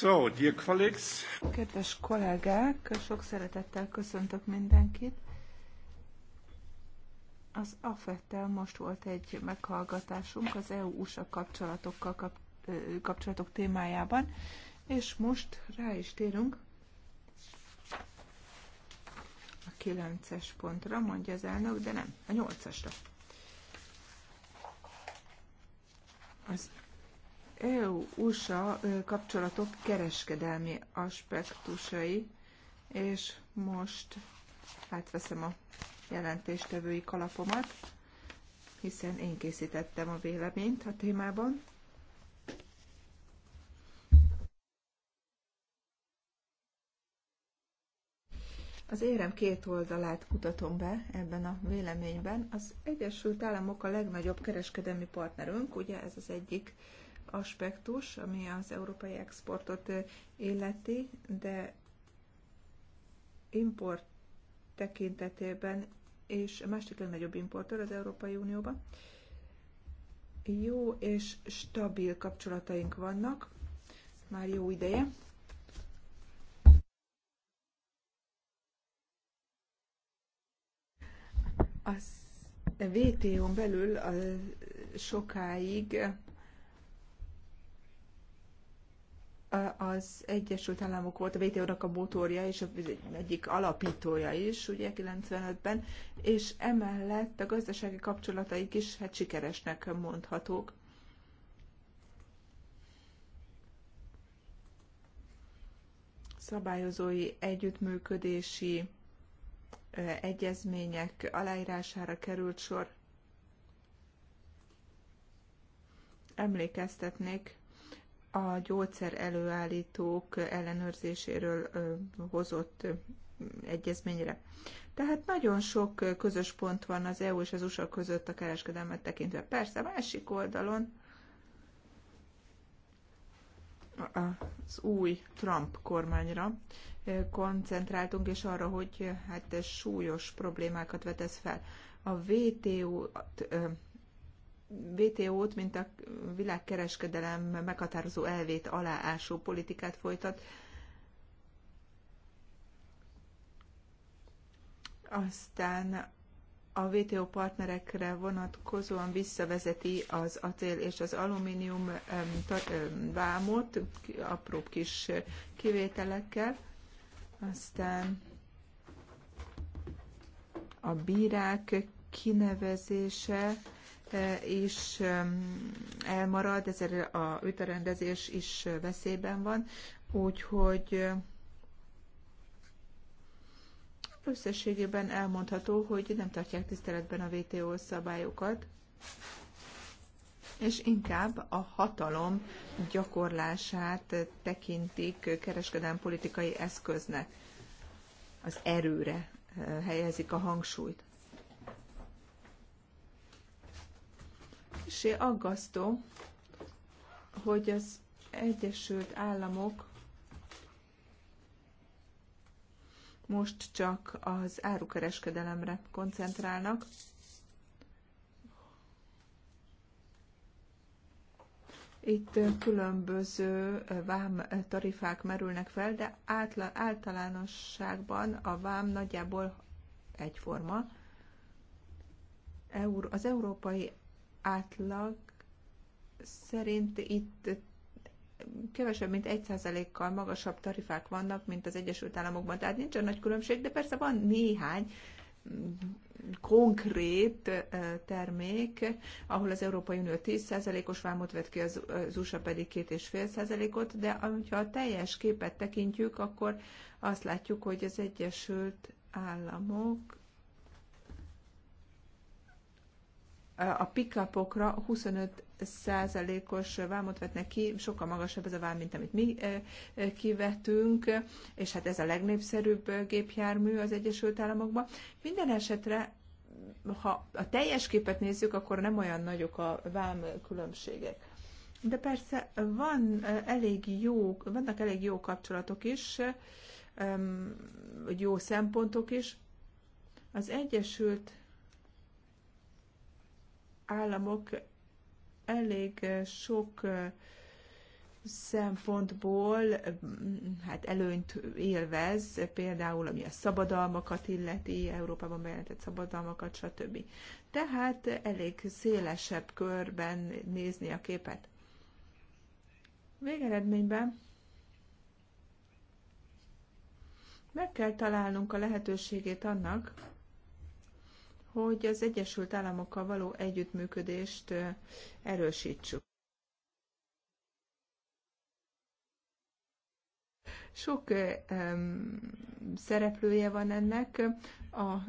So, dear colleagues. Kedves kollégák, sok szeretettel köszöntök mindenkit. Az AFET-tel most volt egy meghallgatásunk az EU-USA kapcsolatokkal kap, kapcsolatok témájában, és most rá is térünk a 9-es pontra, mondja az elnök, de nem, a 8-asra. Az EU-USA kapcsolatok kereskedelmi aspektusai, és most átveszem a jelentéstevői kalapomat, hiszen én készítettem a véleményt a témában. Az érem két oldalát kutatom be ebben a véleményben. Az Egyesült Államok a legnagyobb kereskedelmi partnerünk, ugye ez az egyik uh, aspektus, ami az európai exportot illeti, de import tekintetében és a másik legnagyobb importőr az Európai Unióban. Jó és stabil kapcsolataink vannak, már jó ideje. Az vto n belül a sokáig az Egyesült Államok volt a WTO-nak a motorja és egyik alapítója is, ugye 95-ben, és emellett a gazdasági kapcsolataik is hát sikeresnek mondhatók. Szabályozói együttműködési egyezmények aláírására került sor. Emlékeztetnék a gyógyszer előállítók ellenőrzéséről hozott egyezményre. Tehát nagyon sok közös pont van az EU és az USA között a kereskedelmet tekintve. Persze, másik oldalon az új Trump kormányra koncentráltunk, és arra, hogy hát ez súlyos problémákat vetesz fel. A WTO WTO-t, mint a világkereskedelem meghatározó elvét aláásó politikát folytat. Aztán a WTO partnerekre vonatkozóan visszavezeti az acél és az alumínium vámot, apróbb kis kivételekkel. Aztán a bírák kinevezése is elmarad, ezért a vitarendezés is veszélyben van, úgyhogy összességében elmondható, hogy nem tartják tiszteletben a WTO szabályokat, és inkább a hatalom gyakorlását tekintik kereskedelmi politikai eszköznek. Az erőre helyezik a hangsúlyt. se aggasztó, hogy az Egyesült Államok most csak az árukereskedelemre koncentrálnak. Itt különböző vám tarifák merülnek fel, de általánosságban a vám nagyjából egyforma. Az Európai átlag szerint itt kevesebb, mint 1%-kal magasabb tarifák vannak, mint az Egyesült Államokban. Tehát nincsen nagy különbség, de persze van néhány konkrét termék, ahol az Európai Unió 10%-os vámot vett ki, az USA pedig 2,5%-ot, de ha a teljes képet tekintjük, akkor azt látjuk, hogy az Egyesült Államok a pikapokra 25 százalékos vámot vetnek ki, sokkal magasabb ez a vám, mint amit mi kivetünk, és hát ez a legnépszerűbb gépjármű az Egyesült Államokban. Minden esetre, ha a teljes képet nézzük, akkor nem olyan nagyok a vám különbségek. De persze van elég jó, vannak elég jó kapcsolatok is, jó szempontok is. Az Egyesült államok elég eh, sok eh, szempontból mm, hát előnyt élvez, például ami a szabadalmakat illeti, Európában bejelentett szabadalmakat, stb. Tehát elég szélesebb körben nézni a képet. Végeredményben meg kell találnunk a lehetőségét annak, hogy az Egyesült Államokkal való együttműködést erősítsük. Sok szereplője van ennek a,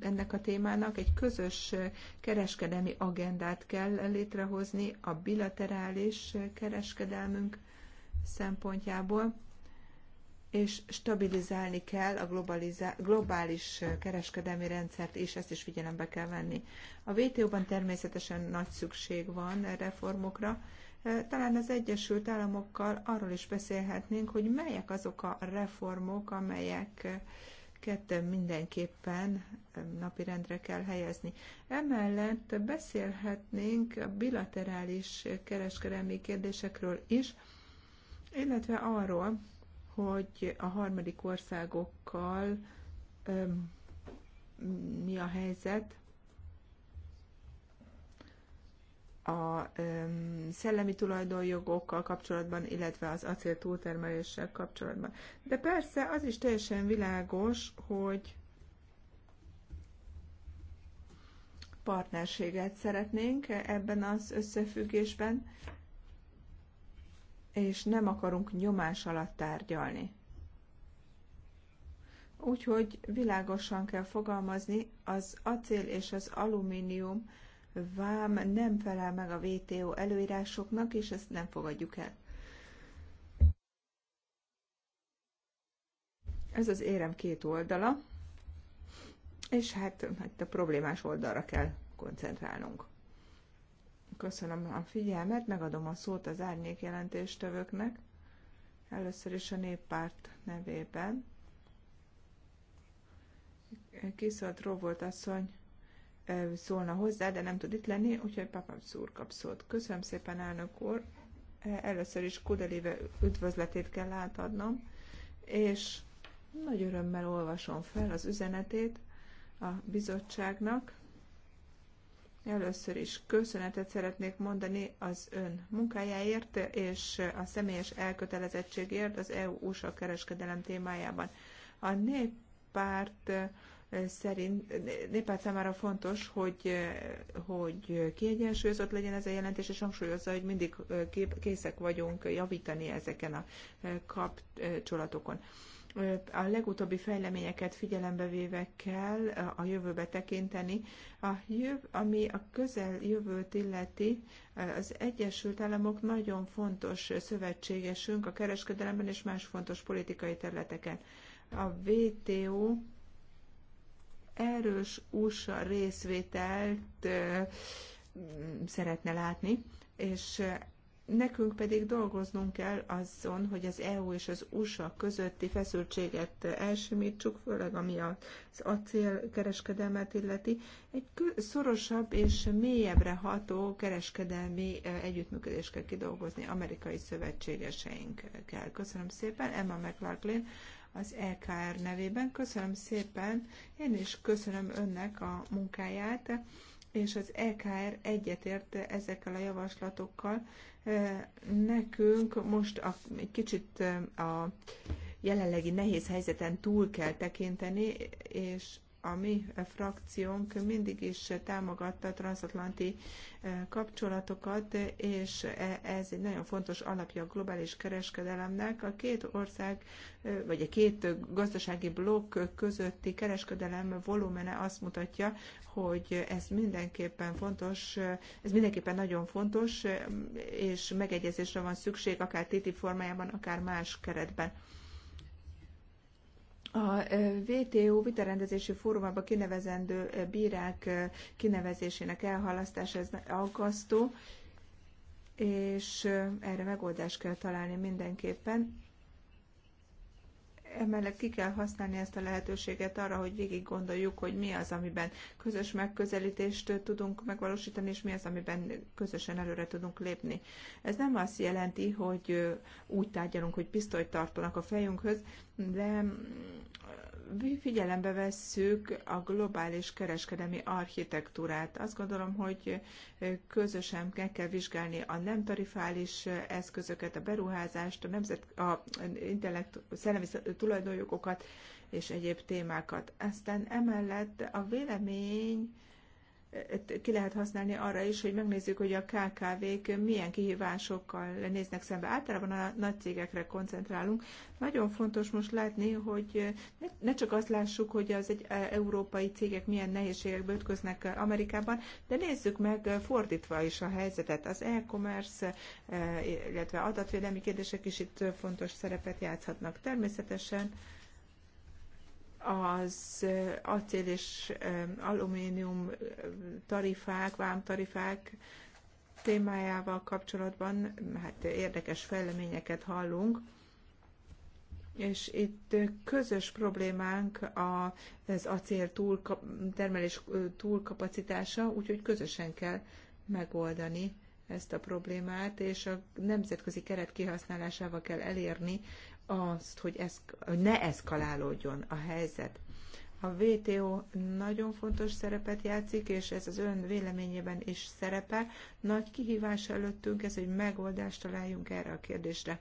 ennek a témának. Egy közös kereskedelmi agendát kell létrehozni a bilaterális kereskedelmünk szempontjából és stabilizálni kell a globális kereskedelmi rendszert, és ezt is figyelembe kell venni. A WTO-ban természetesen nagy szükség van reformokra, talán az Egyesült Államokkal arról is beszélhetnénk, hogy melyek azok a reformok, amelyek kettő mindenképpen napirendre kell helyezni. Emellett beszélhetnénk a bilaterális kereskedelmi kérdésekről is, illetve arról, hogy a harmadik országokkal öm, mi a helyzet. A öm, szellemi tulajdonjogokkal kapcsolatban, illetve az acél túltermeléssel kapcsolatban. De persze az is teljesen világos, hogy partnerséget szeretnénk ebben az összefüggésben, és nem akarunk nyomás alatt tárgyalni. Úgyhogy világosan kell fogalmazni, az acél és az alumínium vám nem felel meg a VTO előírásoknak, és ezt nem fogadjuk el. Ez az érem két oldala, és hát, hát a problémás oldalra kell koncentrálnunk. Köszönöm a figyelmet, megadom a szót az árnyék jelentéstevőknek. Először is a néppárt nevében. Kiszólt Róvolt asszony szólna hozzá, de nem tud itt lenni, úgyhogy papám szúr kap szót. Köszönöm szépen, elnök úr. Először is Kudelive üdvözletét kell átadnom, és nagy örömmel olvasom fel az üzenetét a bizottságnak, Először is köszönetet szeretnék mondani az ön munkájáért és a személyes elkötelezettségért az EU-USA kereskedelem témájában. A néppárt eh, szerint néppárt számára fontos, hogy, eh, hogy kiegyensúlyozott legyen ez a jelentés, és hangsúlyozza, hogy mindig eh, készek vagyunk javítani ezeken a kapcsolatokon a legutóbbi fejleményeket figyelembe véve kell a jövőbe tekinteni. A jöv, ami a közel jövőt illeti, az Egyesült Államok nagyon fontos szövetségesünk a kereskedelemben és más fontos politikai területeken. A WTO erős USA részvételt szeretne látni, és Nekünk pedig dolgoznunk kell azon, hogy az EU és az USA közötti feszültséget elsimítsuk, főleg ami az acélkereskedelmet illeti, egy szorosabb és mélyebbre ható kereskedelmi együttműködést kell kidolgozni amerikai szövetségeseinkkel. Köszönöm szépen, Emma McLaughlin az EKR nevében. Köszönöm szépen, én is köszönöm önnek a munkáját és az EKR egyetért ezekkel a javaslatokkal. Nekünk most a, egy kicsit a jelenlegi nehéz helyzeten túl kell tekinteni, és a mi eh, frakciónk mindig is támogatta a transatlanti eh, kapcsolatokat, és eh, ez egy nagyon fontos alapja a globális kereskedelemnek. A két ország, vagy a két gazdasági blokk közötti kereskedelem volumene azt mutatja, hogy ez mindenképpen fontos, ez mindenképpen nagyon fontos, és megegyezésre van szükség, akár TTIP formájában, akár más keretben. A VTO vitarendezési fórumában kinevezendő bírák kinevezésének elhalasztása ez aggasztó, és erre megoldást kell találni mindenképpen emellett ki kell használni ezt a lehetőséget arra, hogy végig gondoljuk, hogy mi az, amiben közös megközelítést tudunk megvalósítani, és mi az, amiben közösen előre tudunk lépni. Ez nem azt jelenti, hogy úgy tárgyalunk, hogy pisztolyt tartanak a fejünkhöz, de figyelembe vesszük a globális kereskedelmi architektúrát. Azt gondolom, hogy közösen kell, kell vizsgálni a nem tarifális eszközöket, a beruházást, a, nemzet, a intellekt, szellemi tulajdonjogokat és egyéb témákat. Aztán emellett a vélemény ki lehet használni arra is, hogy megnézzük, hogy a KKV-k milyen kihívásokkal néznek szembe. Általában a nagy cégekre koncentrálunk. Nagyon fontos most látni, hogy ne csak azt lássuk, hogy az egy e, európai cégek milyen nehézségekbe ütköznek Amerikában, de nézzük meg fordítva is a helyzetet. Az e-commerce, e, illetve adatvédelmi kérdések is itt fontos szerepet játszhatnak. Természetesen az acél és alumínium tarifák, vámtarifák témájával kapcsolatban hát érdekes fejleményeket hallunk, és itt közös problémánk az acél túl termelés túlkapacitása, úgyhogy közösen kell megoldani ezt a problémát, és a nemzetközi keret kihasználásával kell elérni azt, hogy, ez, hogy ne eszkalálódjon a helyzet. A VTO nagyon fontos szerepet játszik, és ez az ön véleményében is szerepel. Nagy kihívás előttünk ez, hogy megoldást találjunk erre a kérdésre.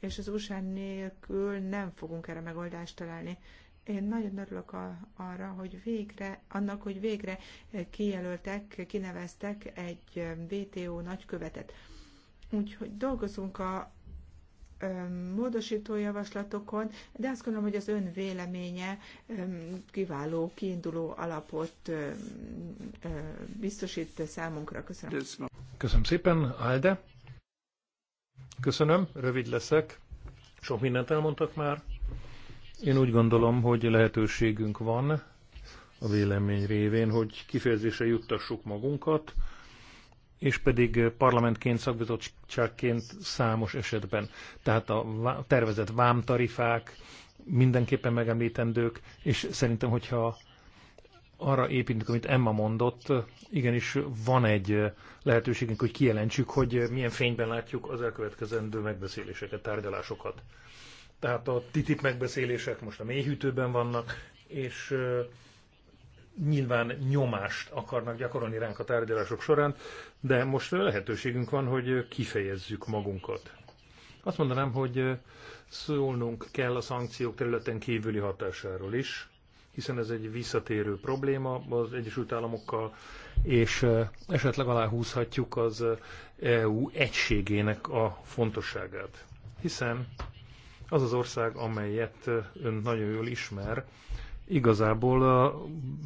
És az USA nélkül nem fogunk erre megoldást találni. Én nagyon örülök a, arra, hogy végre, annak, hogy végre kijelöltek, kineveztek egy VTO nagykövetet. Úgyhogy dolgozunk a, módosító javaslatokon, de azt gondolom, hogy az ön véleménye kiváló, kiinduló alapot biztosít számunkra. Köszönöm. Köszönöm szépen, Alde. Köszönöm, rövid leszek. Sok mindent elmondtak már. Én úgy gondolom, hogy lehetőségünk van a vélemény révén, hogy kifejezésre juttassuk magunkat, és pedig parlamentként, szakbizottságként számos esetben. Tehát a tervezett vámtarifák mindenképpen megemlítendők, és szerintem, hogyha arra építünk, amit Emma mondott, igenis van egy lehetőségünk, hogy kijelentsük, hogy milyen fényben látjuk az elkövetkezendő megbeszéléseket, tárgyalásokat. Tehát a TTIP megbeszélések most a mélyhűtőben vannak, és nyilván nyomást akarnak gyakorolni ránk a tárgyalások során, de most lehetőségünk van, hogy kifejezzük magunkat. Azt mondanám, hogy szólnunk kell a szankciók területen kívüli hatásáról is, hiszen ez egy visszatérő probléma az Egyesült Államokkal, és esetleg aláhúzhatjuk az EU egységének a fontosságát. Hiszen az az ország, amelyet ön nagyon jól ismer, igazából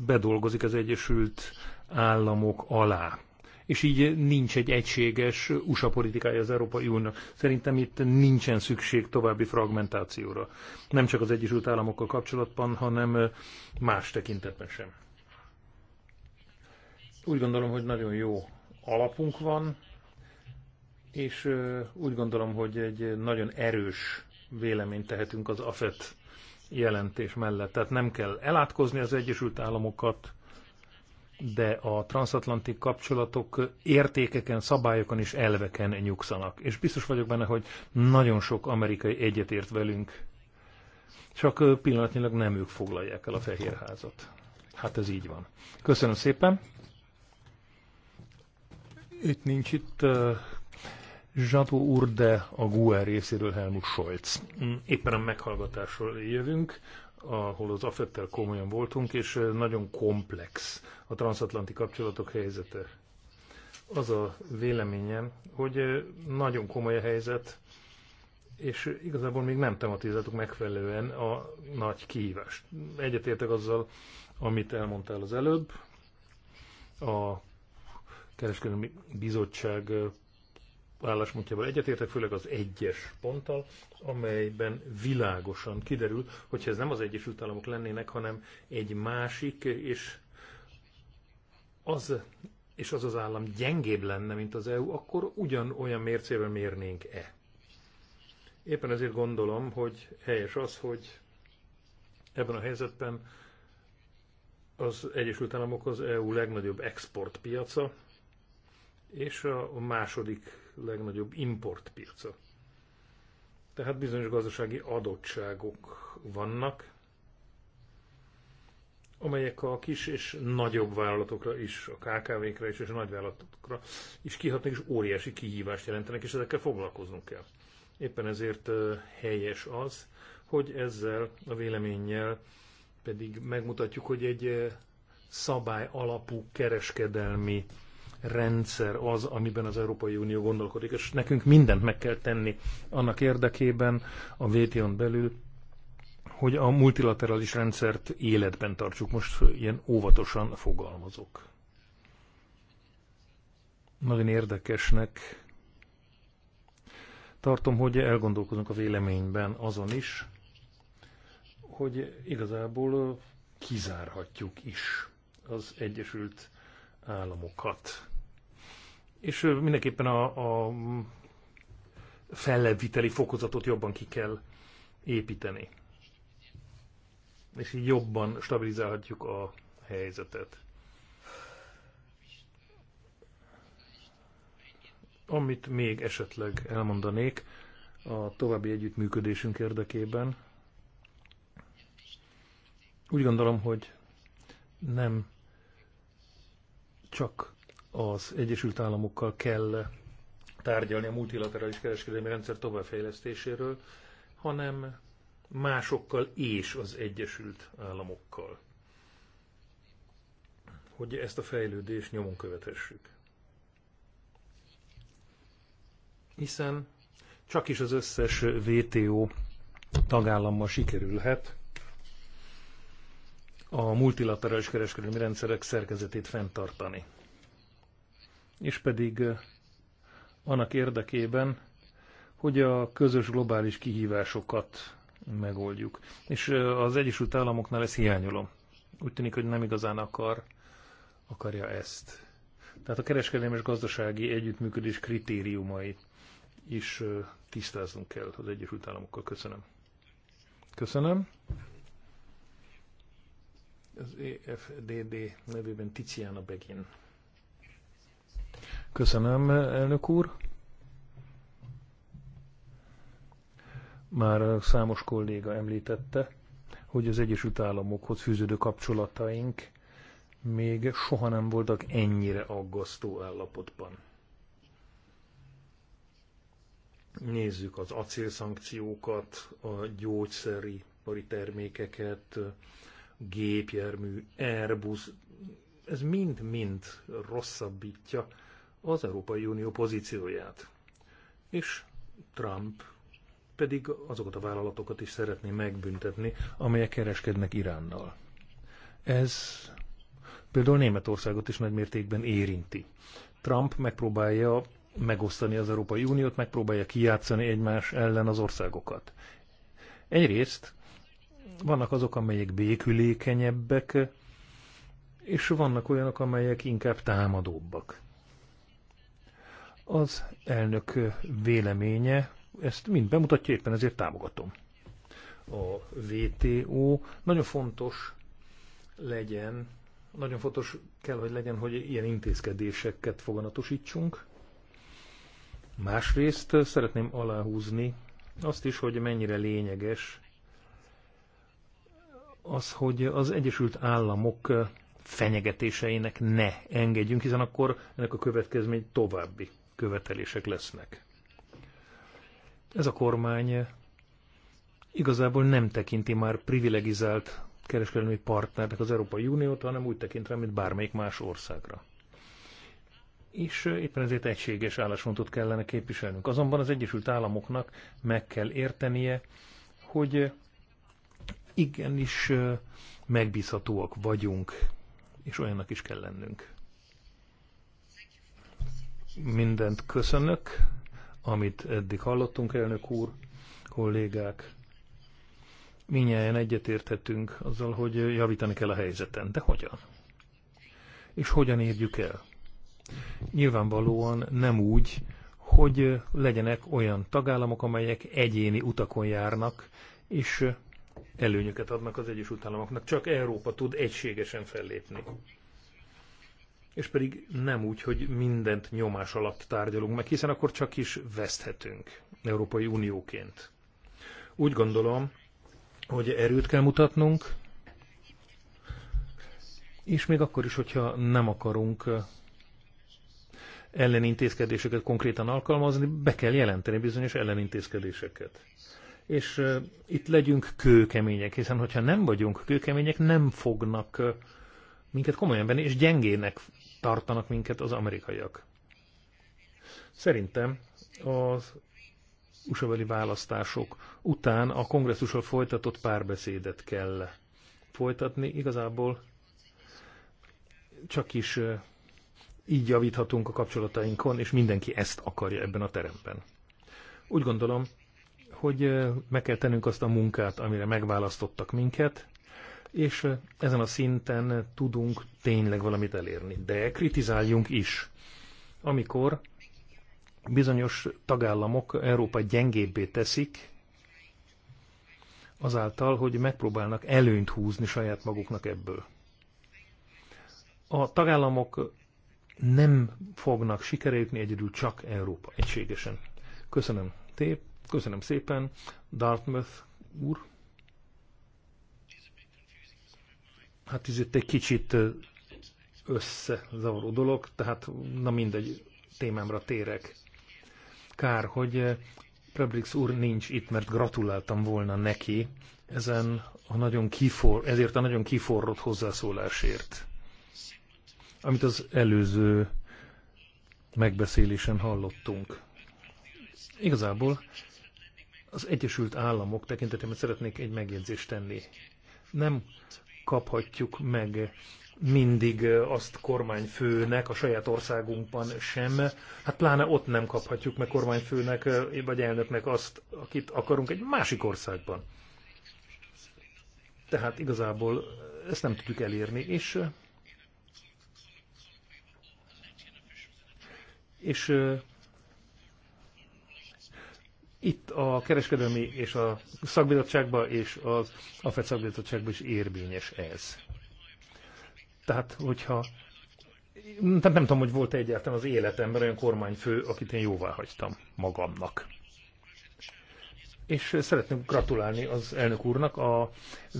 bedolgozik az Egyesült Államok alá. És így nincs egy egységes USA politikája az Európai Uniónak. Szerintem itt nincsen szükség további fragmentációra. Nem csak az Egyesült Államokkal kapcsolatban, hanem más tekintetben sem. Úgy gondolom, hogy nagyon jó alapunk van, és úgy gondolom, hogy egy nagyon erős véleményt tehetünk az AFET jelentés mellett. Tehát nem kell elátkozni az Egyesült Államokat, de a transatlanti kapcsolatok értékeken, szabályokon és elveken nyugszanak. És biztos vagyok benne, hogy nagyon sok amerikai egyetért velünk, csak pillanatnyilag nem ők foglalják el a Fehérházat. Hát ez így van. Köszönöm szépen. Itt nincs itt Zsato úr, de a Guer részéről Helmut Scholz. Mm, éppen a meghallgatásról jövünk, ahol az afettel komolyan voltunk, és nagyon komplex a transatlanti kapcsolatok helyzete. Az a véleményem, hogy nagyon komoly a helyzet, és igazából még nem tematizáltuk megfelelően a nagy kihívást. Egyetértek azzal, amit elmondtál az előbb, a kereskedelmi bizottság álláspontjával egyetértek, főleg az egyes ponttal, amelyben világosan kiderül, hogyha ez nem az Egyesült Államok lennének, hanem egy másik, és az, és az az állam gyengébb lenne, mint az EU, akkor ugyanolyan mércével mérnénk-e? Éppen ezért gondolom, hogy helyes az, hogy ebben a helyzetben az Egyesült Államok az EU legnagyobb exportpiaca, és a második legnagyobb importpiaca. Tehát bizonyos gazdasági adottságok vannak, amelyek a kis és nagyobb vállalatokra is, a KKV-kra is, és a nagyvállalatokra is kihatnak, és óriási kihívást jelentenek, és ezekkel foglalkoznunk kell. Éppen ezért helyes az, hogy ezzel a véleménnyel pedig megmutatjuk, hogy egy szabály alapú kereskedelmi rendszer az, amiben az Európai Unió gondolkodik, és nekünk mindent meg kell tenni annak érdekében a WTO-n belül, hogy a multilaterális rendszert életben tartsuk. Most ilyen óvatosan fogalmazok. Nagyon érdekesnek tartom, hogy elgondolkozunk a véleményben azon is, hogy igazából kizárhatjuk is az Egyesült Államokat és mindenképpen a, a fellebbviteli fokozatot jobban ki kell építeni. És így jobban stabilizálhatjuk a helyzetet. Amit még esetleg elmondanék a további együttműködésünk érdekében, úgy gondolom, hogy nem csak az Egyesült Államokkal kell tárgyalni a multilaterális kereskedelmi rendszer továbbfejlesztéséről, hanem másokkal és az Egyesült Államokkal. Hogy ezt a fejlődést nyomon követhessük. Hiszen csak is az összes VTO tagállammal sikerülhet a multilaterális kereskedelmi rendszerek szerkezetét fenntartani és pedig annak érdekében, hogy a közös globális kihívásokat megoldjuk. És az Egyesült Államoknál ezt hiányolom. Úgy tűnik, hogy nem igazán akar, akarja ezt. Tehát a kereskedelmi és gazdasági együttműködés kritériumai is tisztáznunk kell az Egyesült Államokkal. Köszönöm. Köszönöm. Az EFDD nevében Tiziana Begin. Köszönöm, elnök úr. Már számos kolléga említette, hogy az Egyesült Államokhoz fűződő kapcsolataink még soha nem voltak ennyire aggasztó állapotban. Nézzük az acélszankciókat, a gyógyszeripari termékeket, gépjármű, Airbus, ez mind-mind rosszabbítja az Európai Unió pozícióját. És Trump pedig azokat a vállalatokat is szeretné megbüntetni, amelyek kereskednek Iránnal. Ez például Németországot is nagymértékben érinti. Trump megpróbálja megosztani az Európai Uniót, megpróbálja kijátszani egymás ellen az országokat. Egyrészt vannak azok, amelyek békülékenyebbek, és vannak olyanok, amelyek inkább támadóbbak az elnök véleménye ezt mind bemutatja, éppen ezért támogatom. A VTO nagyon fontos legyen, nagyon fontos kell, hogy legyen, hogy ilyen intézkedéseket foganatosítsunk. Másrészt szeretném aláhúzni azt is, hogy mennyire lényeges az, hogy az Egyesült Államok fenyegetéseinek ne engedjünk, hiszen akkor ennek a következmény további követelések lesznek. Ez a kormány igazából nem tekinti már privilegizált kereskedelmi partnernek az Európai Uniót, hanem úgy tekint rá, mint bármelyik más országra. És éppen ezért egységes álláspontot kellene képviselnünk. Azonban az Egyesült Államoknak meg kell értenie, hogy igenis megbízhatóak vagyunk, és olyannak is kell lennünk. Mindent köszönök, amit eddig hallottunk, elnök úr, kollégák. Minnyáján egyetérthetünk azzal, hogy javítani kell a helyzeten. De hogyan? És hogyan érjük el? Nyilvánvalóan nem úgy, hogy legyenek olyan tagállamok, amelyek egyéni utakon járnak, és előnyöket adnak az Egyesült Államoknak. Csak Európa tud egységesen fellépni és pedig nem úgy, hogy mindent nyomás alatt tárgyalunk meg, hiszen akkor csak is veszthetünk Európai Unióként. Úgy gondolom, hogy erőt kell mutatnunk, és még akkor is, hogyha nem akarunk uh, ellenintézkedéseket konkrétan alkalmazni, be kell jelenteni bizonyos ellenintézkedéseket. És uh, itt legyünk kőkemények, hiszen hogyha nem vagyunk kőkemények, nem fognak uh, minket komolyan venni, és gyengének tartanak minket az amerikaiak. Szerintem az usa választások után a kongresszussal folytatott párbeszédet kell folytatni. Igazából csak is így javíthatunk a kapcsolatainkon, és mindenki ezt akarja ebben a teremben. Úgy gondolom, hogy meg kell tennünk azt a munkát, amire megválasztottak minket, és ezen a szinten tudunk tényleg valamit elérni. De kritizáljunk is, amikor bizonyos tagállamok Európa gyengébbé teszik, azáltal, hogy megpróbálnak előnyt húzni saját maguknak ebből. A tagállamok nem fognak sikerülni egyedül csak Európa egységesen. Köszönöm, tép, köszönöm szépen, Dartmouth úr. Hát ez itt egy kicsit összezavaró dolog, tehát na mindegy, témámra térek. Kár, hogy Prebrix úr nincs itt, mert gratuláltam volna neki ezen a nagyon kifor, ezért a nagyon kiforrott hozzászólásért, amit az előző megbeszélésen hallottunk. Igazából az Egyesült Államok tekintetében szeretnék egy megjegyzést tenni. Nem kaphatjuk meg mindig azt kormányfőnek a saját országunkban sem. Hát pláne ott nem kaphatjuk meg kormányfőnek vagy elnöknek azt, akit akarunk egy másik országban. Tehát igazából ezt nem tudjuk elérni, és és itt a kereskedelmi és a szakbizottságban és az AFED szakbizottságban is érvényes ez. Tehát, hogyha nem, nem tudom, hogy volt -e egyáltalán az életemben olyan kormányfő, akit én jóvá hagytam magamnak. És szeretném gratulálni az elnök úrnak a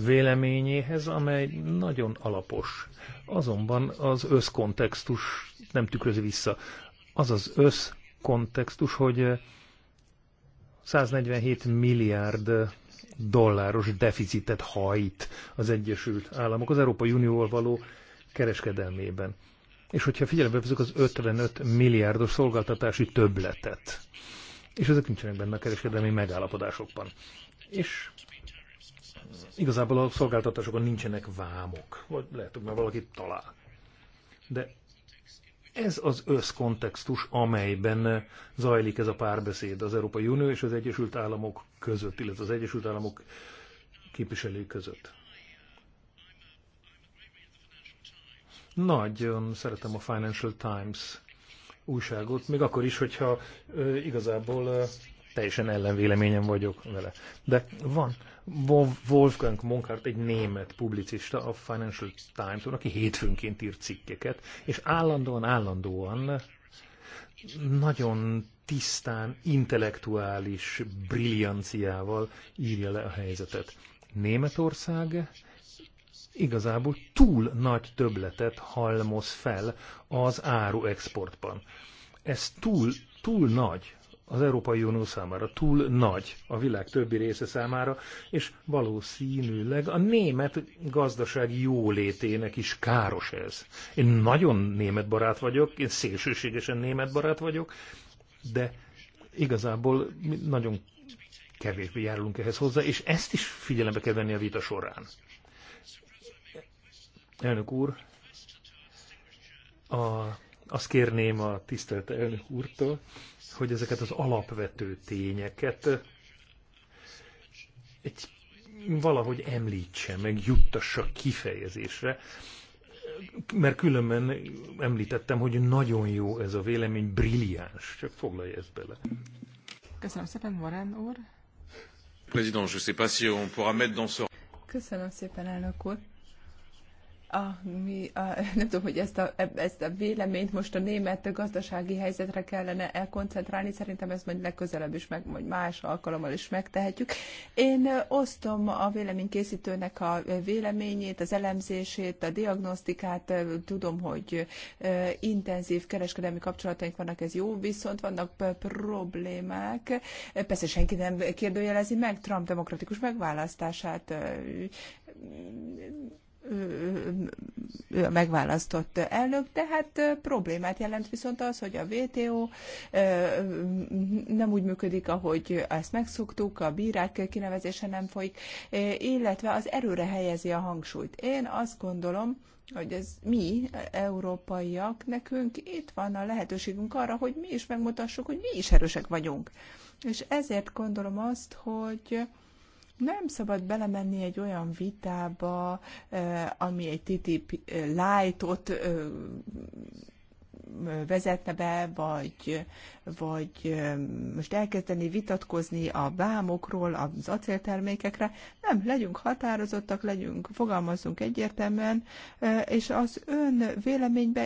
véleményéhez, amely nagyon alapos. Azonban az összkontextus nem tükrözi vissza. Az az összkontextus, hogy 147 milliárd dolláros deficitet hajt az Egyesült Államok az Európai Unióval való kereskedelmében. És hogyha figyelembe veszük az 55 milliárdos szolgáltatási többletet, és ezek nincsenek benne a kereskedelmi megállapodásokban. És igazából a szolgáltatásokon nincsenek vámok, vagy lehet, hogy már valaki talál. De ez az összkontextus, amelyben zajlik ez a párbeszéd az Európai Unió és az Egyesült Államok között, illetve az Egyesült Államok képviselői között. Nagyon szeretem a Financial Times újságot, még akkor is, hogyha igazából teljesen ellenvéleményem vagyok vele. De van Wolfgang Monkart egy német publicista a Financial times aki hétfőnként írt cikkeket, és állandóan, állandóan nagyon tisztán, intellektuális brillianciával írja le a helyzetet. Németország igazából túl nagy töbletet halmoz fel az áru exportban. Ez túl, túl nagy az Európai Unió számára túl nagy a világ többi része számára, és valószínűleg a német gazdaság jólétének is káros ez. Én nagyon német barát vagyok, én szélsőségesen német barát vagyok, de igazából nagyon kevésbé járulunk ehhez hozzá, és ezt is figyelembe kell venni a vita során. Elnök úr, a, azt kérném a tisztelt elnök úrtól, hogy ezeket az alapvető tényeket egy valahogy említse meg, juttassa kifejezésre, mert különben említettem, hogy nagyon jó ez a vélemény, brilliáns, csak foglalja ezt bele. Köszönöm szépen, Morán úr. je sais pas si on pourra mettre dans ce... Köszönöm szépen, elnök úr mi, a, nem tudom, hogy ezt a, ezt a véleményt most a német gazdasági helyzetre kellene elkoncentrálni, szerintem ezt majd legközelebb is, meg majd más alkalommal is megtehetjük. Én osztom a véleménykészítőnek a véleményét, az elemzését, a diagnosztikát, tudom, hogy intenzív kereskedelmi kapcsolataink vannak, ez jó, viszont vannak problémák. Persze senki nem kérdőjelezi meg Trump demokratikus megválasztását megválasztott elnök, de hát problémát jelent viszont az, hogy a VTO nem úgy működik, ahogy ezt megszoktuk, a bírák kinevezése nem folyik, illetve az erőre helyezi a hangsúlyt. Én azt gondolom, hogy ez mi, európaiak, nekünk itt van a lehetőségünk arra, hogy mi is megmutassuk, hogy mi is erősek vagyunk. És ezért gondolom azt, hogy nem szabad belemenni egy olyan vitába, eh, ami egy TTIP eh, light-ot eh, vezetne be, vagy, vagy most elkezdeni vitatkozni a vámokról, az acéltermékekre. Nem, legyünk határozottak, legyünk, fogalmazzunk egyértelműen, e, és az ön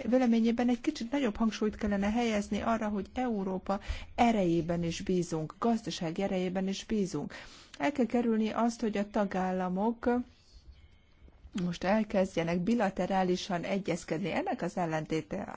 véleményében egy kicsit nagyobb hangsúlyt kellene helyezni arra, hogy Európa erejében is bízunk, gazdaság erejében is bízunk. El kell kerülni azt, hogy a tagállamok most elkezdjenek bilaterálisan egyezkedni. Ennek az ellentéte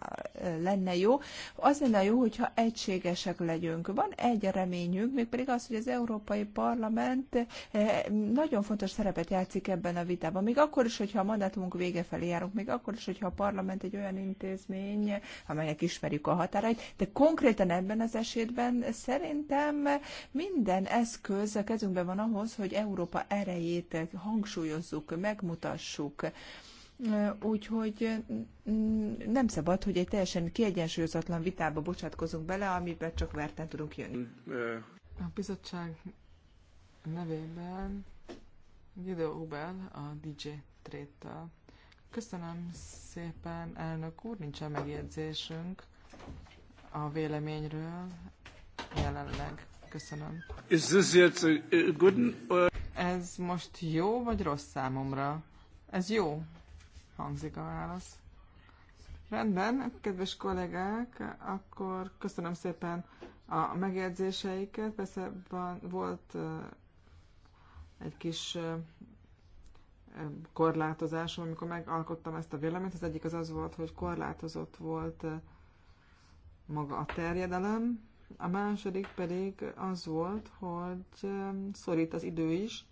lenne jó. Az lenne jó, hogyha egységesek legyünk. Van egy reményünk, mégpedig az, hogy az Európai Parlament eh, nagyon fontos szerepet játszik ebben a vitában. Még akkor is, hogyha a mandátumunk vége felé járunk, még akkor is, hogyha a parlament egy olyan intézmény, amelyek ismerjük a határait, de konkrétan ebben az esetben szerintem minden eszköz a kezünkben van ahhoz, hogy Európa erejét hangsúlyozzuk, megmutassuk, lássuk. Úgyhogy nem szabad, hogy egy teljesen kiegyensúlyozatlan vitába bocsátkozunk bele, amiben csak verten tudunk jönni. A bizottság nevében Guido Ubel a DJ Tréta. Köszönöm szépen, elnök úr, nincsen megjegyzésünk a véleményről jelenleg. Köszönöm. Is this yet good? Uh, Ez most jó vagy rossz számomra? Ez jó, hangzik a válasz. Rendben, kedves kollégák, akkor köszönöm szépen a megjegyzéseiket. Persze van, volt egy kis korlátozásom, amikor megalkottam ezt a véleményt. Az egyik az az volt, hogy korlátozott volt maga a terjedelem, a második pedig az volt, hogy szorít az idő is,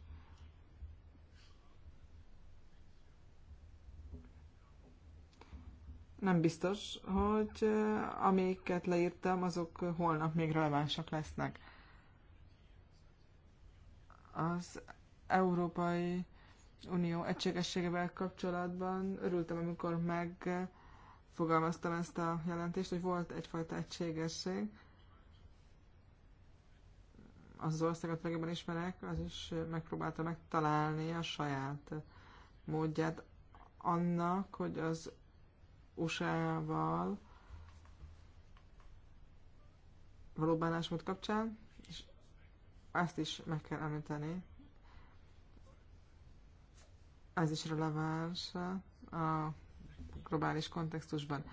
nem biztos, hogy eh, amiket leírtam, azok holnap még relevánsak lesznek. Az Európai Unió egységességevel kapcsolatban örültem, amikor megfogalmaztam ezt a jelentést, hogy volt egyfajta egységesség. Az az országot legjobban ismerek, az is megpróbálta megtalálni a saját módját annak, hogy az USA-val való bánásmód kapcsán, és ezt is meg kell említeni. Ez is releváns a globális kontextusban.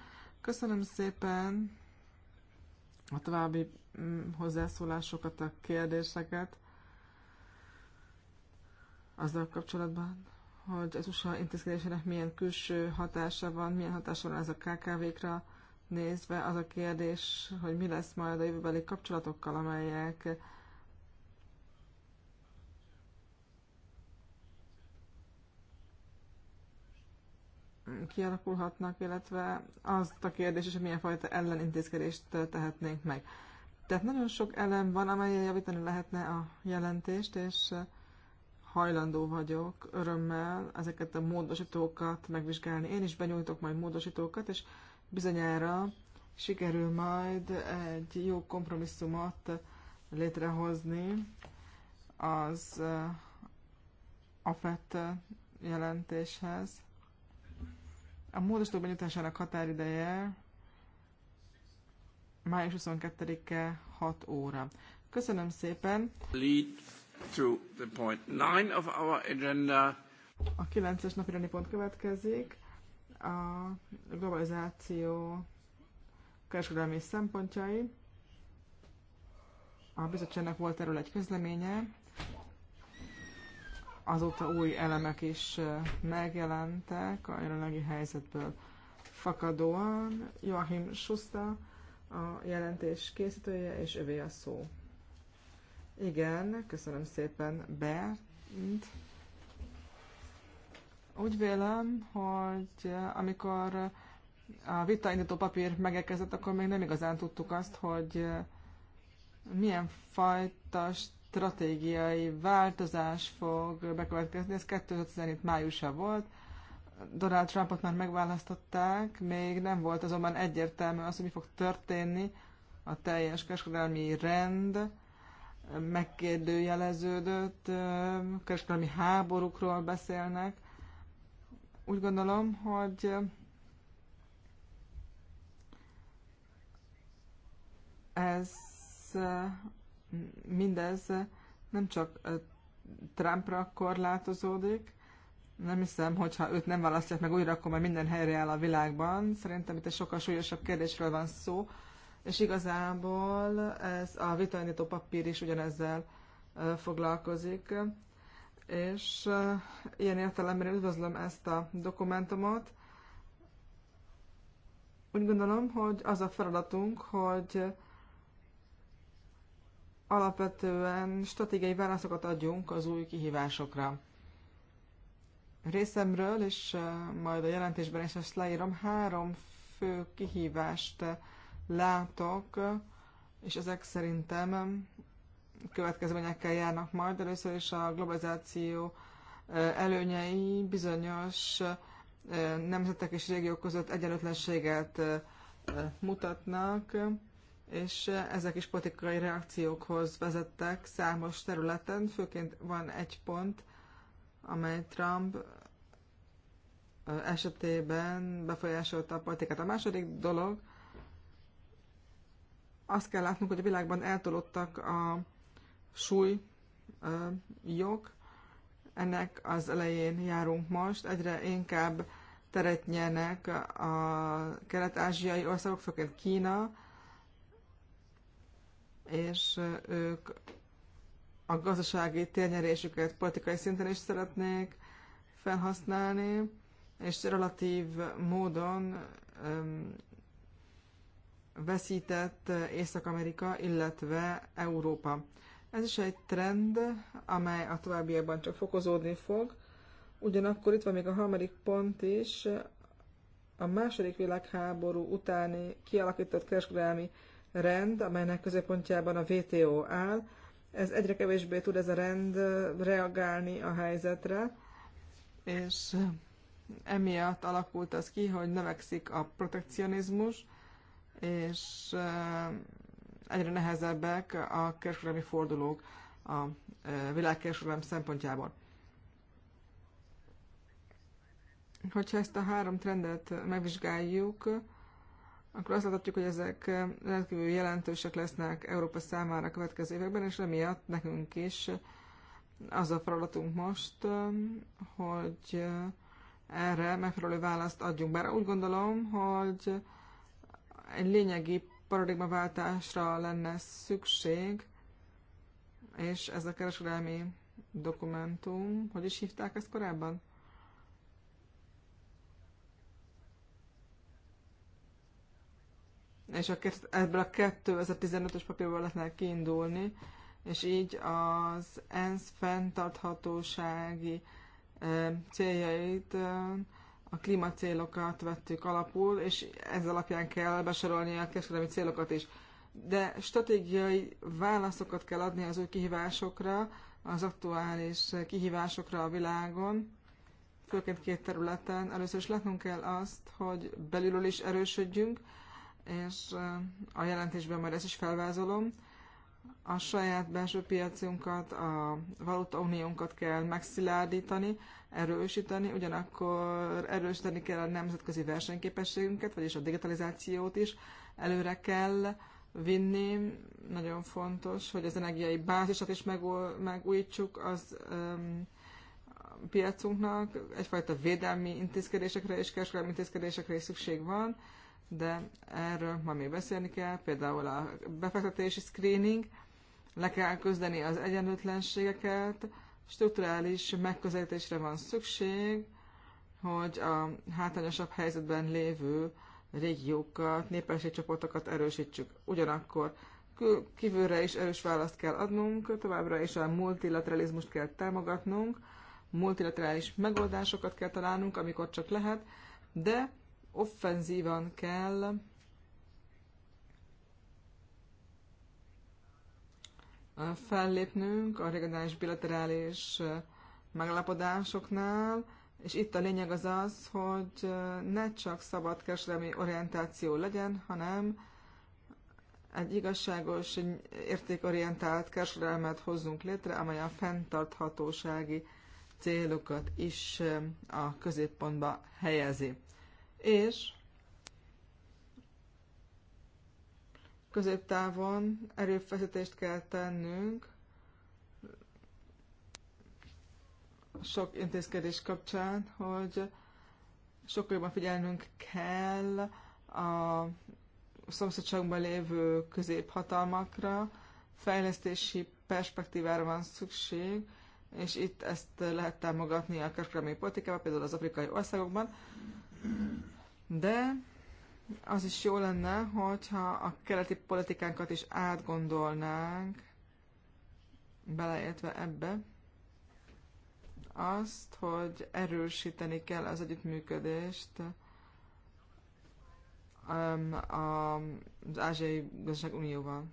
Köszönöm szépen a további mm, hozzászólásokat, a kérdéseket azzal kapcsolatban, hogy az USA intézkedésének milyen külső hatása van, milyen hatása van ez a KKV-kra nézve. Az a kérdés, hogy mi lesz majd a jövőbeli kapcsolatokkal, amelyek kialakulhatnak, illetve az a kérdés is, hogy milyen fajta ellenintézkedést tehetnénk meg. Tehát nagyon sok elem van, amelyen javítani lehetne a jelentést, és hajlandó vagyok örömmel ezeket a módosítókat megvizsgálni. Én is benyújtok majd módosítókat, és bizonyára sikerül majd egy jó kompromisszumot létrehozni az eh, AFET jelentéshez. A módosítók benyújtásának határideje május 22-e 6 óra. Köszönöm szépen! Lead to the point nine of our agenda. A kilences napi rendi pont következik. A globalizáció kereskedelmi szempontjai. A bizottságnak volt erről egy közleménye. Azóta új elemek is megjelentek a jelenlegi helyzetből fakadóan. Joachim Schuster a jelentés készítője, és övé a szó. Igen, köszönöm szépen, Bert. Úgy vélem, hogy amikor a vitaindító papír megekezett, akkor még nem igazán tudtuk azt, hogy milyen fajta stratégiai változás fog bekövetkezni. Ez 2017 májusa volt. Donald Trumpot már megválasztották, még nem volt azonban egyértelmű az, hogy mi fog történni a teljes kereskedelmi rend megkérdőjeleződött, kereskedelmi háborúkról beszélnek. Úgy gondolom, hogy ez mindez nem csak Trumpra korlátozódik, nem hiszem, hogyha őt nem választják meg újra, akkor már minden helyre áll a világban. Szerintem itt egy sokkal súlyosabb kérdésről van szó, és igazából ez a vitaindító papír is ugyanezzel foglalkozik, és ilyen értelemben üdvözlöm ezt a dokumentumot. Úgy gondolom, hogy az a feladatunk, hogy alapvetően stratégiai válaszokat adjunk az új kihívásokra. Részemről, és majd a jelentésben is ezt leírom, három fő kihívást látok, és ezek szerintem következményekkel járnak majd. Először is a globalizáció előnyei bizonyos nemzetek és régiók között egyenlőtlenséget mutatnak, és ezek is politikai reakciókhoz vezettek számos területen. Főként van egy pont, amely Trump esetében befolyásolta a politikát. A második dolog, azt kell látnunk, hogy a világban eltolódtak a súly jog, ennek az elején járunk most, egyre inkább teret nyernek a kelet-ázsiai országok, főként Kína, és ők a gazdasági térnyerésüket politikai szinten is szeretnék felhasználni, és relatív módon veszített Észak-Amerika, illetve Európa. Ez is egy trend, amely a továbbiakban csak fokozódni fog. Ugyanakkor itt van még a harmadik pont is, a második világháború utáni kialakított kereskedelmi rend, amelynek középpontjában a WTO áll, ez egyre kevésbé tud ez a rend reagálni a helyzetre, és emiatt alakult az ki, hogy növekszik a protekcionizmus, és egyre nehezebbek a kereskedelmi fordulók a világkereskedelem szempontjából. Hogyha ezt a három trendet megvizsgáljuk, akkor azt láthatjuk, hogy ezek rendkívül jelentősek lesznek Európa számára a következő években, és emiatt nekünk is az a feladatunk most, hogy erre megfelelő választ adjunk. Bár úgy gondolom, hogy egy lényegi paradigmaváltásra lenne szükség, és ez a kereskedelmi dokumentum, hogy is hívták ezt korábban? És a, ebből a 2015-ös papírból lehetne kiindulni, és így az ENSZ fenntarthatósági céljait a klímacélokat vettük alapul, és ez alapján kell besorolni a kereskedelmi célokat is. De stratégiai válaszokat kell adni az új kihívásokra, az aktuális kihívásokra a világon, főként két területen. Először is látnunk kell azt, hogy belülről is erősödjünk, és eh, a jelentésben majd ezt is felvázolom. A saját belső piacunkat, a uniónkat kell megszilárdítani, erősíteni, ugyanakkor erősíteni kell a nemzetközi versenyképességünket, vagyis a digitalizációt is előre kell vinni. Nagyon fontos, hogy az energiai bázisat is megújítsuk az um, piacunknak, egyfajta védelmi intézkedésekre és kereskedelmi intézkedésekre is szükség van, de erről ma még beszélni kell, például a befektetési screening, le kell küzdeni az egyenlőtlenségeket, strukturális megközelítésre van szükség, hogy a hátrányosabb helyzetben lévő régiókat, népességcsoportokat erősítsük. Ugyanakkor kívülre is erős választ kell adnunk, továbbra is a multilateralizmust kell támogatnunk, multilaterális megoldásokat kell találnunk, amikor csak lehet, de offenzívan kell fellépnünk a regionális bilaterális megalapodásoknál, és itt a lényeg az az, hogy ne csak szabad kereskedelmi orientáció legyen, hanem egy igazságos, értékorientált kereskedelmet hozzunk létre, amely a fenntarthatósági célokat is a középpontba helyezi. És középtávon erőfeszítést kell tennünk sok intézkedés kapcsán, hogy sokkal jobban figyelnünk kell a szomszédságban lévő középhatalmakra, fejlesztési perspektívára van szükség, és itt ezt lehet támogatni a kereskedelmi politikában, például az afrikai országokban, de az is jó lenne, hogyha a keleti politikánkat is átgondolnánk, beleértve ebbe, azt, hogy erősíteni kell az együttműködést um, az Ázsiai Gazdaság Unióval.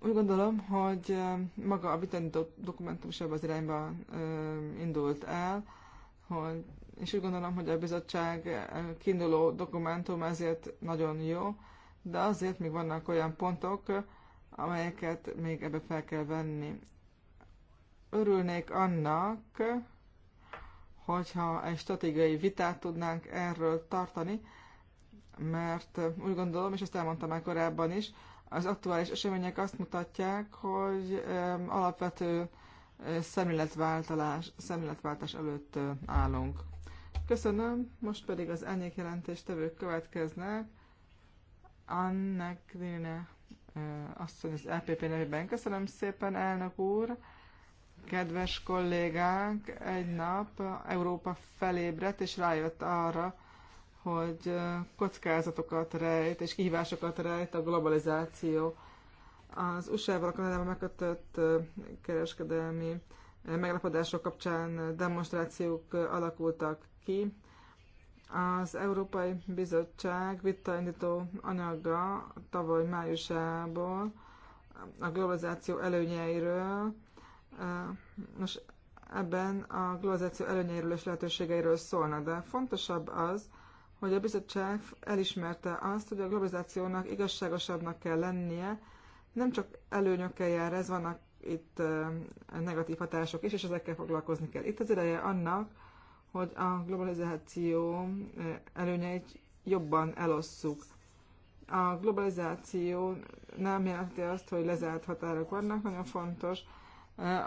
Úgy gondolom, hogy maga a vitani dokumentum is az irányba indult el, hogy, és úgy gondolom, hogy a bizottság kiinduló dokumentum ezért nagyon jó, de azért még vannak olyan pontok, amelyeket még ebbe fel kell venni. Örülnék annak, hogyha egy stratégiai vitát tudnánk erről tartani, mert úgy gondolom, és ezt elmondtam már korábban is, az aktuális események azt mutatják, hogy alapvető szemléletváltás, szemléletváltás előtt állunk. Köszönöm, most pedig az elnyék jelentéstevők következnek. Annek Dine asszony az LPP e nevében. Köszönöm szépen, elnök úr! Kedves kollégánk, egy nap Európa felébredt és rájött arra, hogy kockázatokat rejt és kihívásokat rejt a globalizáció. Az USA-val a Kanadában megkötött kereskedelmi meglepodások kapcsán demonstrációk alakultak ki. Az Európai Bizottság vitaindító anyaga tavaly májusából a globalizáció előnyeiről. Most ebben a globalizáció előnyeiről és lehetőségeiről szólna, de fontosabb az, hogy a bizottság elismerte azt, hogy a globalizációnak igazságosabbnak kell lennie, nem csak előnyökkel jár ez, vannak itt negatív hatások is, és ezekkel foglalkozni kell. Itt az ideje annak, hogy a globalizáció előnyeit jobban elosszuk. A globalizáció nem jelenti azt, hogy lezárt határok vannak, nagyon fontos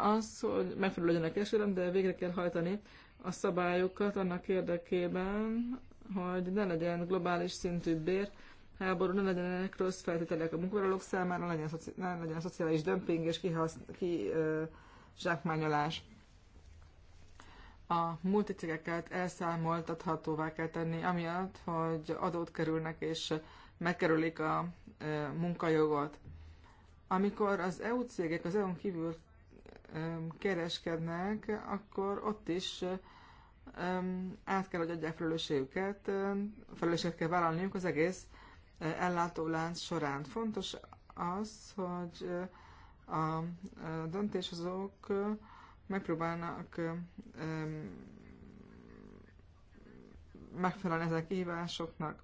az, hogy megfelelő legyen a kereskedelem, de végre kell hajtani a szabályokat annak érdekében, hogy ne legyen globális szintű bér, háború, ne legyenek rossz feltételek a munkavállalók számára, legyen, ne legyen szociális dömping és kizsákmányolás. ki, A multicégeket elszámoltathatóvá kell tenni, amiatt, hogy adót kerülnek és megkerülik a e, munkajogot. Amikor az EU cégek az EU-n kívül kereskednek, akkor ott is át kell, hogy adják felelősségüket, felelősséget kell vállalniuk az egész e, ellátólánc során. Fontos az, hogy e, a e, döntéshozók megpróbálnak megfelelni ezek hívásoknak.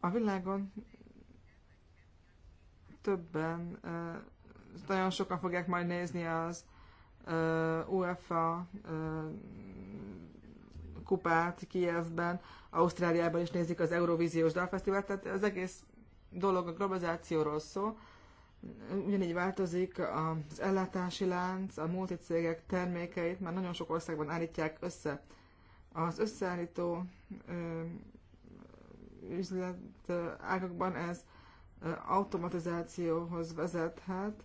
A világon többen, nagyon sokan fogják majd nézni az UEFA kupát Kievben, Ausztráliában is nézik az Eurovíziós Dalfesztivált, tehát az egész dolog a globalizációról szól. Ugyanígy változik az ellátási lánc, a multicégek termékeit, már nagyon sok országban állítják össze. Az összeállító üzlet ágakban ez automatizációhoz vezethet,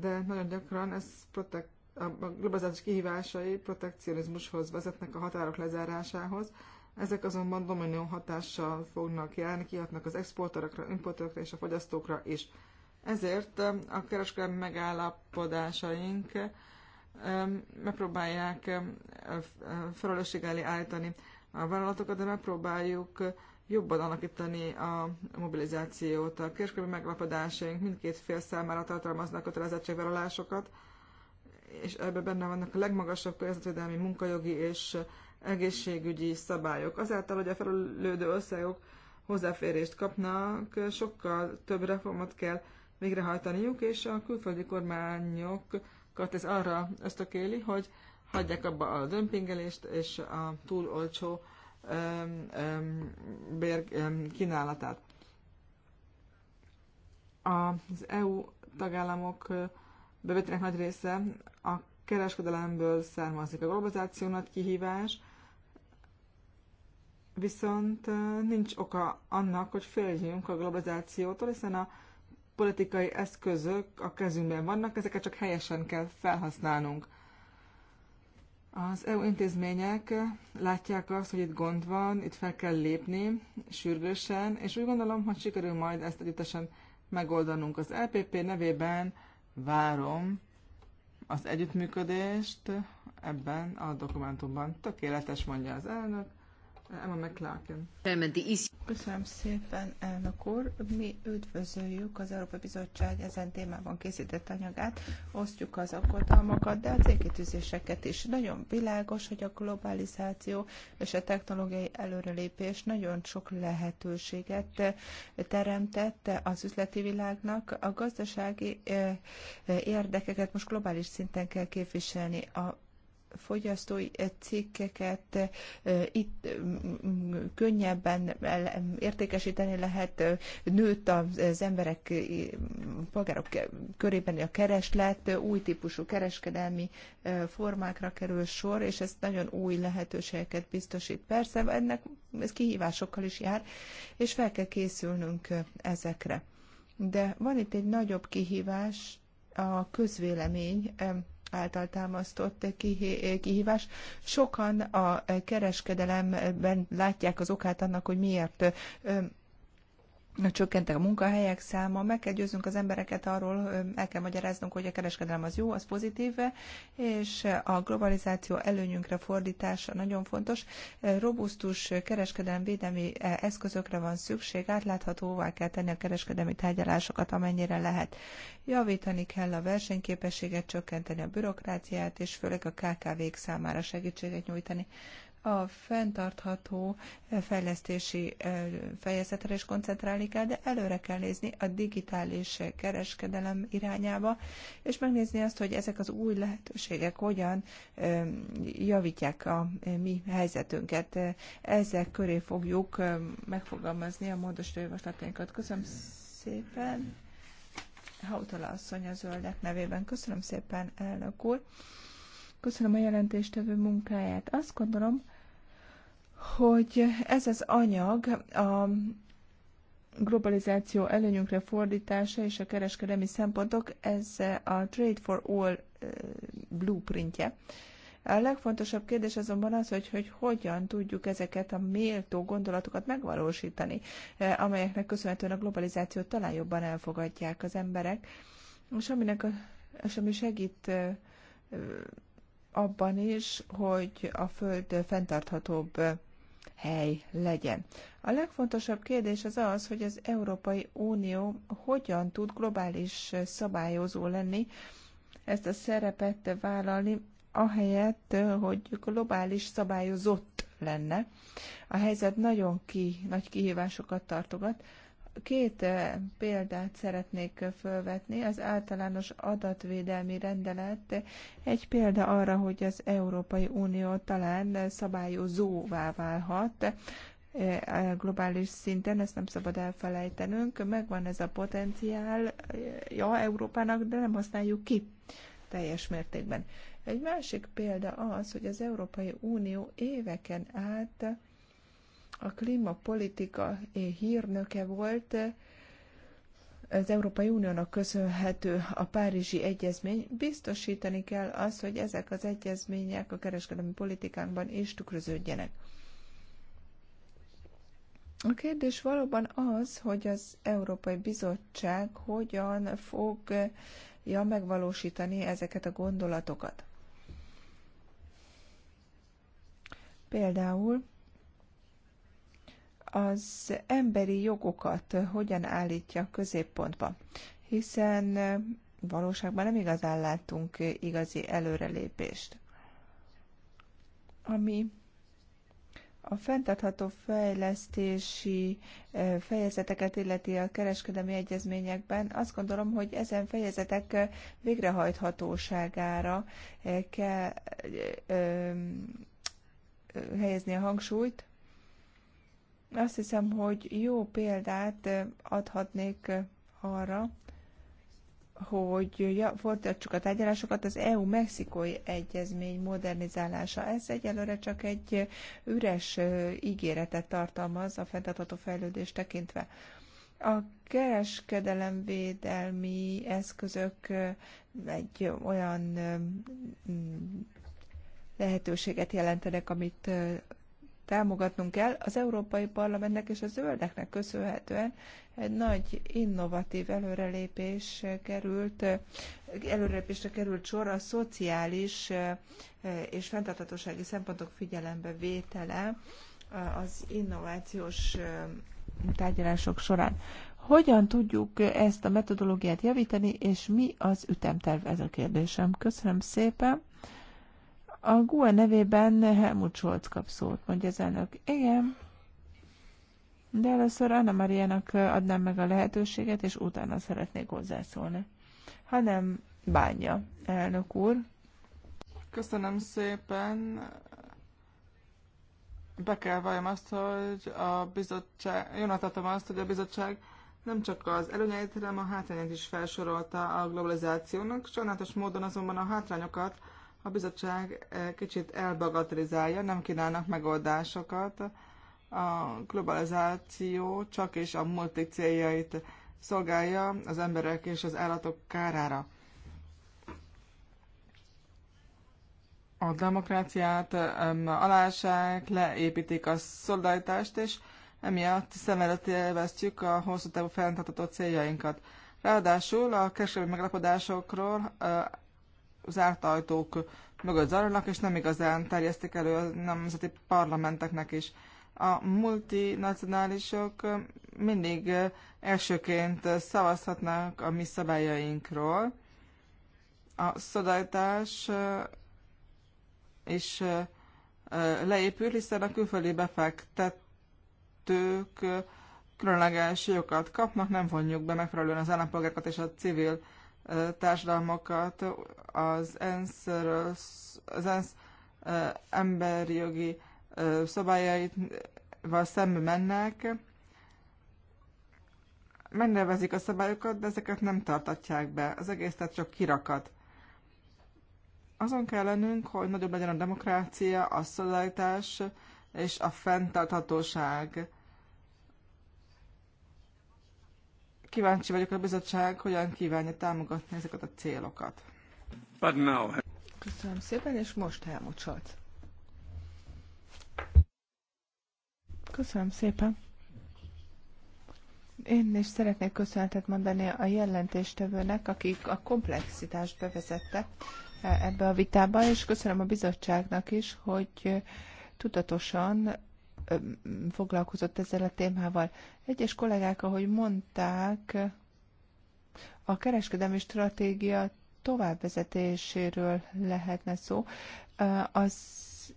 de nagyon gyakran ez protek- a globalizációs kihívásai protekcionizmushoz vezetnek a határok lezárásához, ezek azonban dominó hatással fognak járni, kihatnak az exportorokra, importokra és a fogyasztókra is. Ezért um, a kereskedelmi megállapodásaink um, megpróbálják um, felelősség állítani a vállalatokat, de megpróbáljuk jobban alakítani a mobilizációt. A kereskedelmi meglapodásaink mindkét fél számára tartalmaznak kötelezettségvállalásokat, és ebben benne vannak a legmagasabb környezetvédelmi, munkajogi és egészségügyi szabályok. Azáltal, hogy a felülődő országok hozzáférést kapnak, sokkal több reformot kell végrehajtaniuk, és a külföldi kormányokat ez arra ösztökéli, hogy hagyják abba a dömpingelést és a túl olcsó bér kínálatát. Az EU tagállamok bevételének nagy része a kereskedelemből származik. A globalizáció nagy kihívás, viszont nincs oka annak, hogy féljünk a globalizációtól, hiszen a politikai eszközök a kezünkben vannak, ezeket csak helyesen kell felhasználnunk. Az EU intézmények látják azt, hogy itt gond van, itt fel kell lépni sürgősen, és úgy gondolom, hogy sikerül majd ezt együttesen megoldanunk. Az LPP e nevében várom az együttműködést ebben a dokumentumban. Tökéletes, mondja az elnök. Emma McLaughlin. Köszönöm szépen, elnök úr. Mi üdvözöljük az Európai Bizottság ezen témában készített anyagát, osztjuk az aggodalmakat, de a célkitűzéseket is. Nagyon világos, hogy a globalizáció és a technológiai előrelépés nagyon sok lehetőséget teremtett az üzleti világnak. A gazdasági eh, eh, érdekeket most globális szinten kell képviselni. A fogyasztói eh, cikkeket eh, itt eh, könnyebben értékesíteni lehet, nőtt az emberek, polgárok körében a kereslet, új típusú kereskedelmi formákra kerül sor, és ez nagyon új lehetőségeket biztosít. Persze ennek ez kihívásokkal is jár, és fel kell készülnünk ezekre. De van itt egy nagyobb kihívás, a közvélemény által támasztott kihívás. Sokan a kereskedelemben látják az okát annak, hogy miért csökkentek a munkahelyek száma, meg kell győznünk az embereket arról, el kell magyaráznunk, hogy a kereskedelem az jó, az pozitív, és a globalizáció előnyünkre fordítása nagyon fontos. Robusztus kereskedelem védelmi eszközökre van szükség, átláthatóvá kell tenni a kereskedelmi tárgyalásokat, amennyire lehet. Javítani kell a versenyképességet, csökkenteni a bürokráciát, és főleg a KKV-k számára segítséget nyújtani a fenntartható eh, fejlesztési eh, fejezetre is koncentrálni kell, de előre kell nézni a digitális eh, kereskedelem irányába, és megnézni azt, hogy ezek az új lehetőségek hogyan javítják a mi helyzetünket. Ezek köré fogjuk megfogalmazni a módosító javaslatainkat. Köszönöm szépen. Hautala asszony a zöldek nevében. Köszönöm szépen, elnök úr. Köszönöm a jelentéstevő munkáját. Azt gondolom, hogy ez az anyag a globalizáció előnyünkre fordítása és a kereskedelmi szempontok, ez a Trade for All blueprintje. A legfontosabb kérdés azonban az, hogy, hogy hogyan tudjuk ezeket a méltó gondolatokat megvalósítani, amelyeknek köszönhetően a globalizációt talán jobban elfogadják az emberek, és, aminek a, és ami segít abban is, hogy a Föld fenntarthatóbb hely legyen. A legfontosabb kérdés az az, hogy az Európai Unió hogyan tud globális szabályozó lenni, ezt a szerepet vállalni, ahelyett, hogy globális szabályozott lenne. A helyzet nagyon ki, nagy kihívásokat tartogat, Két eh, példát szeretnék eh, felvetni. Az általános adatvédelmi rendelet egy példa arra, hogy az Európai Unió talán szabályozóvá válhat eh, globális szinten, ezt nem szabad elfelejtenünk, megvan ez a potenciál, ja, Európának, de nem használjuk ki teljes mértékben. Egy másik példa az, hogy az Európai Unió éveken át a klímapolitika hírnöke volt, az Európai Uniónak köszönhető a Párizsi Egyezmény. Biztosítani kell azt, hogy ezek az egyezmények a kereskedelmi politikánkban is tükröződjenek. A kérdés valóban az, hogy az Európai Bizottság hogyan fogja megvalósítani ezeket a gondolatokat. Például az emberi jogokat hogyan állítja középpontba, hiszen valóságban nem igazán láttunk igazi előrelépést. Ami a fenntartható fejlesztési fejezeteket illeti a kereskedelmi egyezményekben, azt gondolom, hogy ezen fejezetek végrehajthatóságára kell helyezni a hangsúlyt, azt hiszem, hogy jó példát eh, adhatnék eh, arra, hogy eh, ja, fordítsuk a tárgyalásokat, az EU-Mexikói Egyezmény modernizálása. Ez egyelőre csak egy üres ígéretet tartalmaz a fenntartható fejlődést tekintve. A kereskedelemvédelmi eszközök egy olyan mm, lehetőséget jelentenek, amit támogatnunk kell. Az Európai Parlamentnek és a zöldeknek köszönhetően egy nagy innovatív előrelépés került, előrelépésre került sor a szociális és fenntarthatósági szempontok figyelembe vétele az innovációs tárgyalások során. Hogyan tudjuk ezt a metodológiát javítani, és mi az ütemterv? Ez a kérdésem. Köszönöm szépen. A GUE nevében Helmut Scholz kap szót, mondja az elnök. Igen. De először Anna Mariának adnám meg a lehetőséget, és utána szeretnék hozzászólni. hanem bánja, elnök úr. Köszönöm szépen. Be kell valljam azt, hogy a bizottság, jön azt, hogy a bizottság nem csak az előnyeit, hanem a hátrányait is felsorolta a globalizációnak. Sajnálatos módon azonban a hátrányokat a bizottság eh, kicsit elbagatrizálja, nem kínálnak megoldásokat. A globalizáció csak és a multi céljait szolgálja az emberek és az állatok kárára. A demokráciát alássák, leépítik a szolidaritást, és emiatt előtt élveztjük a hosszú távú fenntartató céljainkat. Ráadásul a kereskedelmi meglapodásokról eh, zárt ajtók mögött zajlanak, és nem igazán terjesztik elő a nemzeti parlamenteknek is. A multinacionálisok mindig elsőként szavazhatnak a mi szabályainkról. A szodajtás és leépül, hiszen a külföldi befektetők különleges jogokat kapnak, nem vonjuk be megfelelően az állampolgárokat és a civil társadalmakat az ENSZ, az ENSZ emberi jogi szabályaival szembe mennek, megnevezik a szabályokat, de ezeket nem tartatják be. Az egész tehát csak kirakat. Azon kell lennünk, hogy nagyobb legyen a demokrácia, a szolidaritás és a fenntarthatóság. kíváncsi vagyok, a bizottság hogyan kívánja támogatni ezeket a célokat. Köszönöm szépen, és most Helmut Scholz. Köszönöm szépen. Én is szeretnék köszönetet mondani a jelentéstevőnek, akik a komplexitást bevezette ebbe a vitába, és köszönöm a bizottságnak is, hogy tudatosan foglalkozott ezzel a témával. Egyes kollégák, ahogy mondták, a kereskedelmi stratégia továbbvezetéséről lehetne szó. Az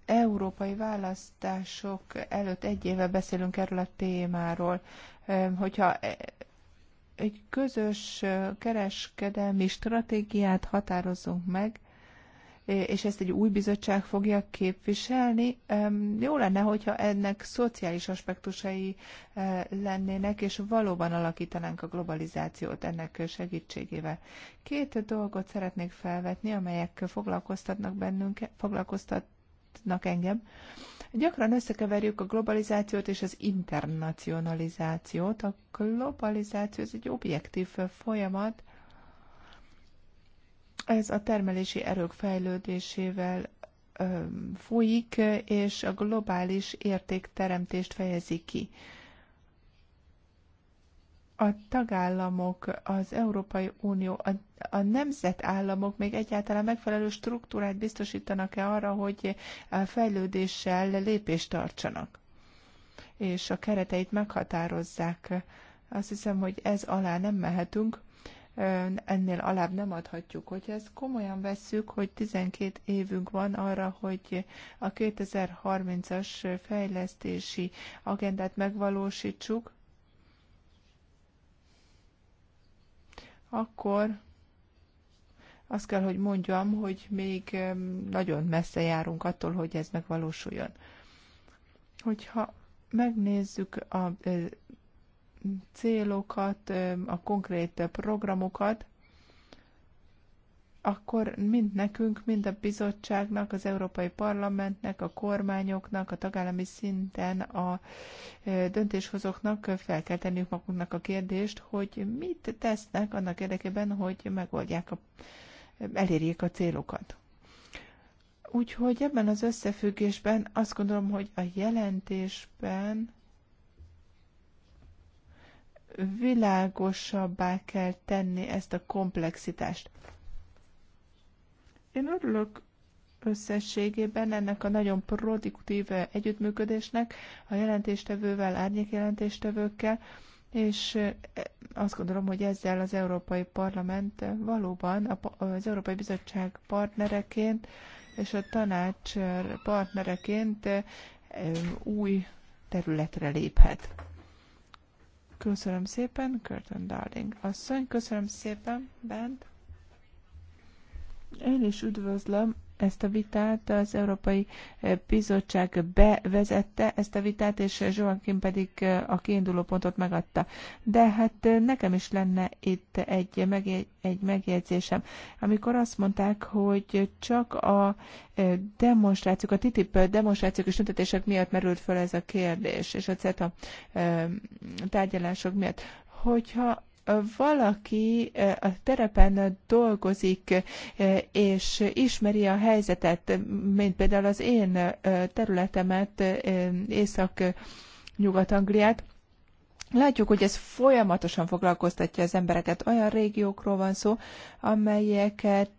európai választások előtt egy éve beszélünk erről a témáról. Hogyha egy közös kereskedelmi stratégiát határozunk meg, és ezt egy új bizottság fogja képviselni. Jó lenne, hogyha ennek szociális aspektusai e, lennének, és valóban alakítanánk a globalizációt ennek segítségével. Két dolgot szeretnék felvetni, amelyek foglalkoztatnak bennünket, foglalkoztatnak engem. Gyakran összekeverjük a globalizációt és az internacionalizációt. A globalizáció ez egy objektív folyamat, ez a termelési erők fejlődésével folyik, és a globális értékteremtést fejezi ki. A tagállamok, az Európai Unió, a, a nemzetállamok még egyáltalán megfelelő struktúrát biztosítanak-e arra, hogy a fejlődéssel lépést tartsanak, és a kereteit meghatározzák. Azt hiszem, hogy ez alá nem mehetünk ennél alább nem adhatjuk. Hogyha ezt komolyan vesszük, hogy 12 évünk van arra, hogy a 2030-as fejlesztési agendát megvalósítsuk, akkor azt kell, hogy mondjam, hogy még nagyon messze járunk attól, hogy ez megvalósuljon. Hogyha megnézzük a célokat, a konkrét programokat, akkor mind nekünk, mind a bizottságnak, az Európai Parlamentnek, a kormányoknak, a tagállami szinten a döntéshozóknak fel kell tenniük magunknak a kérdést, hogy mit tesznek annak érdekében, hogy megoldják, a, elérjék a célokat. Úgyhogy ebben az összefüggésben azt gondolom, hogy a jelentésben világosabbá kell tenni ezt a komplexitást. Én örülök összességében ennek a nagyon produktív együttműködésnek a jelentéstevővel, árnyékjelentéstevőkkel, és azt gondolom, hogy ezzel az Európai Parlament valóban az Európai Bizottság partnereként és a tanács partnereként új területre léphet. Köszönöm szépen, Curtain Darling asszony. Köszönöm szépen, Bent. Én is üdvözlöm ezt a vitát, az Európai eh, Bizottság bevezette ezt a vitát, és eh, Joachim pedig eh, a kiinduló pontot megadta. De hát nekem is lenne itt egy, megjegy, egy megjegyzésem. Amikor azt mondták, hogy csak a demonstrációk, a TTIP demonstrációk és tüntetések miatt merült fel ez a kérdés, és a CETA tárgyalások miatt, hogyha valaki eh, a terepen dolgozik, eh, és ismeri a helyzetet, mint például az én eh, területemet, Észak-Nyugat-Angliát, Látjuk, hogy ez folyamatosan foglalkoztatja az embereket. Olyan régiókról van szó, amelyeket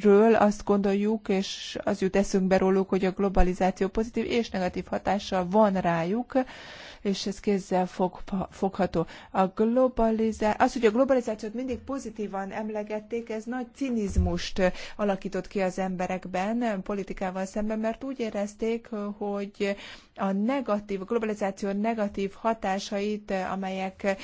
ről azt gondoljuk, és az jut eszünkbe róluk, hogy a globalizáció pozitív és negatív hatással van rájuk, és ez kézzel fog, fogható. A globalizá... Az, hogy a globalizációt mindig pozitívan emlegették, ez nagy cinizmust alakított ki az emberekben politikával szemben, mert úgy érezték, hogy a negatív, a globalizáció negatív hatásait, eh, amelyek eh,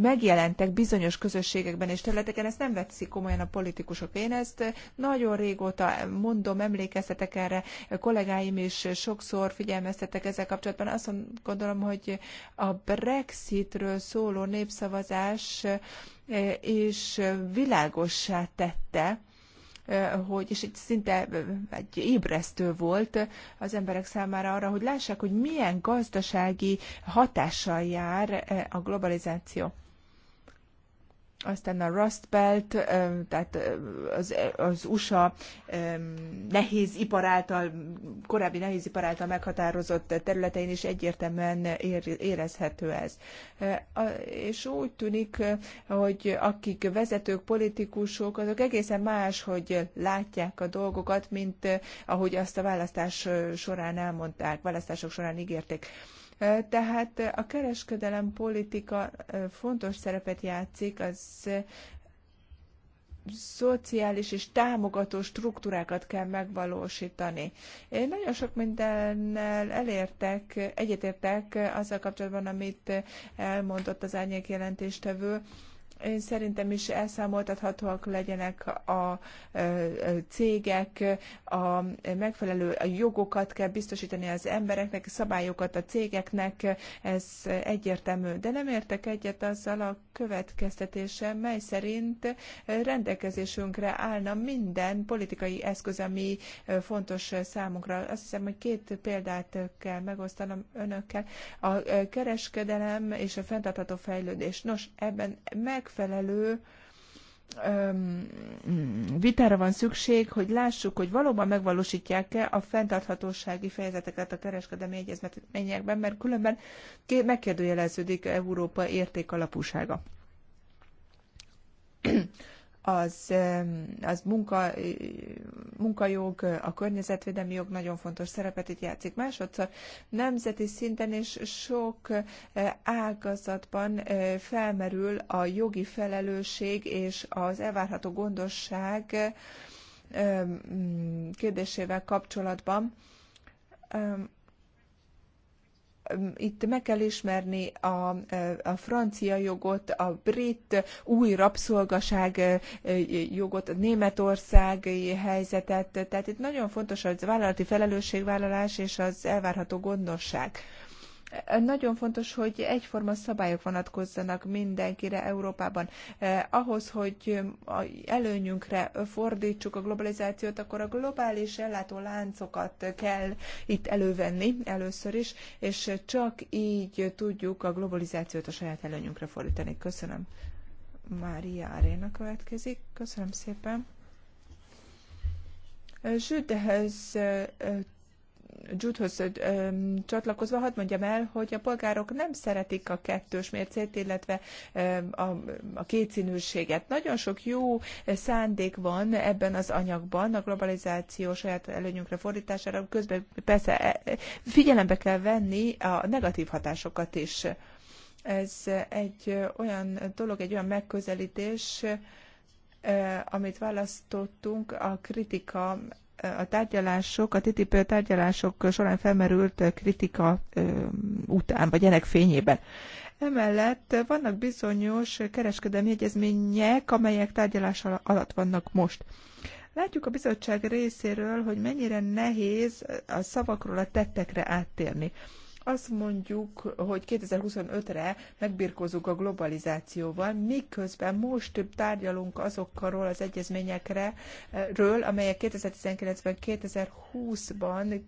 megjelentek bizonyos közösségekben és területeken, ezt nem veszik komolyan a politikusok. Én ezt eh, nagyon régóta mondom, emlékeztetek erre, kollégáim is sokszor figyelmeztetek ezzel kapcsolatban. Azt gondolom, hogy a Brexitről szóló népszavazás és világossá tette, hogy, és egy szinte egy ébresztő volt az emberek számára arra, hogy lássák, hogy milyen gazdasági hatással jár a globalizáció aztán a Rust Belt, tehát az, az USA nehéz ipar által, korábbi nehéz ipar által meghatározott területein is egyértelműen érezhető ez. És úgy tűnik, hogy akik vezetők, politikusok, azok egészen más, hogy látják a dolgokat, mint ahogy azt a választás során elmondták, választások során ígérték tehát a kereskedelem politika fontos szerepet játszik az szociális és támogató struktúrákat kell megvalósítani. Én nagyon sok mindennel elértek, egyetértek azzal kapcsolatban, amit elmondott az árnyék jelentéstevő. Én szerintem is elszámoltathatóak legyenek a cégek, a megfelelő a jogokat kell biztosítani az embereknek, szabályokat a cégeknek, ez egyértelmű. De nem értek egyet azzal a következtetésem, mely szerint rendelkezésünkre állna minden politikai eszköz, ami fontos számunkra. Azt hiszem, hogy két példát kell megosztanom önökkel. A kereskedelem és a fenntartható fejlődés. Nos, ebben meg megfelelő vitára van szükség, hogy lássuk, hogy valóban megvalósítják-e a fenntarthatósági fejezeteket a kereskedelmi egyezményekben, mert különben megkérdőjeleződik Európa értékalapúsága az, az munka, munkajog, a környezetvédelmi jog nagyon fontos szerepet itt játszik. Másodszor nemzeti szinten és sok eh, ágazatban eh, felmerül a jogi felelősség és az elvárható gondosság eh, mm, kérdésével kapcsolatban itt meg kell ismerni a, a francia jogot, a brit új rabszolgaság jogot, a németországi helyzetet. Tehát itt nagyon fontos a vállalati felelősségvállalás és az elvárható gondosság. Nagyon fontos, hogy egyforma szabályok vonatkozzanak mindenkire Európában. Eh, ahhoz, hogy eh, előnyünkre fordítsuk a globalizációt, akkor a globális ellátó láncokat kell itt elővenni először is, és csak így tudjuk a globalizációt a saját előnyünkre fordítani. Köszönöm. Mária Aréna következik. Köszönöm szépen. Eh, Zsüdehez Judhoz csatlakozva hadd mondjam el, hogy a polgárok nem szeretik a kettős mércét, illetve a, a kétszínűséget. Nagyon sok jó szándék van ebben az anyagban, a globalizáció saját előnyünkre fordítására, közben persze e, e, figyelembe kell venni a negatív hatásokat is. Ez egy olyan dolog, egy olyan megközelítés, amit választottunk a kritika a tárgyalások, a TTIP tárgyalások során felmerült kritika után, vagy ennek fényében. Emellett vannak bizonyos kereskedelmi egyezmények, amelyek tárgyalás alatt vannak most. Látjuk a bizottság részéről, hogy mennyire nehéz a szavakról a tettekre áttérni azt mondjuk, hogy 2025-re megbirkózunk a globalizációval, miközben most több tárgyalunk azokról az egyezményekről, ről, amelyek 2019-ben, 2020-ban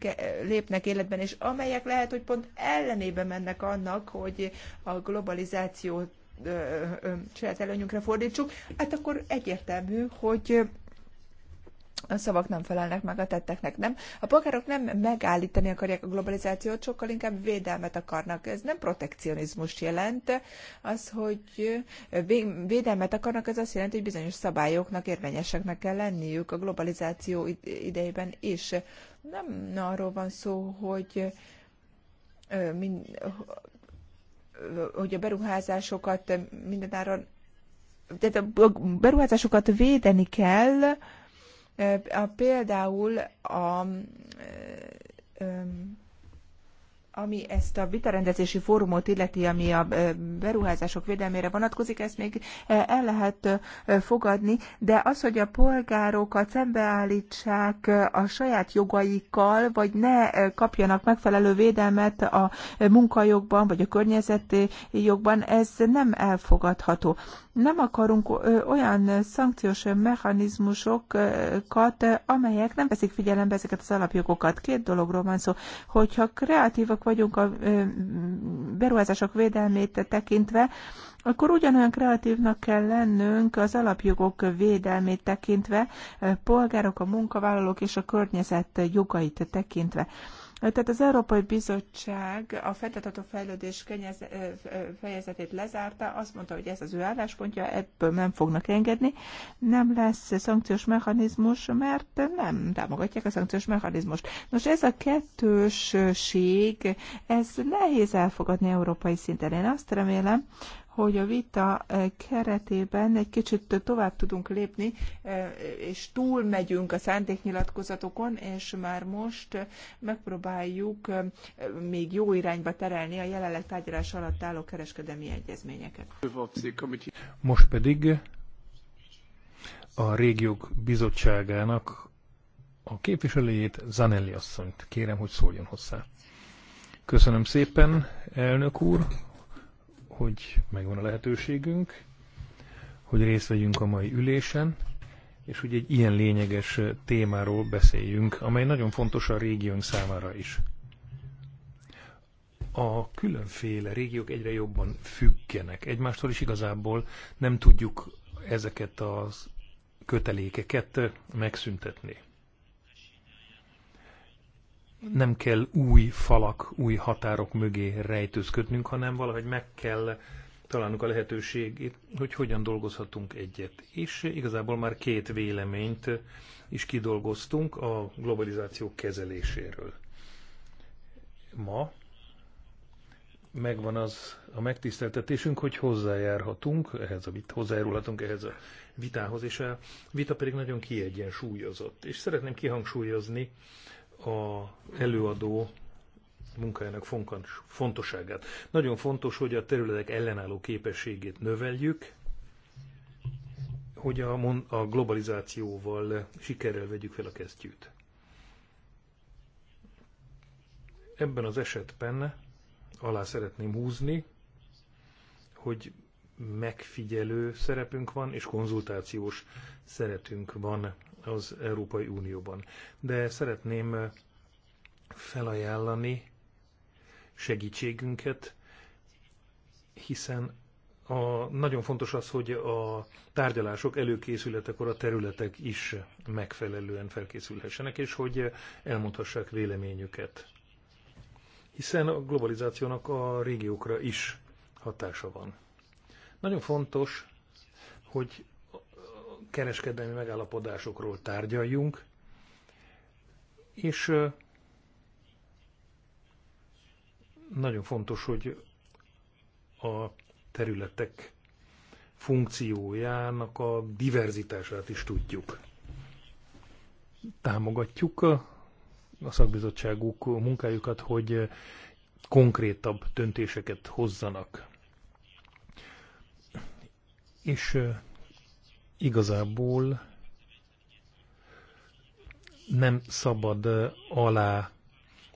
lépnek életben, és amelyek lehet, hogy pont ellenébe mennek annak, hogy a globalizációt saját előnyünkre fordítsuk, hát akkor egyértelmű, hogy a szavak nem felelnek meg a tetteknek, nem? A polgárok nem megállítani akarják a globalizációt, sokkal inkább védelmet akarnak. Ez nem protekcionizmus jelent, az, hogy védelmet akarnak, ez azt jelenti, hogy bizonyos szabályoknak érvényeseknek kell lenniük a globalizáció idejében is. Nem arról van szó, hogy hogy a beruházásokat mindenáron, tehát a beruházásokat védeni kell, a, például a ami ezt a vitarendezési fórumot illeti, ami a beruházások védelmére vonatkozik, ezt még el lehet fogadni, de az, hogy a polgárokat szembeállítsák a saját jogaikkal, vagy ne kapjanak megfelelő védelmet a munkajogban, vagy a környezeti jogban, ez nem elfogadható. Nem akarunk olyan szankciós mechanizmusokat, amelyek nem veszik figyelembe ezeket az alapjogokat. Két dologról van szó. Hogyha kreatívak vagyunk a beruházások védelmét tekintve, akkor ugyanolyan kreatívnak kell lennünk az alapjogok védelmét tekintve, polgárok, a munkavállalók és a környezet jogait tekintve. Tehát az Európai Bizottság a fenntartható fejlődés fejezetét lezárta, azt mondta, hogy ez az ő álláspontja, ebből nem fognak engedni, nem lesz szankciós mechanizmus, mert nem támogatják a szankciós mechanizmust. Nos, ez a kettősség, ez nehéz elfogadni európai szinten. Én azt remélem, hogy a vita eh, keretében egy kicsit tovább tudunk lépni, eh, és túlmegyünk a szándéknyilatkozatokon, és már most eh, megpróbáljuk még jó irányba terelni a jelenleg tárgyalás alatt álló kereskedelmi egyezményeket. Most pedig a régiók bizottságának a képviselőjét, Zanelli asszonyt. Kérem, hogy szóljon hozzá. Köszönöm szépen, elnök úr, hogy megvan a lehetőségünk, hogy részt vegyünk a mai ülésen, és hogy egy ilyen lényeges témáról beszéljünk, amely nagyon fontos a régiónk számára is. A különféle régiók egyre jobban függenek egymástól, és igazából nem tudjuk ezeket az kötelékeket megszüntetni nem kell új falak, új határok mögé rejtőzködnünk, hanem valahogy meg kell találnunk a lehetőségét, hogy hogyan dolgozhatunk egyet. És igazából már két véleményt is kidolgoztunk a globalizáció kezeléséről. Ma megvan az a megtiszteltetésünk, hogy hozzájárhatunk, ehhez a vit, hozzájárulhatunk ehhez a vitához, és a vita pedig nagyon kiegyensúlyozott. És szeretném kihangsúlyozni, a előadó munkájának fontosságát. Nagyon fontos, hogy a területek ellenálló képességét növeljük, hogy a, a globalizációval sikerrel vegyük fel a kesztyűt. Ebben az esetben alá szeretném húzni, hogy megfigyelő szerepünk van, és konzultációs szeretünk van az Európai Unióban. De szeretném eh, felajánlani segítségünket, hiszen a, nagyon fontos az, hogy a tárgyalások előkészületekor a területek is megfelelően felkészülhessenek, és hogy elmondhassák véleményüket. Hiszen a globalizációnak a régiókra is hatása van. Nagyon fontos, hogy kereskedelmi megállapodásokról tárgyaljunk, és nagyon fontos, hogy a területek funkciójának a diverzitását is tudjuk. Támogatjuk a szakbizottságuk munkájukat, hogy konkrétabb döntéseket hozzanak. És igazából nem szabad alá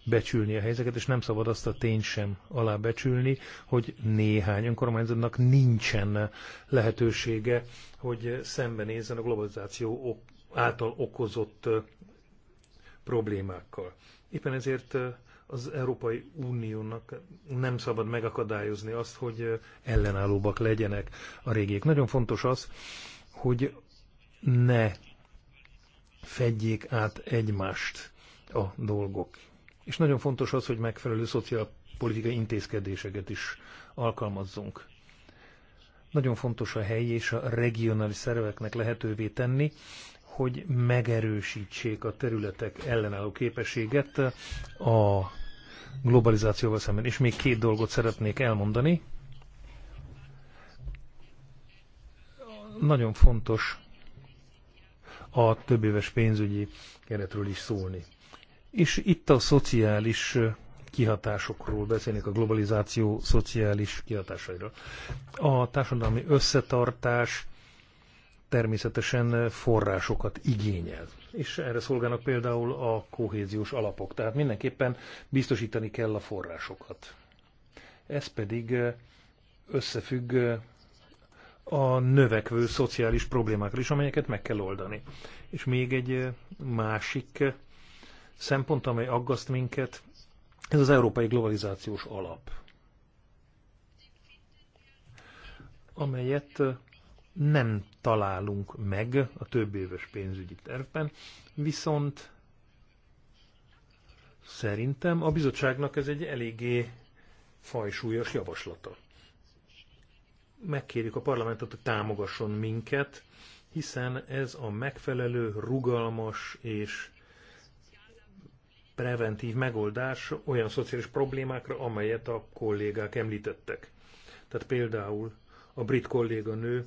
becsülni a helyzeteket és nem szabad azt a tény sem alábecsülni, hogy néhány önkormányzatnak nincsen lehetősége, hogy szembenézzen a globalizáció által okozott problémákkal. Éppen ezért az Európai Uniónak nem szabad megakadályozni azt, hogy ellenállóbbak legyenek a régiek. Nagyon fontos az, hogy ne fedjék át egymást a dolgok. És nagyon fontos az, hogy megfelelő szociálpolitikai intézkedéseket is alkalmazzunk. Nagyon fontos a helyi és a regionális szerveknek lehetővé tenni, hogy megerősítsék a területek ellenálló képességet a globalizációval szemben. És még két dolgot szeretnék elmondani. nagyon fontos a éves pénzügyi keretről is szólni. És itt a szociális kihatásokról beszélnek, a globalizáció szociális kihatásairól. A társadalmi összetartás természetesen forrásokat igényel. És erre szolgálnak például a kohéziós alapok. Tehát mindenképpen biztosítani kell a forrásokat. Ez pedig összefügg a növekvő szociális problémákra is, amelyeket meg kell oldani. És még egy eh, másik eh, szempont, amely aggaszt minket, ez az európai globalizációs alap, amelyet eh, nem találunk meg a több éves pénzügyi tervben, viszont szerintem a bizottságnak ez egy eléggé fajsúlyos javaslata megkérjük a parlamentet, hogy támogasson minket, hiszen ez a megfelelő, rugalmas és preventív megoldás olyan szociális problémákra, amelyet a kollégák említettek. Tehát például a brit kolléganő,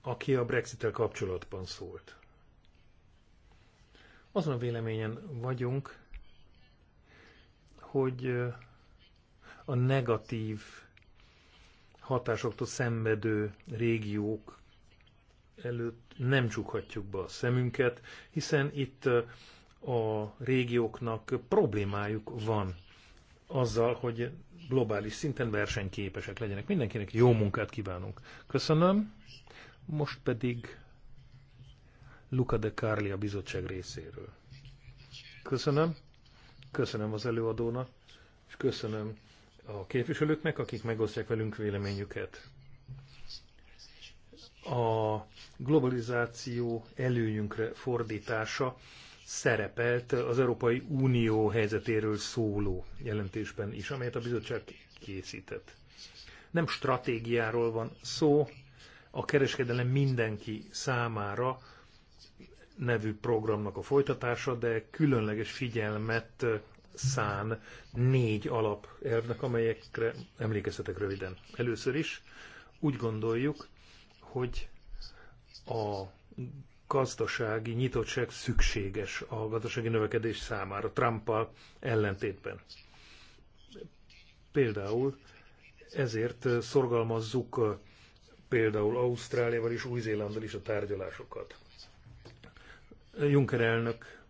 aki a brexit kapcsolatban szólt. Azon a véleményen vagyunk, hogy a negatív hatásoktól szenvedő régiók előtt nem csukhatjuk be a szemünket, hiszen itt a régióknak problémájuk van azzal, hogy globális szinten versenyképesek legyenek. Mindenkinek jó munkát kívánunk. Köszönöm. Most pedig Luca de Carli a bizottság részéről. Köszönöm. Köszönöm az előadónak, és köszönöm a képviselőknek, akik megosztják velünk véleményüket. A globalizáció előnyünkre fordítása szerepelt az Európai Unió helyzetéről szóló jelentésben is, amelyet a bizottság készített. Nem stratégiáról van szó, a kereskedelem mindenki számára nevű programnak a folytatása, de különleges figyelmet szán négy alap elvnek, amelyekre emlékeztetek röviden. Először is úgy gondoljuk, hogy a gazdasági nyitottság szükséges a gazdasági növekedés számára, trump ellentétben. Például ezért szorgalmazzuk például Ausztráliával és Új-Zélanddal is a tárgyalásokat. Juncker elnök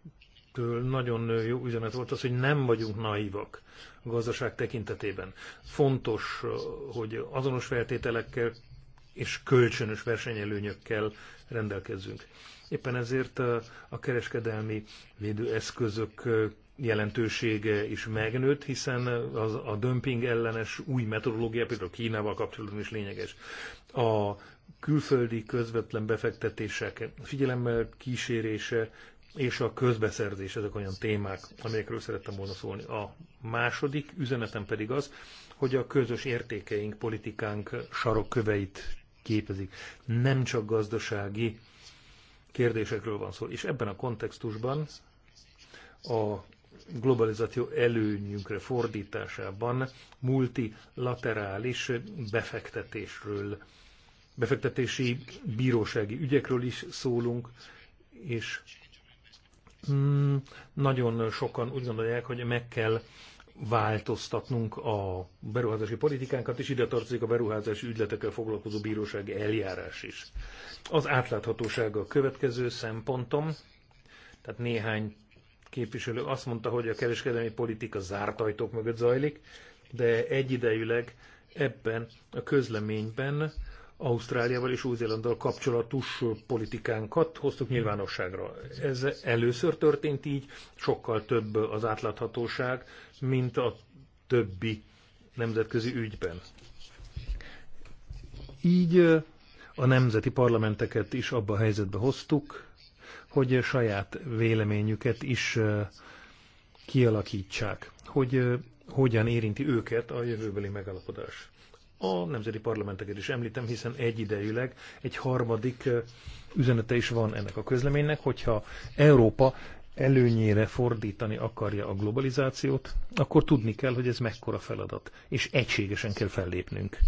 től nagyon jó üzenet volt az, hogy nem vagyunk naivak a gazdaság tekintetében. Fontos, hogy azonos feltételekkel és kölcsönös versenyelőnyökkel rendelkezzünk. Éppen ezért eh, a kereskedelmi védőeszközök eh, jelentősége is megnőtt, hiszen az, a dömping ellenes új metodológia, például Kínával kapcsolatban is lényeges. A külföldi közvetlen befektetések figyelemmel kísérése és a közbeszerzés, ezek olyan témák, amelyekről szerettem volna szólni. A második üzenetem pedig az, hogy a közös értékeink, politikánk sarokköveit képezik. Nem csak gazdasági kérdésekről van szó. És ebben a kontextusban a globalizáció előnyünkre fordításában multilaterális befektetésről, befektetési bírósági ügyekről is szólunk, és Mm, nagyon sokan úgy gondolják, hogy meg kell változtatnunk a beruházási politikánkat, és ide tartozik a beruházási ügyletekkel foglalkozó bírósági eljárás is. Az átláthatósága a következő szempontom, tehát néhány képviselő azt mondta, hogy a kereskedelmi politika zárt ajtók mögött zajlik, de egyidejűleg ebben a közleményben Ausztráliával és Új-Zélanddal kapcsolatos politikánkat hoztuk nyilvánosságra. Ez először történt így, sokkal több az átláthatóság, mint a többi nemzetközi ügyben. Így a nemzeti parlamenteket is abba a helyzetbe hoztuk, hogy saját véleményüket is kialakítsák, hogy hogyan érinti őket a jövőbeli megalapodás a nemzeti parlamenteket is említem, hiszen egyidejűleg egy harmadik üzenete is van ennek a közleménynek, hogyha Európa előnyére fordítani akarja a globalizációt, akkor tudni kell, hogy ez mekkora feladat, és egységesen kell fellépnünk.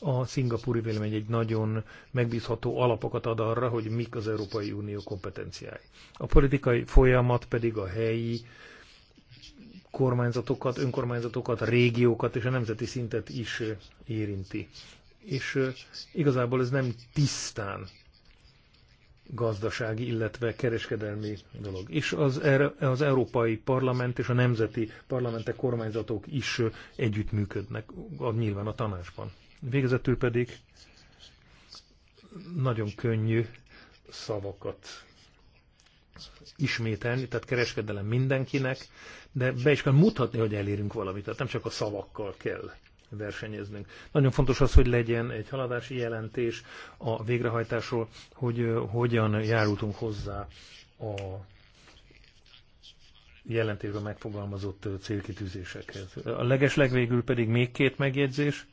A szingapúri vélemény egy nagyon megbízható alapokat ad arra, hogy mik az Európai Unió kompetenciái. A politikai folyamat pedig a helyi kormányzatokat, önkormányzatokat, régiókat és a nemzeti szintet is eh, érinti. És eh, igazából ez nem tisztán gazdasági, illetve kereskedelmi dolog. És az, er-, az Európai Parlament és a nemzeti parlamentek, kormányzatok is eh, együttműködnek, nyilván a tanácsban. Végezetül pedig nagyon könnyű szavakat ismételni, tehát kereskedelem mindenkinek, de be is kell mutatni, hogy elérünk valamit, tehát nem csak a szavakkal kell versenyeznünk. Nagyon fontos az, hogy legyen egy haladási jelentés a végrehajtásról, hogy hogyan járultunk hozzá a jelentésben megfogalmazott célkitűzésekhez. A legeslegvégül pedig még két megjegyzés.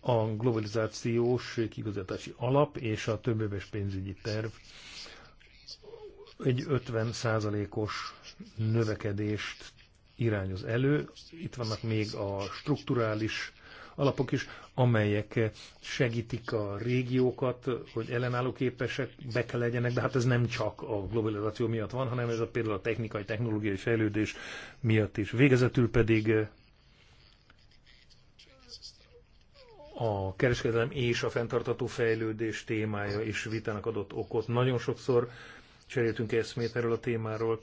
A globalizációs kigazgatási alap és a többéves pénzügyi terv egy 50 os növekedést irányoz elő. Itt vannak még a strukturális alapok is, amelyek segítik a régiókat, hogy ellenálló képesek be kell legyenek, de hát ez nem csak a globalizáció miatt van, hanem ez a például a technikai, technológiai fejlődés miatt is. Végezetül pedig a kereskedelem és a fenntartató fejlődés témája és vitának adott okot. Nagyon sokszor cseréltünk eszmét erről a témáról,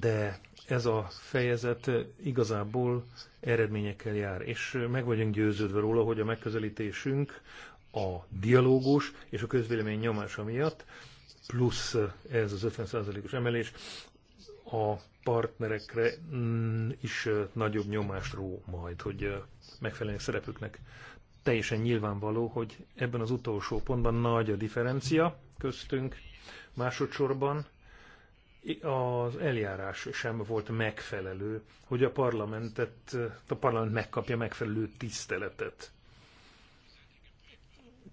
de ez a fejezet igazából eredményekkel jár, és meg vagyunk győződve róla, hogy a megközelítésünk a dialógus és a közvélemény nyomása miatt, plusz ez az 50%-os emelés, a partnerekre mm, is nagyobb nyomást ró majd, hogy megfelelnek szerepüknek. Teljesen nyilvánvaló, hogy ebben az utolsó pontban nagy a differencia köztünk, Másodszorban az eljárás sem volt megfelelő, hogy a parlamentet, a parlament megkapja megfelelő tiszteletet.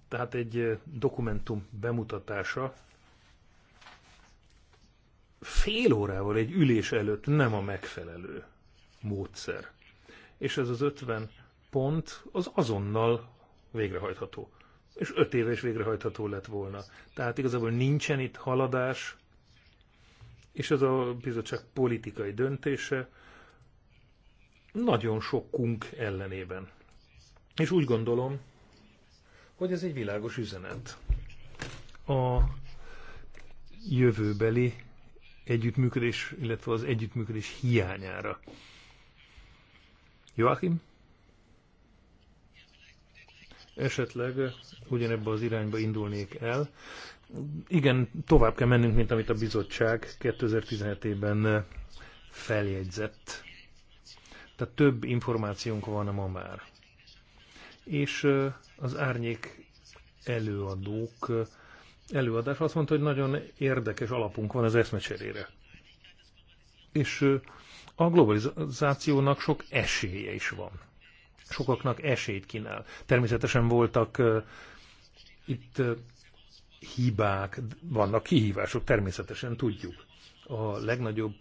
Tehát egy dokumentum bemutatása fél órával egy ülés előtt nem a megfelelő módszer. És ez az 50 pont az azonnal végrehajtható és öt éve is végrehajtható lett volna. Tehát igazából nincsen itt haladás, és ez a bizottság politikai döntése nagyon sokunk ellenében. És úgy gondolom, hogy ez egy világos üzenet. A jövőbeli együttműködés, illetve az együttműködés hiányára. Joachim? esetleg ugyanebbe az irányba indulnék el. Igen, tovább kell mennünk, mint amit a bizottság 2017-ben feljegyzett. Tehát több információnk van ma már. És az árnyék előadók előadás azt mondta, hogy nagyon érdekes alapunk van az eszmecserére. És a globalizációnak sok esélye is van sokaknak esélyt kínál. Természetesen voltak itt hibák, vannak kihívások, természetesen tudjuk. A legnagyobb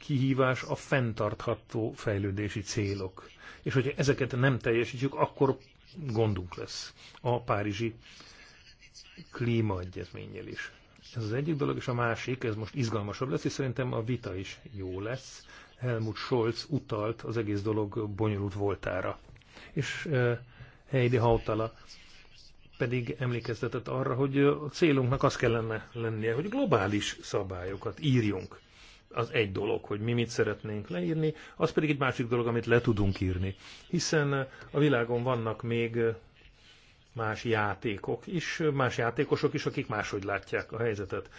kihívás a fenntartható fejlődési célok. És hogyha ezeket nem teljesítjük, akkor gondunk lesz a párizsi klímaegyezménnyel is. Ez az egyik dolog, és a másik, ez most izgalmasabb lesz, és szerintem a vita is jó lesz. Helmut Scholz utalt az egész dolog bonyolult voltára és Heidi Hautala pedig emlékeztetett arra, hogy a célunknak az kellene lennie, hogy globális szabályokat írjunk. Az egy dolog, hogy mi mit szeretnénk leírni, az pedig egy másik dolog, amit le tudunk írni. Hiszen a világon vannak még más játékok is, más játékosok is, akik máshogy látják a helyzetet.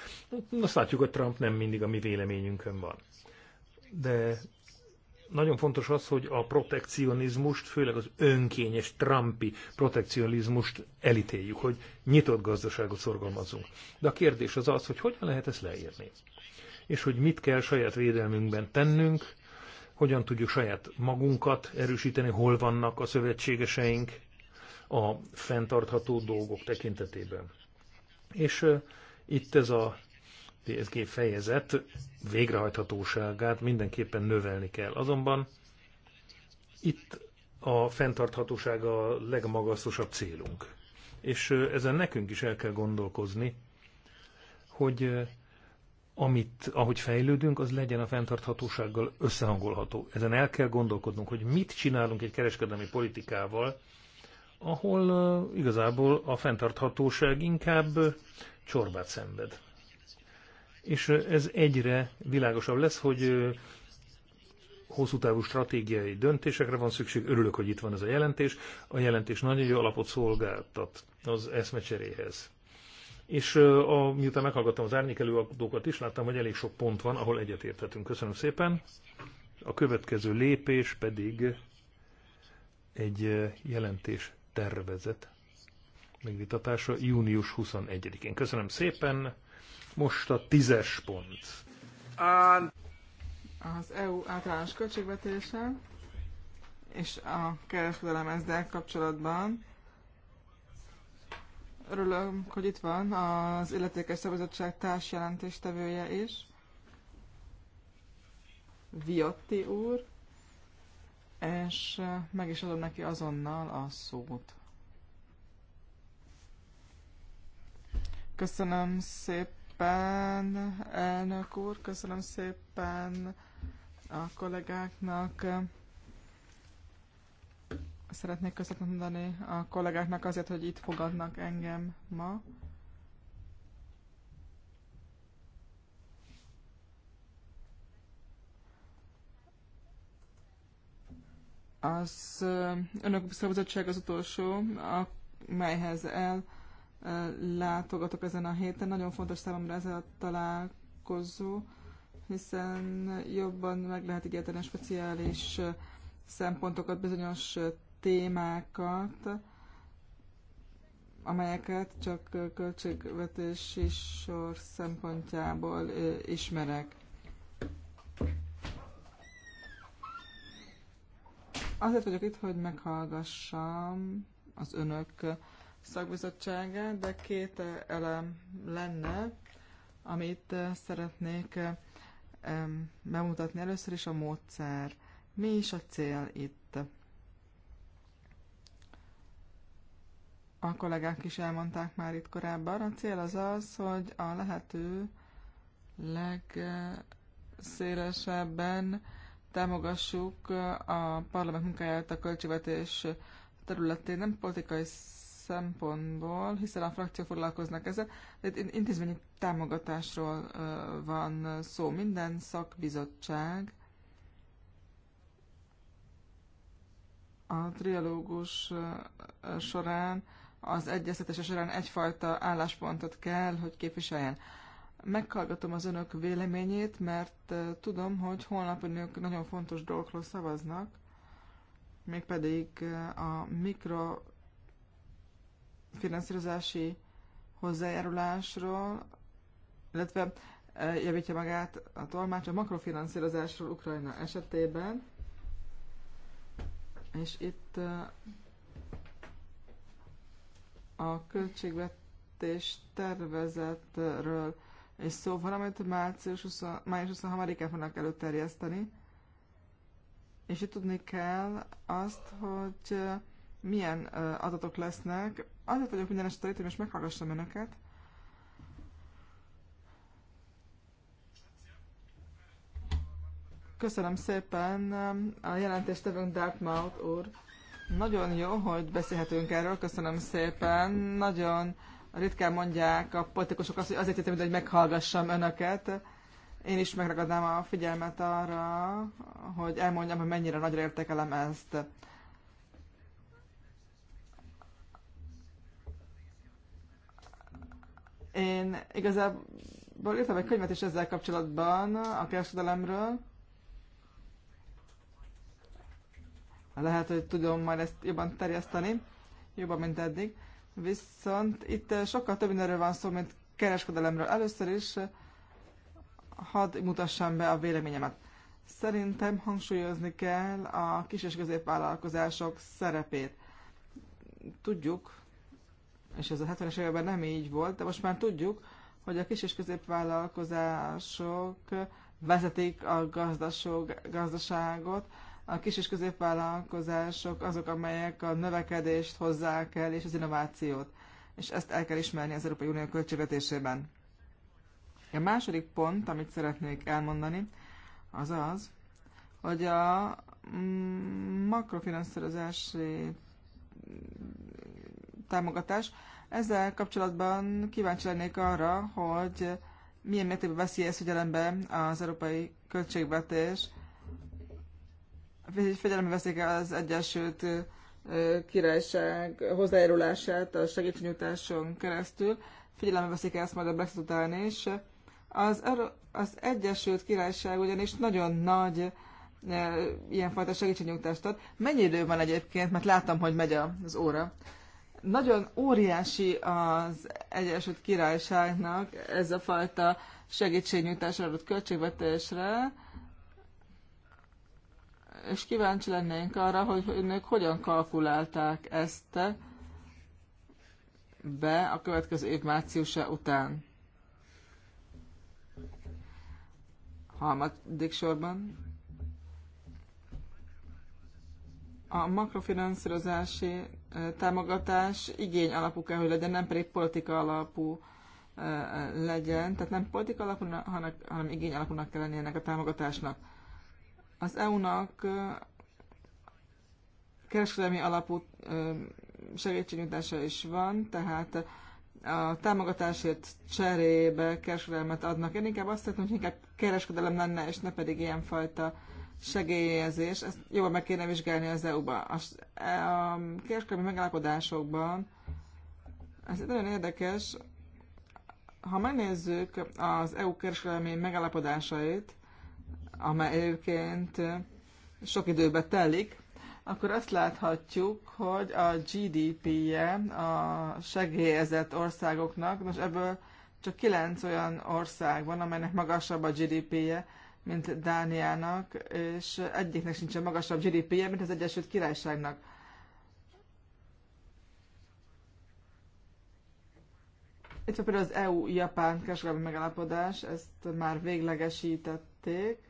Azt látjuk, hogy Trump nem mindig a mi véleményünkön van. De nagyon fontos az, hogy a protekcionizmust, főleg az önkényes Trumpi protekcionizmust elítéljük, hogy nyitott gazdaságot szorgalmazunk. De a kérdés az az, hogy hogyan lehet ezt leírni, és hogy mit kell saját védelmünkben tennünk, hogyan tudjuk saját magunkat erősíteni, hol vannak a szövetségeseink a fenntartható dolgok tekintetében. És uh, itt ez a PSG fejezet végrehajthatóságát mindenképpen növelni kell. Azonban itt a fenntarthatóság a legmagasztosabb célunk. És ezen nekünk is el kell gondolkozni, hogy amit, ahogy fejlődünk, az legyen a fenntarthatósággal összehangolható. Ezen el kell gondolkodnunk, hogy mit csinálunk egy kereskedelmi politikával, ahol igazából a fenntarthatóság inkább csorbát szenved és ez egyre világosabb lesz, hogy hosszú távú stratégiai döntésekre van szükség. Örülök, hogy itt van ez a jelentés. A jelentés nagyon jó alapot szolgáltat az eszmecseréhez. És a, miután meghallgattam az árnyék előadókat is, láttam, hogy elég sok pont van, ahol egyetérthetünk. Köszönöm szépen. A következő lépés pedig egy jelentés tervezet megvitatása június 21-én. Köszönöm szépen. Most a tízes pont. Az EU általános költségvetése és a kereskedelem ezzel kapcsolatban. Örülöm, hogy itt van az illetékes szabadság társjelentéstevője is. Viotti úr, és meg is adom neki azonnal a szót. Köszönöm szépen szépen, elnök úr, köszönöm szépen a kollégáknak. Szeretnék köszönet mondani a kollégáknak azért, hogy itt fogadnak engem ma. Az önök szabadság az utolsó, melyhez el látogatok ezen a héten. Nagyon fontos számomra ez a találkozó, hiszen jobban meg lehet ígérteni a speciális szempontokat, bizonyos témákat, amelyeket csak költségvetési sor szempontjából ismerek. Azért vagyok itt, hogy meghallgassam az önök szakbizottságát, de két eh, elem lenne, amit eh, szeretnék eh, bemutatni. Először is a módszer. Mi is a cél itt? A kollégák is elmondták már itt korábban. A cél az az, hogy a lehető legszélesebben támogassuk a parlament munkáját a költségvetés területén. Nem politikai szempontból, hiszen a frakció foglalkoznak ezzel, intézményi támogatásról van szó. Minden szakbizottság a trialógus során, az egyeztetése során egyfajta álláspontot kell, hogy képviseljen. Meghallgatom az önök véleményét, mert tudom, hogy holnap önök nagyon fontos dolgokról szavaznak, mégpedig a mikro finanszírozási hozzájárulásról, illetve eh, javítja magát a tolmács a makrofinanszírozásról Ukrajna esetében. És itt eh, a költségvetés tervezetről és szó van, amit március 20, május 23-án fognak előterjeszteni. És itt tudni kell azt, hogy eh, milyen adatok lesznek Azért vagyok minden este itt, hogy most meghallgassam önöket. Köszönöm szépen um, a jelentéstevőnk Dartmouth úr. Nagyon jó, hogy beszélhetünk erről, köszönöm szépen. Nagyon ritkán mondják a politikusok azt, hogy azért jöttem, hogy meghallgassam önöket. Én is megragadnám a figyelmet arra, hogy elmondjam, hogy mennyire nagyra értékelem ezt. Én igazából írtam egy könyvet is ezzel kapcsolatban a kereskedelemről. Lehet, hogy tudom majd ezt jobban terjeszteni, jobban, mint eddig. Viszont itt sokkal több mindenről van szó, mint kereskedelemről. Először is hadd mutassam be a véleményemet. Szerintem hangsúlyozni kell a kis és középvállalkozások szerepét. Tudjuk, és ez a 70-es években nem így volt, de most már tudjuk, hogy a kis és középvállalkozások vezetik a gazdaság, gazdaságot, a kis és középvállalkozások azok, amelyek a növekedést hozzák el, és az innovációt. És ezt el kell ismerni az Európai Unió költségvetésében. A második pont, amit szeretnék elmondani, az az, hogy a mm, makrofinanszírozási támogatás. Ezzel kapcsolatban kíváncsi lennék arra, hogy milyen mértékben veszi ezt figyelembe az európai költségvetés, figyelembe veszik az Egyesült Királyság hozzájárulását a segítségnyújtáson keresztül, figyelembe veszik ezt majd a Brexit után is. Az, az Egyesült Királyság ugyanis nagyon nagy ilyenfajta segítségnyújtást ad. Mennyi idő van egyébként, mert láttam, hogy megy az óra. Nagyon óriási az Egyesült Királyságnak ez a fajta segítségnyújtás adott költségvetésre, és kíváncsi lennénk arra, hogy önök hogyan kalkulálták ezt be a következő év márciusa után. Harmadik sorban. A makrofinanszírozási támogatás igény alapú kell, hogy legyen, nem pedig politika alapú legyen. Tehát nem politika alapú, hanem, hanem igény alapúnak kell lennie ennek a támogatásnak. Az EU-nak kereskedelmi alapú segítségnyújtása is van, tehát a támogatásért cserébe kereskedelmet adnak. Én inkább azt szeretném, hogy inkább kereskedelem lenne, és ne pedig ilyenfajta segélyezés, ezt jobban meg kéne vizsgálni az EU-ban. A, e- a kereskedelmi megállapodásokban, ez itt nagyon érdekes, ha megnézzük az EU kereskedelmi megállapodásait, amely egyébként sok időbe telik, akkor azt láthatjuk, hogy a GDP-je a segélyezett országoknak, most ebből csak kilenc olyan ország van, amelynek magasabb a GDP-je, mint Dániának, és egyiknek sincsen magasabb GDP-je, mint az Egyesült Királyságnak. Itt van például az EU-Japán kereskedelmi megállapodás, ezt már véglegesítették.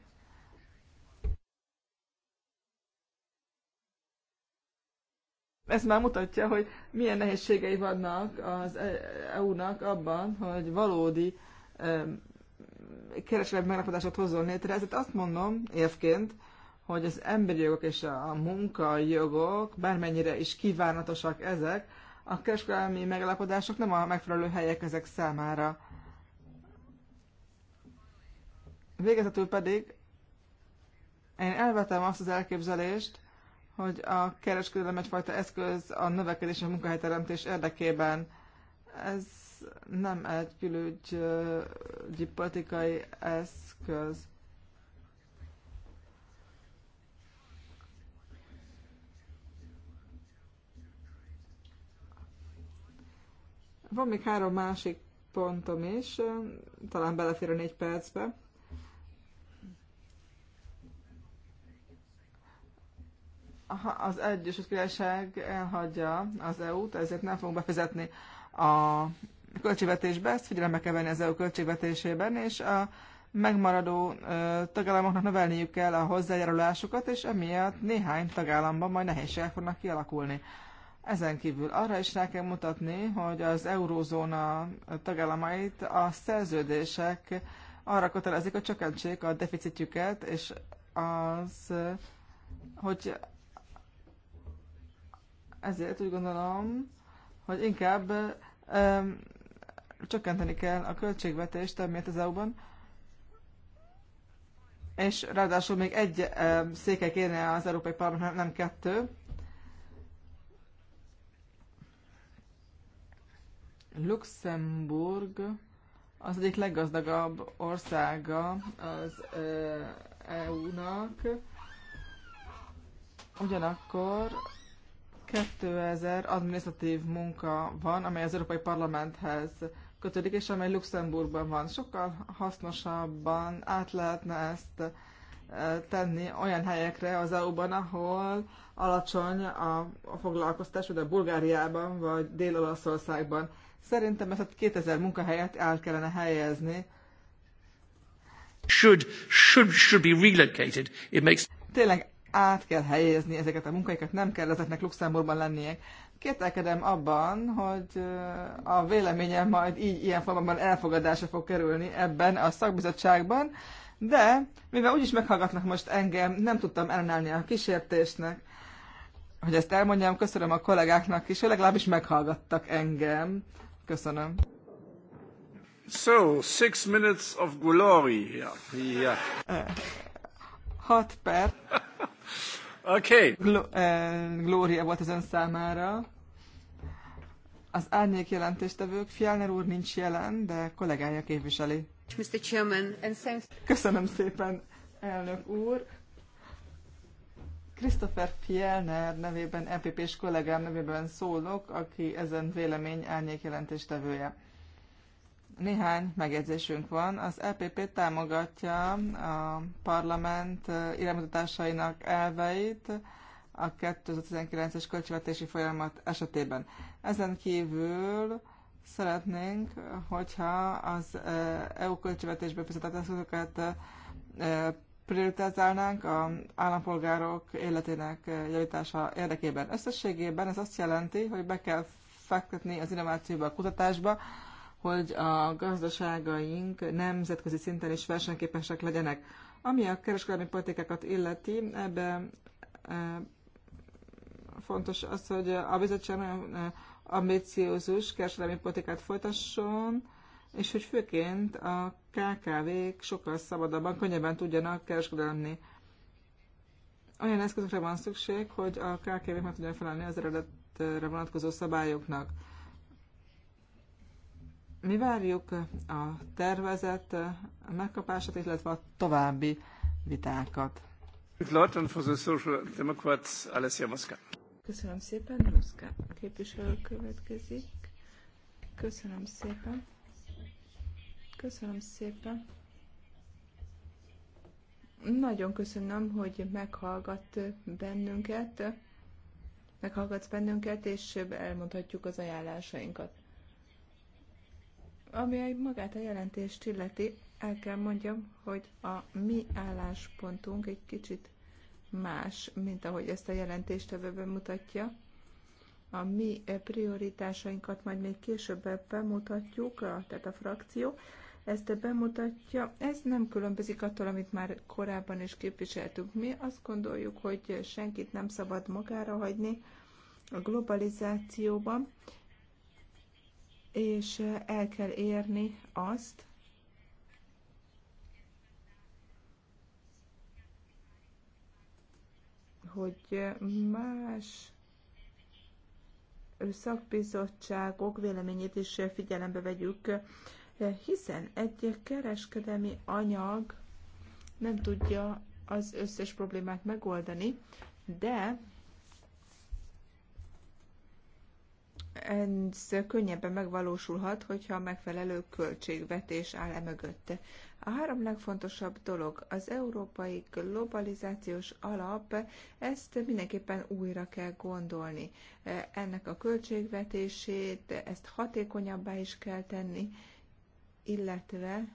Ez már mutatja, hogy milyen nehézségei vannak az EU-nak e abban, hogy valódi kereskedelmi megállapodásot hozzon létre. Ezért azt mondom évként, hogy az emberi jogok és a munkajogok, bármennyire is kívánatosak ezek, a kereskedelmi megállapodások nem a megfelelő helyek ezek számára. Végezetül pedig én elvetem azt az elképzelést, hogy a kereskedelem egyfajta eszköz a növekedés és a munkahelyteremtés érdekében. Ez nem egy külügyi politikai eszköz. Van még három másik pontom is, talán belefér a négy percbe. Ha az Egyesült Királyság elhagyja az EU-t, ezért nem fogunk befizetni a költségvetésbe, ezt figyelembe kell venni az EU költségvetésében, és a megmaradó tagállamoknak növelniük kell a hozzájárulásukat, és emiatt néhány tagállamban majd nehézségek fognak kialakulni. Ezen kívül arra is rá kell mutatni, hogy az eurózóna tagállamait a szerződések arra kötelezik, hogy csökkentsék a deficitjüket, és az, hogy ezért úgy gondolom, hogy inkább csökkenteni kell a költségvetést, amiért az EU-ban, és ráadásul még egy székely kéne az Európai Parlamentnek, nem kettő. Luxemburg az egyik leggazdagabb országa az EU-nak, ugyanakkor 2000 administratív munka van, amely az Európai Parlamenthez kötődik, és amely Luxemburgban van. Sokkal hasznosabban át lehetne ezt eh, tenni olyan helyekre az EU-ban, ahol alacsony a, foglalkoztás, vagy a Bulgáriában vagy Dél-Olaszországban. Szerintem ezt a 2000 munkahelyet el kellene helyezni. Should, should, should be relocated. It makes... Tényleg át kell helyezni ezeket a munkahelyeket, nem kell ezeknek Luxemburgban lenniek kételkedem abban, hogy a véleményem majd így ilyen formában elfogadásra fog kerülni ebben a szakbizottságban, de mivel úgyis meghallgatnak most engem, nem tudtam ellenállni a kísértésnek, hogy ezt elmondjam, köszönöm a kollégáknak is, hogy legalábbis meghallgattak engem. Köszönöm. So, six minutes of glory. Yeah. yeah. Hat perc. Okay. Glo- eh, Glória volt az ön számára. Az árnyék jelentéstevők, Fjellner úr nincs jelen, de kollégája képviseli. Mr. Chairman, and thanks. Köszönöm szépen, elnök úr. Christopher Fjellner nevében, EPP-s kollégám nevében szólok, aki ezen vélemény árnyék jelentéstevője. Néhány megjegyzésünk van. Az LPP e támogatja a parlament eh, iránymutatásainak elveit, a 2019-es költségvetési folyamat esetében. Ezen kívül szeretnénk, hogyha az e, EU költségvetésbe fizetett eszközöket e, e, prioritizálnánk a állampolgárok életének javítása érdekében. Összességében ez azt jelenti, hogy be kell fektetni az innovációba, a kutatásba, hogy a gazdaságaink nemzetközi szinten is versenyképesek legyenek. Ami a kereskedelmi politikákat illeti, ebbe fontos az, hogy a bizottság nagyon ambiciózus kereskedelmi politikát folytasson, és hogy főként a KKV-k sokkal szabadabban, könnyebben tudjanak kereskedelni. Olyan eszközökre van szükség, hogy a KKV-k meg tudjanak felelni az eredetre vonatkozó szabályoknak. Mi várjuk a tervezet megkapását, illetve a további vitákat. Lord and for the Social Democrats, Alessia Mosca. Köszönöm szépen, Ruszka képviselő következik. Köszönöm szépen. Köszönöm szépen. Nagyon köszönöm, hogy meghallgat bennünket, meghallgatsz bennünket, és elmondhatjuk az ajánlásainkat. Ami magát a jelentést illeti, el kell mondjam, hogy a mi álláspontunk egy kicsit más, mint ahogy ezt a ebben mutatja. A mi prioritásainkat majd még később bemutatjuk, tehát a frakció ezt bemutatja. Ez nem különbözik attól, amit már korábban is képviseltünk. Mi azt gondoljuk, hogy senkit nem szabad magára hagyni a globalizációban, és el kell érni azt, hogy más szakbizottságok véleményét is figyelembe vegyük, hiszen egy kereskedelmi anyag nem tudja az összes problémát megoldani, de ez könnyebben megvalósulhat, hogyha a megfelelő költségvetés áll emögötte. A három legfontosabb dolog az európai globalizációs alap, ezt mindenképpen újra kell gondolni. Ennek a költségvetését, ezt hatékonyabbá is kell tenni, illetve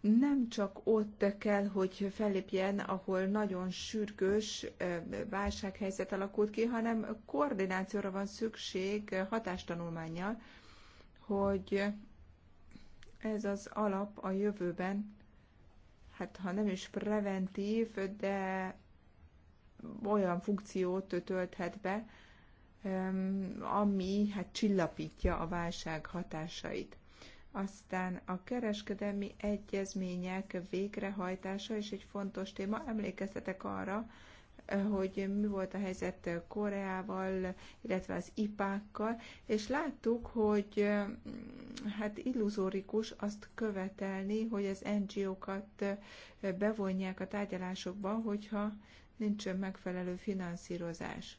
nem csak ott kell, hogy fellépjen, ahol nagyon sürgős válsághelyzet alakult ki, hanem koordinációra van szükség hatástanulmányjal, hogy ez az alap a jövőben, hát ha nem is preventív, de olyan funkciót tölthet be, ami hát csillapítja a válság hatásait. Aztán a kereskedelmi egyezmények végrehajtása is egy fontos téma. Emlékeztetek arra, eh, hogy mi volt a helyzet Koreával, illetve az ipákkal, és láttuk, hogy mm, hát illuzórikus azt követelni, hogy az NGO-kat eh, bevonják a tárgyalásokba, hogyha nincs megfelelő finanszírozás.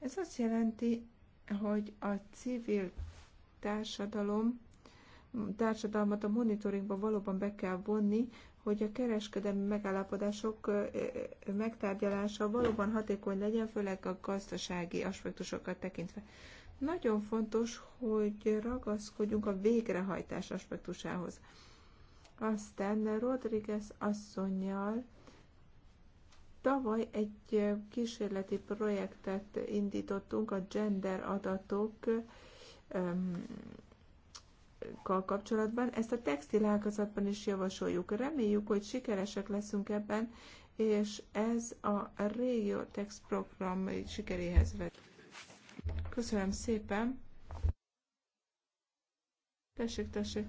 Ez azt jelenti, hogy a civil társadalom társadalmat a monitoringba valóban be kell vonni, hogy a kereskedelmi megállapodások megtárgyalása valóban hatékony legyen, főleg a gazdasági aspektusokat tekintve. Nagyon fontos, hogy ragaszkodjunk a végrehajtás aspektusához. Aztán Rodriguez asszonyjal tavaly egy kísérleti projektet indítottunk a gender adatok kapcsolatban. Ezt a textilágazatban is javasoljuk. Reméljük, hogy sikeresek leszünk ebben, és ez a Régió Text program sikeréhez vett. Köszönöm szépen. Tessék, tessék.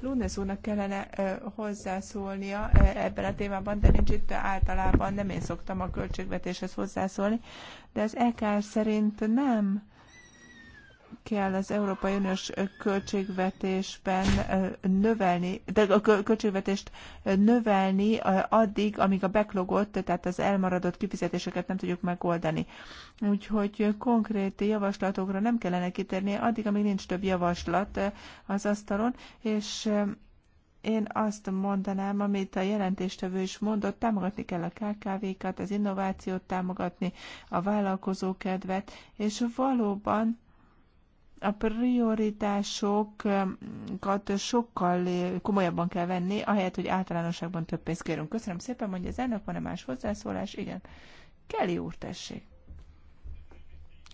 Lunes kellene ö, hozzászólnia ö, ebben a témában, de nincs itt általában, nem én szoktam a költségvetéshez hozzászólni, de az EKR szerint nem kell az Európai Uniós költségvetésben növelni, de a költségvetést növelni addig, amíg a backlogot, tehát az elmaradott kifizetéseket nem tudjuk megoldani. Úgyhogy konkrét javaslatokra nem kellene kitérni, addig, amíg nincs több javaslat az asztalon, és én azt mondanám, amit a jelentéstevő is mondott, támogatni kell a KKV-kat, az innovációt támogatni, a vállalkozókedvet, és valóban a prioritásokat sokkal eh, komolyabban kell venni, ahelyett, hogy általánosságban több pénzt kérünk. Köszönöm szépen, mondja az elnök, van-e más hozzászólás? Igen. Kelly úr, tessék.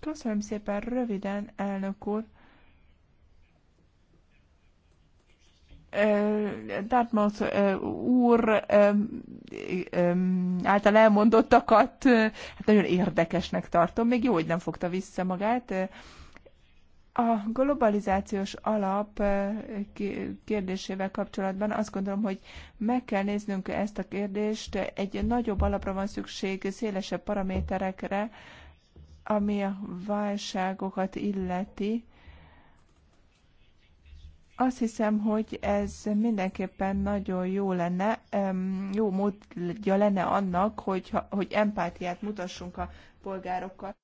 Köszönöm szépen, röviden, elnök úr. Dartmouth úr által elmondottakat hát nagyon érdekesnek tartom. Még jó, hogy nem fogta vissza magát a globalizációs alap kérdésével kapcsolatban azt gondolom, hogy meg kell néznünk ezt a kérdést. Egy nagyobb alapra van szükség, szélesebb paraméterekre, ami a válságokat illeti. Azt hiszem, hogy ez mindenképpen nagyon jó lenne, jó módja lenne annak, hogy, hogy empátiát mutassunk a polgárokkal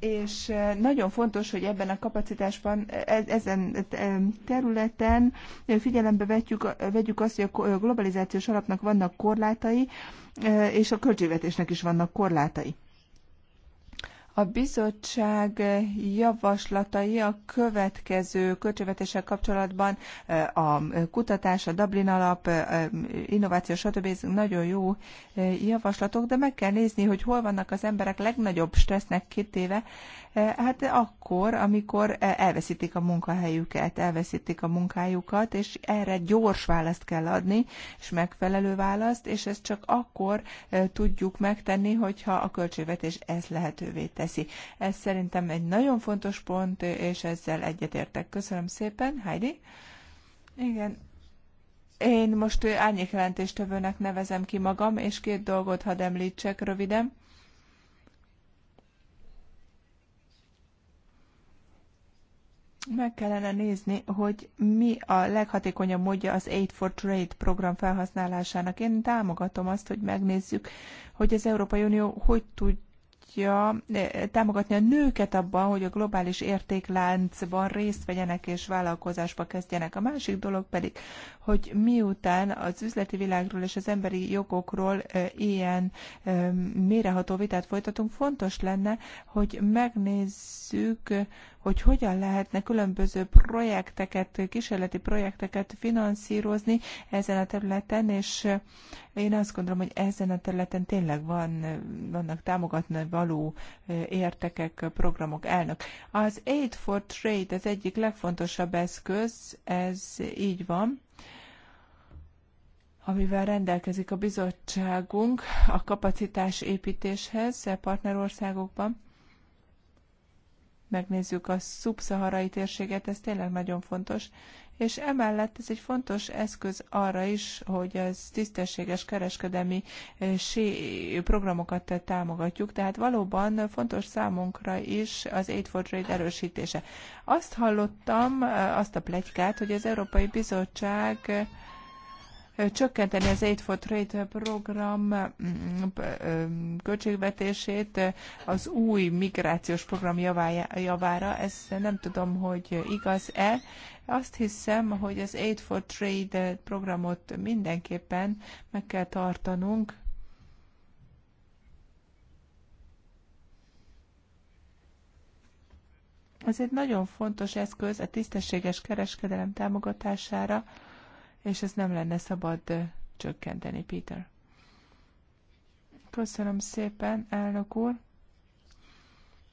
és nagyon fontos, hogy ebben a kapacitásban, e, e, ezen e, területen figyelembe vetjük, vegyük azt, hogy a globalizációs alapnak vannak korlátai, és a költségvetésnek is vannak korlátai. A bizottság javaslatai a következő költségvetéssel kapcsolatban a kutatás, a Dublin alap, innováció, stb. Ez nagyon jó javaslatok, de meg kell nézni, hogy hol vannak az emberek legnagyobb stressznek kitéve, hát akkor, amikor elveszítik a munkahelyüket, elveszítik a munkájukat, és erre gyors választ kell adni, és megfelelő választ, és ezt csak akkor eh, tudjuk megtenni, hogyha a költségvetés ezt lehetővé teszi teszi. Ez szerintem egy nagyon fontos pont, és ezzel egyetértek. Köszönöm szépen, Heidi. Igen, én most árnyékjelentéstövőnek nevezem ki magam, és két dolgot hadd említsek röviden. Meg kellene nézni, hogy mi a leghatékonyabb módja az Aid for Trade program felhasználásának. Én támogatom azt, hogy megnézzük, hogy az Európai Unió hogy tud támogatja, eh, támogatni a nőket abban, hogy a globális értékláncban részt vegyenek és vállalkozásba kezdjenek. A másik dolog pedig, hogy miután az üzleti világról és az emberi jogokról eh, ilyen eh, méreható vitát folytatunk, fontos lenne, hogy megnézzük, hogy hogyan lehetne különböző projekteket, kísérleti projekteket finanszírozni ezen a területen, és én azt gondolom, hogy ezen a területen tényleg van, vannak támogatni való értekek, programok elnök. Az Aid for Trade az egyik legfontosabb eszköz, ez így van amivel rendelkezik a bizottságunk a kapacitás építéshez e partnerországokban megnézzük a szubszaharai térséget, ez tényleg nagyon fontos, és emellett ez egy fontos eszköz arra is, hogy az tisztességes kereskedelmi eh, programokat támogatjuk, tehát valóban fontos számunkra is az Aid for Trade erősítése. Azt hallottam, eh, azt a plegykát, hogy az Európai Bizottság eh, csökkenteni az Aid for Trade program mm, költségvetését az új migrációs program javára. Ez nem tudom, hogy igaz-e. Azt hiszem, hogy az Aid for Trade programot mindenképpen meg kell tartanunk, Ez egy nagyon fontos eszköz a tisztességes kereskedelem támogatására, és ezt nem lenne szabad csökkenteni, Peter. Köszönöm szépen, elnök úr.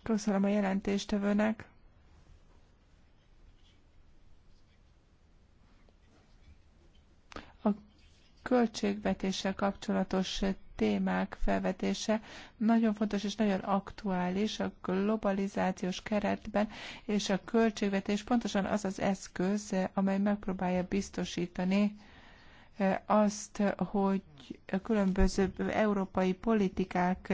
Köszönöm a jelentéstevőnek. A költségvetéssel kapcsolatos témák felvetése nagyon fontos és nagyon aktuális a globalizációs keretben, és a költségvetés pontosan az az eszköz, amely megpróbálja biztosítani azt, hogy a különböző európai politikák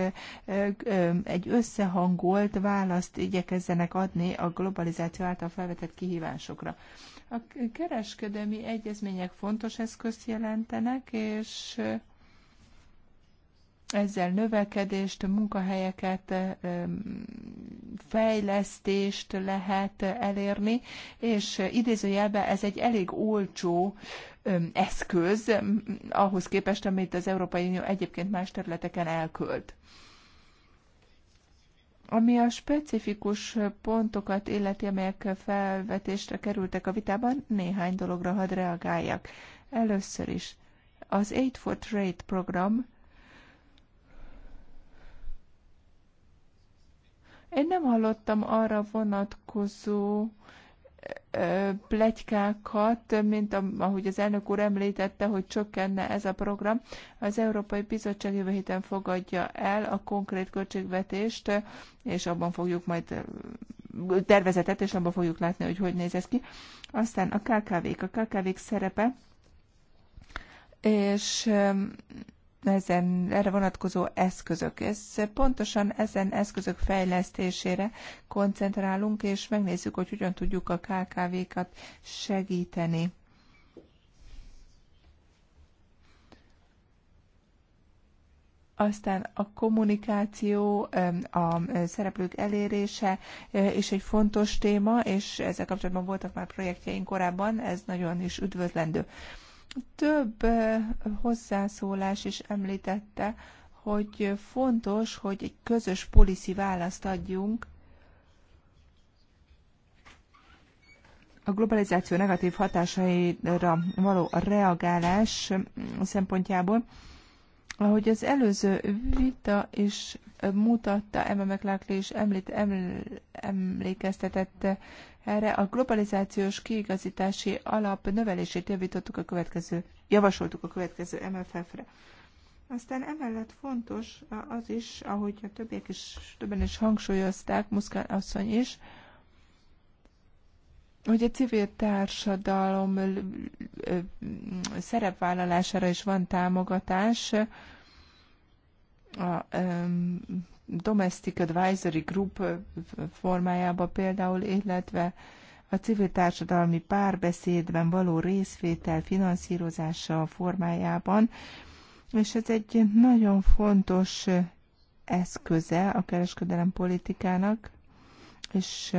egy összehangolt választ igyekezzenek adni a globalizáció által felvetett kihívásokra. A kereskedelmi egyezmények fontos eszközt jelentenek, és ezzel növekedést, munkahelyeket, fejlesztést lehet elérni, és idézőjelben ez egy elég olcsó eszköz ahhoz képest, amit az Európai Unió egyébként más területeken elkölt. Ami a specifikus pontokat illeti, amelyek felvetésre kerültek a vitában, néhány dologra hadd reagáljak. Először is az Aid for Trade program Én nem hallottam arra vonatkozó plegykákat, mint ahogy az elnök úr említette, hogy csökkenne ez a program. Az Európai Bizottság jövő héten fogadja el a konkrét költségvetést, és abban fogjuk majd tervezetet, és abban fogjuk látni, hogy hogy néz ez ki. Aztán a KKV-k, a KKV-k szerepe, és ezen, erre vonatkozó eszközök. Ez pontosan ezen eszközök fejlesztésére koncentrálunk, és megnézzük, hogy hogyan tudjuk a KKV-kat segíteni. aztán a kommunikáció, a szereplők elérése e, is egy fontos téma, és ezzel kapcsolatban voltak már projektjeink korábban, ez nagyon is üdvözlendő. Több hozzászólás is említette, hogy fontos, hogy egy közös policy választ adjunk a globalizáció negatív hatásaira való reagálás szempontjából. Ahogy az előző vita is mutatta, Emma McLachlan is említ, eml, emlékeztetett erre a globalizációs kiigazítási alap növelését javítottuk a következő, javasoltuk a következő MFF-re. Aztán emellett fontos az is, ahogy a többiek is, többen is hangsúlyozták, Muszkán asszony is, hogy a civil társadalom szerepvállalására is van támogatás a Domestic Advisory Group formájába például, illetve a civil társadalmi párbeszédben való részvétel finanszírozása formájában, és ez egy nagyon fontos eszköze a kereskedelem politikának, és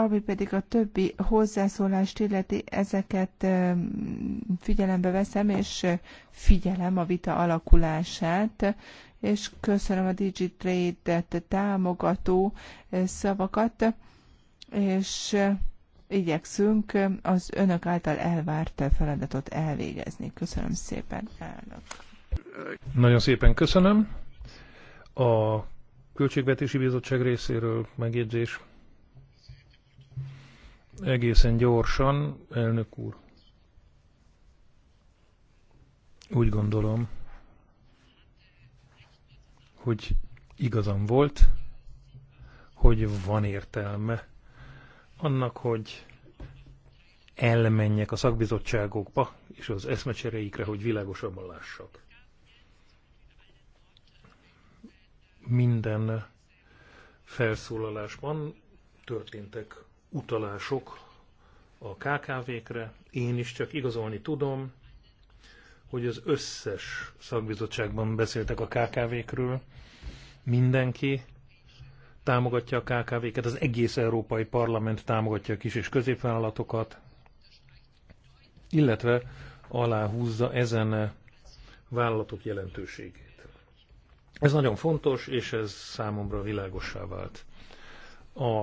ami pedig a többi hozzászólást illeti, ezeket figyelembe veszem, és figyelem a vita alakulását, és köszönöm a DigiTrade-et támogató szavakat, és igyekszünk az önök által elvárt feladatot elvégezni. Köszönöm szépen, elnök. Nagyon szépen köszönöm. A Költségvetési Bizottság részéről megjegyzés. Egészen gyorsan, elnök úr. Úgy gondolom, hogy igazam volt, hogy van értelme annak, hogy elmenjek a szakbizottságokba és az eszmecsereikre, hogy világosabban lássak. Minden felszólalásban történtek utalások a KKV-kre. Én is csak igazolni tudom, hogy az összes szakbizottságban beszéltek a KKV-kről. Mindenki támogatja a KKV-ket, az egész Európai Parlament támogatja a kis és középvállalatokat, illetve aláhúzza ezen vállalatok jelentőségét. Ez nagyon fontos, és ez számomra világossá vált. A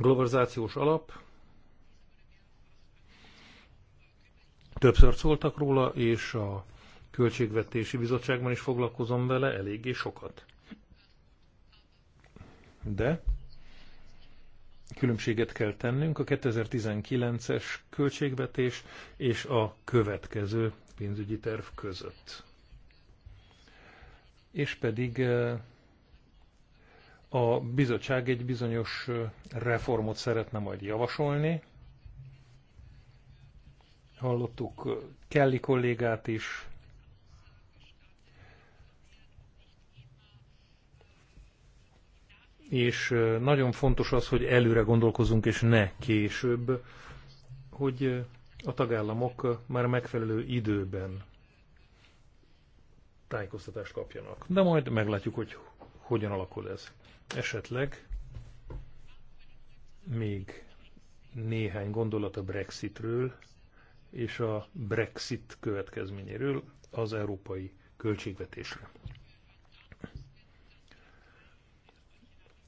globalizációs alap, többször szóltak róla, és a Költségvetési Bizottságban is foglalkozom vele eléggé sokat. De különbséget kell tennünk a 2019-es költségvetés és a következő pénzügyi terv között. És pedig eh, a bizottság egy bizonyos reformot szeretne majd javasolni. Hallottuk Kelly kollégát is. És nagyon fontos az, hogy előre gondolkozunk, és ne később, hogy a tagállamok már megfelelő időben tájékoztatást kapjanak. De majd meglátjuk, hogy hogyan alakul ez esetleg még néhány gondolat a Brexitről és a Brexit következményéről az európai költségvetésre.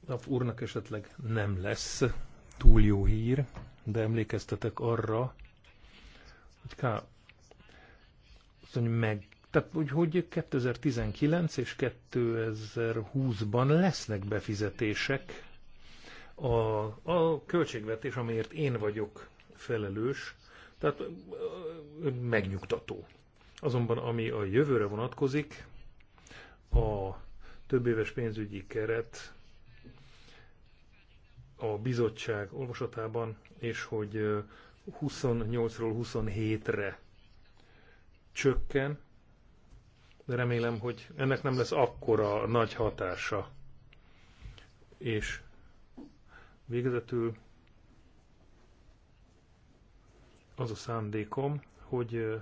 A úrnak esetleg nem lesz túl jó hír, de emlékeztetek arra, hogy K. Azt mondja, meg tehát hogy 2019 és 2020-ban lesznek befizetések. A, a költségvetés, amiért én vagyok felelős, tehát megnyugtató. Azonban ami a jövőre vonatkozik, a több éves pénzügyi keret a bizottság olvasatában, és hogy 28-ról 27-re csökken, de remélem, hogy ennek nem lesz akkora nagy hatása. És végezetül az a szándékom, hogy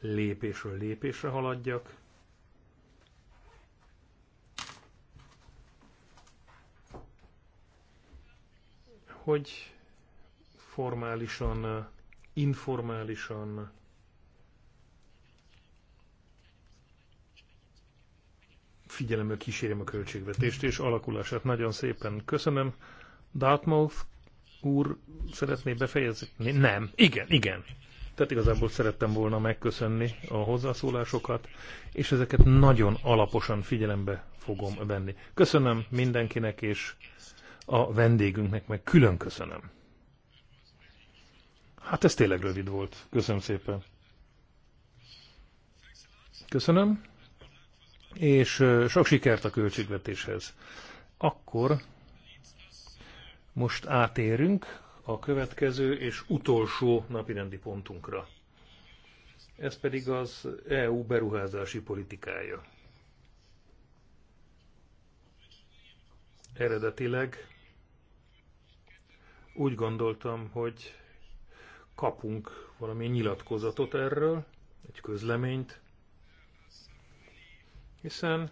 lépésről lépésre haladjak, hogy formálisan, informálisan figyelemmel kísérjem a költségvetést és alakulását. Nagyon szépen köszönöm. Dartmouth úr szeretné befejezni? Nem. Igen, igen. Tehát igazából szerettem volna megköszönni a hozzászólásokat, és ezeket nagyon alaposan figyelembe fogom venni. Köszönöm mindenkinek, és a vendégünknek meg külön köszönöm. Hát ez tényleg rövid volt. Köszönöm szépen. Köszönöm és sok sikert a költségvetéshez. Akkor most átérünk a következő és utolsó napirendi pontunkra. Ez pedig az EU beruházási politikája. Eredetileg úgy gondoltam, hogy kapunk valami nyilatkozatot erről, egy közleményt, hiszen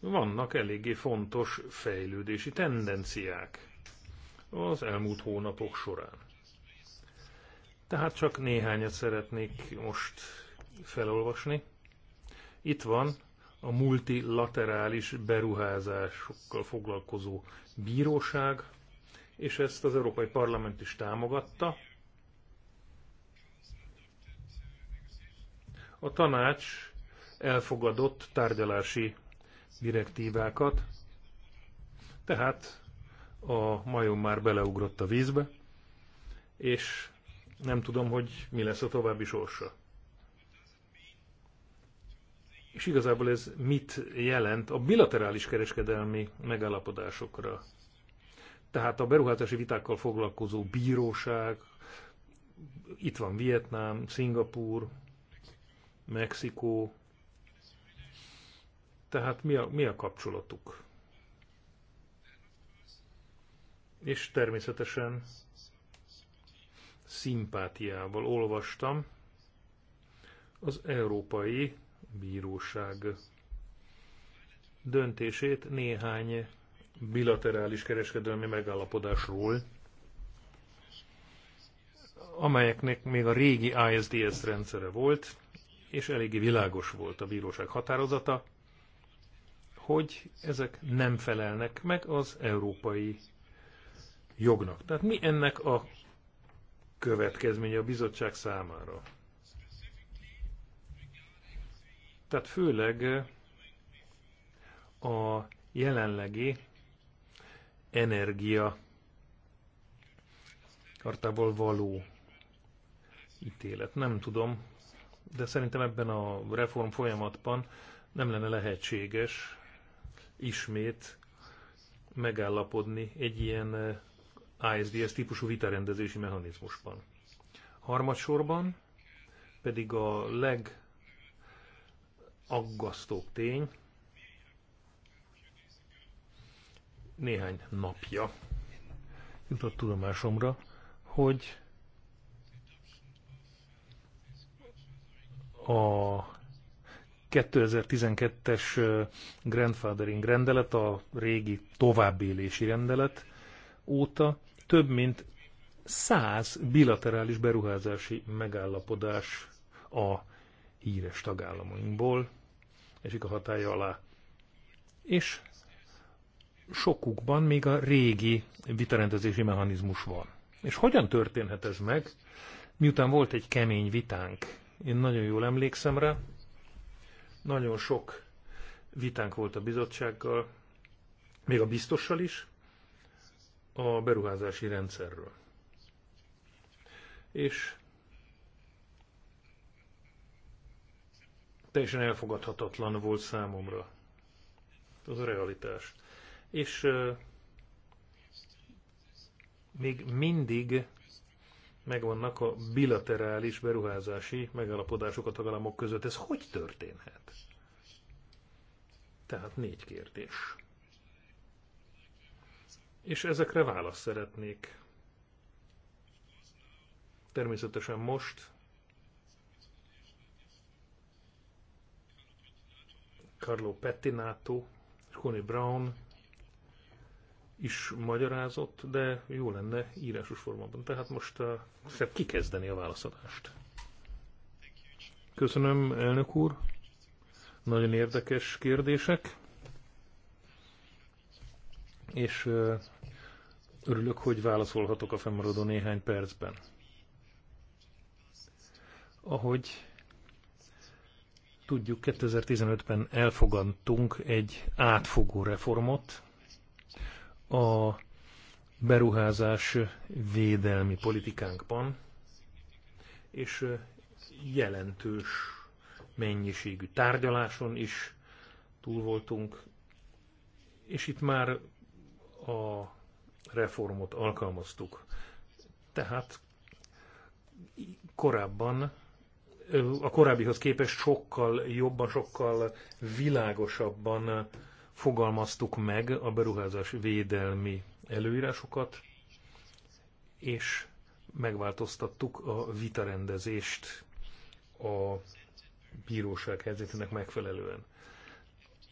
vannak eléggé fontos fejlődési tendenciák az elmúlt hónapok során. Tehát csak néhányat szeretnék most felolvasni. Itt van a multilaterális beruházásokkal foglalkozó bíróság, és ezt az Európai Parlament is támogatta. A tanács elfogadott tárgyalási direktívákat, tehát a majom már beleugrott a vízbe, és nem tudom, hogy mi lesz a további sorsa. És igazából ez mit jelent a bilaterális kereskedelmi megállapodásokra? Tehát a beruházási vitákkal foglalkozó bíróság, itt van Vietnám, Szingapúr, Mexikó, tehát mi a, mi a kapcsolatuk? És természetesen szimpátiával olvastam az Európai Bíróság döntését néhány bilaterális kereskedelmi megállapodásról, amelyeknek még a régi ISDS rendszere volt, és eléggé világos volt a bíróság határozata, hogy ezek nem felelnek meg az európai jognak. Tehát mi ennek a következménye a bizottság számára? Tehát főleg a jelenlegi energia kartából való ítélet. Nem tudom, de szerintem ebben a reform folyamatban nem lenne lehetséges ismét megállapodni egy ilyen ISDS eh, típusú vitarendezési mechanizmusban. Harmadsorban pedig a legaggasztóbb tény néhány napja jutott tudomásomra, hogy a 2012-es grandfathering rendelet, a régi továbbélési rendelet óta több mint 100 bilaterális beruházási megállapodás a híres tagállamainkból esik a hatája alá. És sokukban még a régi vitarendezési mechanizmus van. És hogyan történhet ez meg? Miután volt egy kemény vitánk, én nagyon jól emlékszem rá, nagyon sok vitánk volt a bizottsággal, még a biztossal is, a beruházási rendszerről. És teljesen elfogadhatatlan volt számomra. Az a realitás. És euh, még mindig megvannak a bilaterális beruházási megalapodások a tagállamok között. Ez hogy történhet? Tehát négy kérdés. És ezekre választ szeretnék. Természetesen most Carlo Pettinato, Connie Brown, is magyarázott, de jó lenne írásos formában. Tehát most uh, eh, szebb kikezdeni a válaszadást. Köszönöm, elnök úr. Nagyon érdekes kérdések. És uh, örülök, hogy válaszolhatok a fennmaradó néhány percben. Ahogy tudjuk, 2015-ben elfogadtunk egy átfogó reformot, a beruházás védelmi politikánkban, és jelentős mennyiségű tárgyaláson is túl voltunk, és itt már a reformot alkalmaztuk. Tehát korábban, a korábbihoz képest sokkal jobban, sokkal világosabban fogalmaztuk meg a beruházás védelmi előírásokat, és megváltoztattuk a vitarendezést a bíróság helyzetének megfelelően.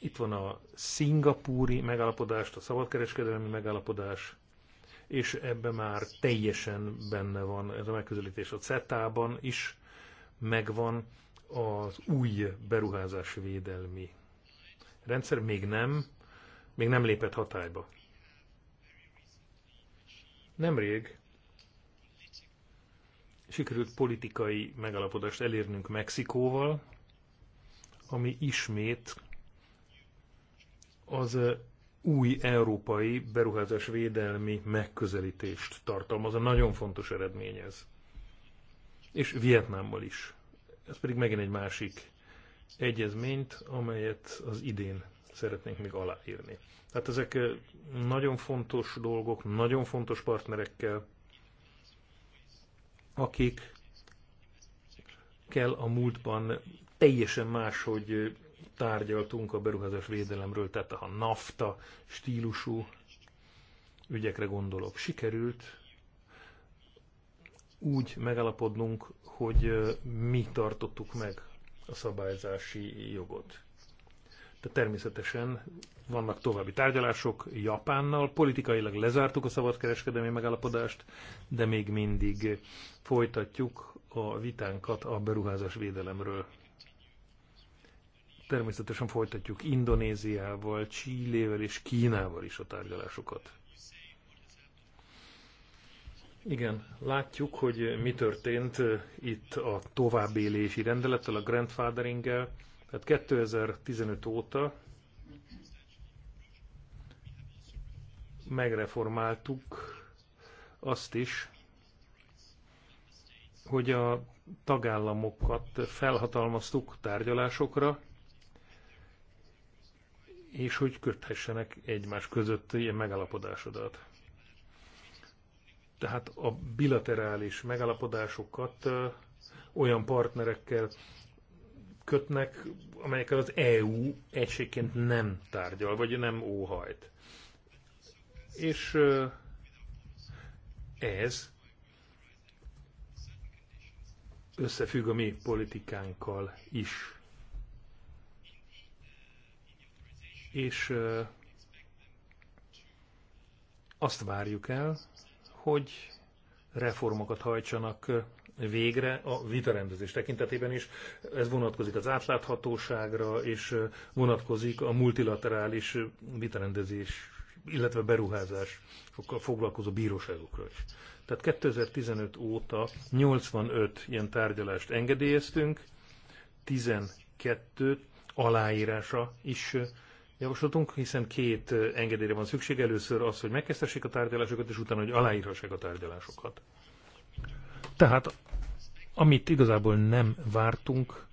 Itt van a szingapúri megállapodást, a szabadkereskedelmi megállapodás, és ebbe már teljesen benne van ez a megközelítés. A CETA-ban is megvan az új beruházás védelmi rendszer még nem, még nem lépett hatályba. Nemrég sikerült politikai megalapodást elérnünk Mexikóval, ami ismét az új európai beruházás védelmi megközelítést tartalmaz. A nagyon fontos eredmény ez. És Vietnámmal is. Ez pedig megint egy másik egyezményt, amelyet az idén szeretnénk még aláírni. Tehát ezek nagyon fontos dolgok, nagyon fontos partnerekkel, akik kell a múltban teljesen más, hogy tárgyaltunk a beruházás védelemről, tehát a NAFTA stílusú ügyekre gondolok. Sikerült úgy megalapodnunk, hogy mi tartottuk meg a szabályzási jogot. De természetesen vannak további tárgyalások Japánnal, politikailag lezártuk a szabadkereskedelmi megállapodást, de még mindig folytatjuk a vitánkat a beruházás védelemről. Természetesen folytatjuk Indonéziával, Csillével és Kínával is a tárgyalásokat. Igen, látjuk, hogy mi történt eh, itt a továbbélési rendelettel, a grandfatheringgel. Tehát 2015 óta megreformáltuk azt is, hogy a tagállamokat felhatalmaztuk tárgyalásokra, és hogy köthessenek egymás között ilyen megállapodásodat tehát a bilaterális megállapodásokat olyan partnerekkel kötnek, amelyekkel az EU egységként nem tárgyal, vagy nem óhajt. És ez összefügg a mi politikánkkal is. És azt várjuk el, hogy reformokat hajtsanak végre a vitarendezés tekintetében is. Ez vonatkozik az átláthatóságra, és vonatkozik a multilaterális vitarendezés, illetve beruházásokkal foglalkozó bíróságokra is. Tehát 2015 óta 85 ilyen tárgyalást engedélyeztünk, 12 aláírása is javaslatunk, hiszen két engedélyre van szükség. Először az, hogy megkezdhessék a tárgyalásokat, és utána, hogy aláírhassák a tárgyalásokat. Tehát, amit igazából nem vártunk,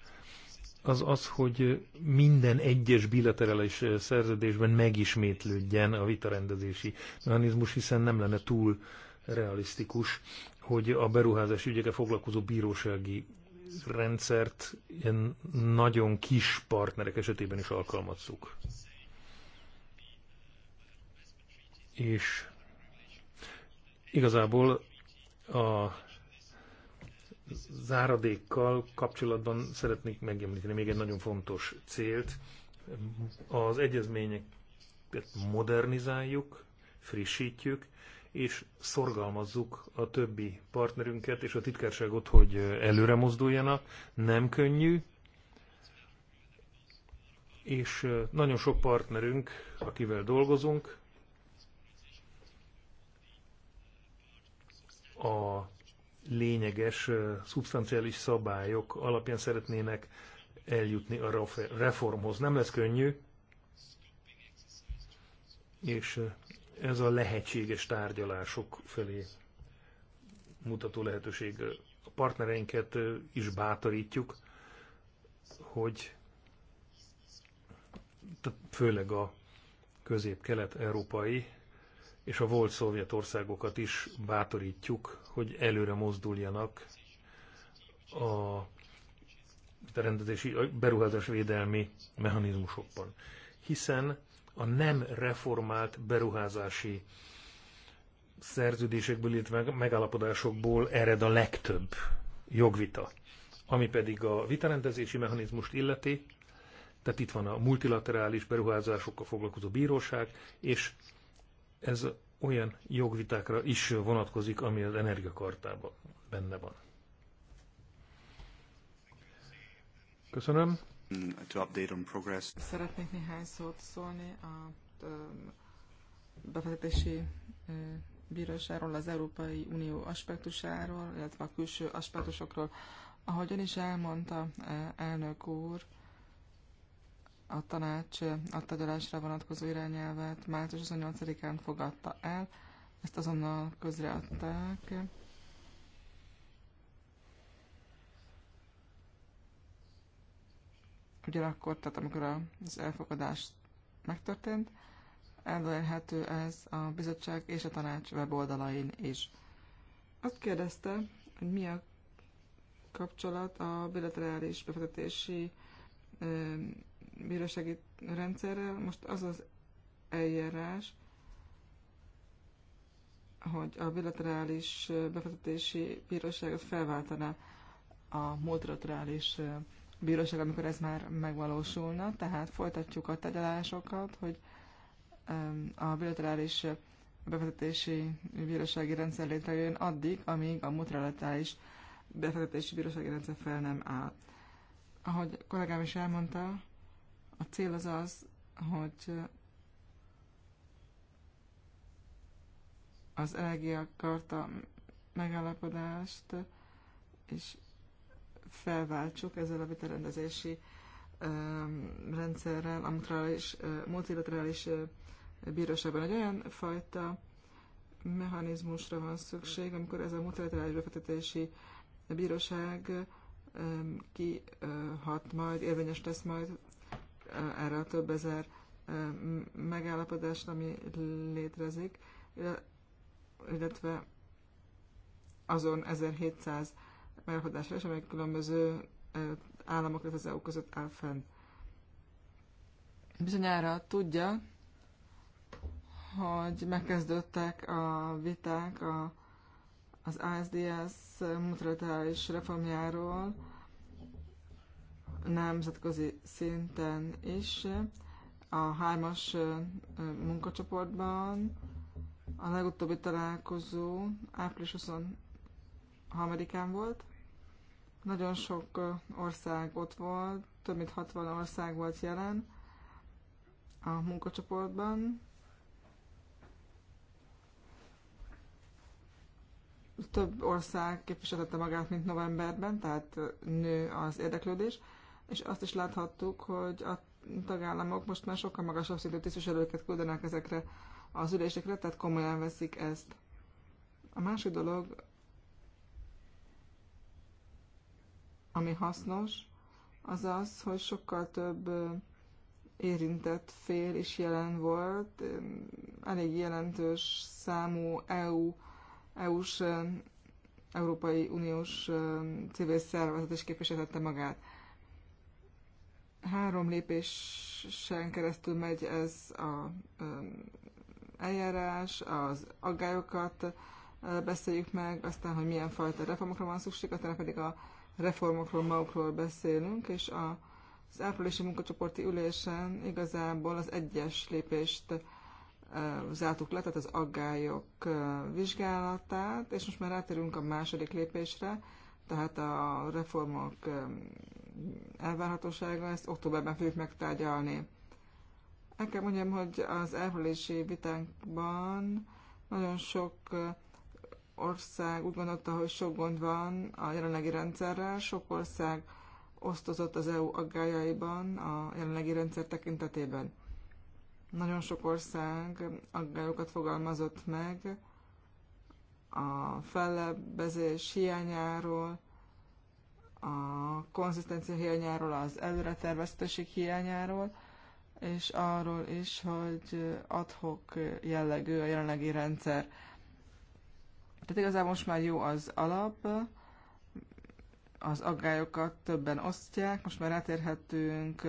az az, hogy minden egyes bilaterális szerződésben megismétlődjen a vitarendezési mechanizmus, hiszen nem lenne túl realisztikus, hogy a beruházási ügyekkel foglalkozó bírósági rendszert ilyen nagyon kis partnerek esetében is alkalmazzuk és igazából a záradékkal kapcsolatban szeretnék megemlíteni még egy nagyon fontos célt. Az egyezményeket modernizáljuk, frissítjük, és szorgalmazzuk a többi partnerünket és a titkárságot, hogy előre mozduljanak. Nem könnyű, és nagyon sok partnerünk, akivel dolgozunk, a lényeges, szubstanciális szabályok alapján szeretnének eljutni a reformhoz. Nem lesz könnyű, és ez a lehetséges tárgyalások felé mutató lehetőség. A partnereinket is bátorítjuk, hogy főleg a közép-kelet-európai és a volt szovjet országokat is bátorítjuk, hogy előre mozduljanak a rendezési, a beruházás védelmi mechanizmusokban. Hiszen a nem reformált beruházási szerződésekből, illetve megállapodásokból ered a legtöbb jogvita. Ami pedig a vitarendezési mechanizmust illeti, tehát itt van a multilaterális beruházásokkal foglalkozó bíróság, és ez olyan jogvitákra is vonatkozik, ami az energiakartában benne van. Köszönöm. To update on progress. Szeretnék néhány szót szólni a befektetési bíróságról, az Európai Unió aspektusáról, illetve a külső aspektusokról. Ahogyan is elmondta elnök úr, a tanács a tagyalásra vonatkozó irányelvet március 28-án fogadta el, ezt azonnal közreadták. Ugyanakkor, tehát amikor az elfogadás megtörtént, elérhető ez a bizottság és a tanács weboldalain is. Azt kérdezte, hogy mi a kapcsolat a bilaterális befektetési bírósági rendszerrel. Most az az eljárás, hogy a bilaterális befektetési bíróságot felváltaná a multilaterális bíróság, amikor ez már megvalósulna. Tehát folytatjuk a tegyelásokat, hogy a bilaterális befektetési bírósági rendszer létrejön addig, amíg a multilaterális befektetési bírósági rendszer fel nem áll. Ahogy a kollégám is elmondta, a cél az az, hogy az energiakarta megállapodást és felváltsuk ezzel a vitarendezési rendszerrel, amitralis, multilaterális bíróságban egy olyan fajta mechanizmusra van szükség, amikor ez a multilaterális befektetési bíróság kihat majd, érvényes lesz majd erre a több ezer megállapodást, ami létrezik, illetve azon 1700 megállapodásra is, amely különböző államok, az EU között áll fenn. Bizonyára tudja, hogy megkezdődtek a viták a, az ASDS multilaterális reformjáról, nemzetközi szinten is, a hármas munkacsoportban. A legutóbbi találkozó április 23-án volt. Nagyon sok ország ott volt, több mint 60 ország volt jelen a munkacsoportban. Több ország képviseltette magát, mint novemberben, tehát nő az érdeklődés és azt is láthattuk, hogy a tagállamok most már sokkal magasabb szintű tisztviselőket küldenek ezekre az ülésekre, tehát komolyan veszik ezt. A másik dolog, ami hasznos, az az, hogy sokkal több érintett fél is jelen volt, elég jelentős számú EU, EU-s, Európai Uniós civil szervezet is képviselhette magát. Három lépésen keresztül megy ez a um, eljárás, az aggályokat uh, beszéljük meg, aztán, hogy milyen fajta reformokra van szükség, aztán pedig a reformokról, magukról beszélünk, és a, az áprilisi munkacsoporti ülésen igazából az egyes lépést uh, zártuk le, tehát az aggályok uh, vizsgálatát, és most már rátérünk a második lépésre, tehát a reformok um, elvárhatósága, ezt októberben fogjuk megtárgyalni. El kell mondjam, hogy az elhelyezési vitánkban nagyon sok eh, ország úgy gondolta, hogy sok gond van a jelenlegi rendszerrel, sok ország osztozott az EU aggájaiban a jelenlegi rendszer tekintetében. Nagyon sok ország aggályokat fogalmazott meg a fellebbezés hiányáról, a konzisztencia hiányáról, az előretervezhetőség hiányáról, és arról is, hogy adhok jellegű a jelenlegi rendszer. Tehát igazából most már jó az alap, az aggályokat többen osztják, most már rátérhetünk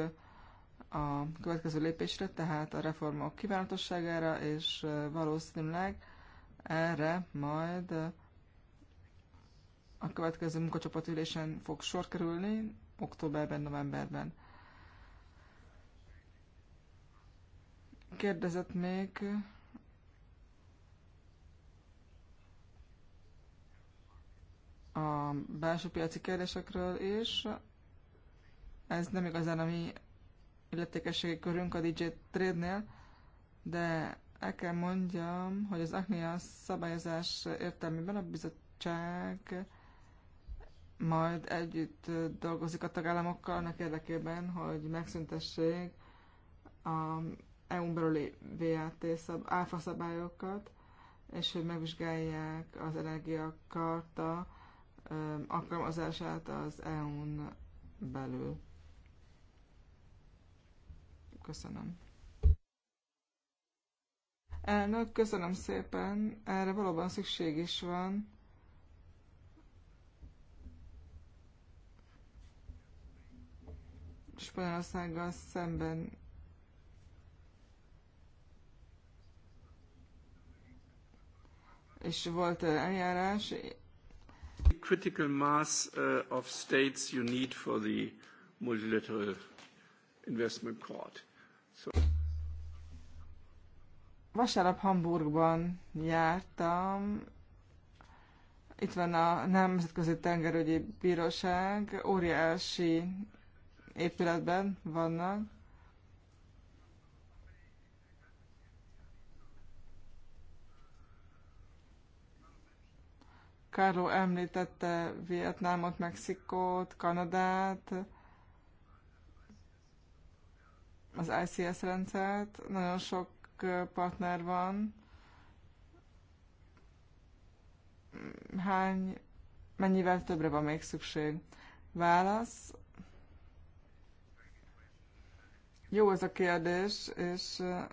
a következő lépésre, tehát a reformok kívánatosságára, és valószínűleg erre majd a következő munkacsoportülésen fog sor kerülni, októberben, novemberben. Kérdezett még a belső piaci kérdésekről is. Ez nem igazán a mi illetékességi körünk a DJ Trade-nél, de el kell mondjam, hogy az ACNIA szabályozás értelmében a bizottság majd együtt dolgozik a tagállamokkal annak érdekében, hogy megszüntessék a EU-n belüli VAT szab, áfa szabályokat, és hogy megvizsgálják az energiakarta alkalmazását az EU-n belül. Köszönöm. Elnök, köszönöm szépen. Erre valóban szükség is van Spanyolországgal szemben és volt eljárás. Critical mass uh, of states you need for the multilateral investment court. So... Vasárnap Hamburgban jártam. Itt van a Nemzetközi Tengerügyi Bíróság, óriási épületben vannak. Carlo említette Vietnámot, Mexikót, Kanadát, az ICS rendszert, nagyon sok partner van. Hány, mennyivel többre van még szükség? Válasz, Jó ez a kérdés, és eh,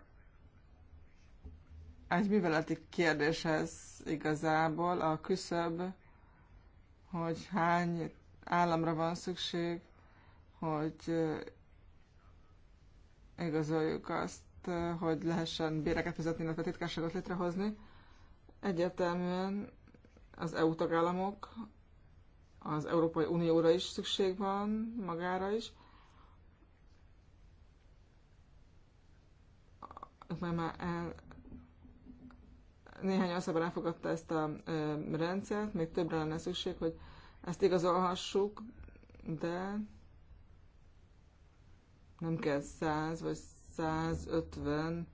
egy műveleti ez igazából a küszöb, hogy hány államra van szükség, hogy eh, igazoljuk azt, eh, hogy lehessen béreket fizetni, illetve titkárságot létrehozni. Egyértelműen az EU tagállamok, az Európai Unióra is szükség van, magára is, már, már el, néhány országban elfogadta ezt a ö, rendszert, még többre lenne szükség, hogy ezt igazolhassuk, de nem kell 100 vagy 150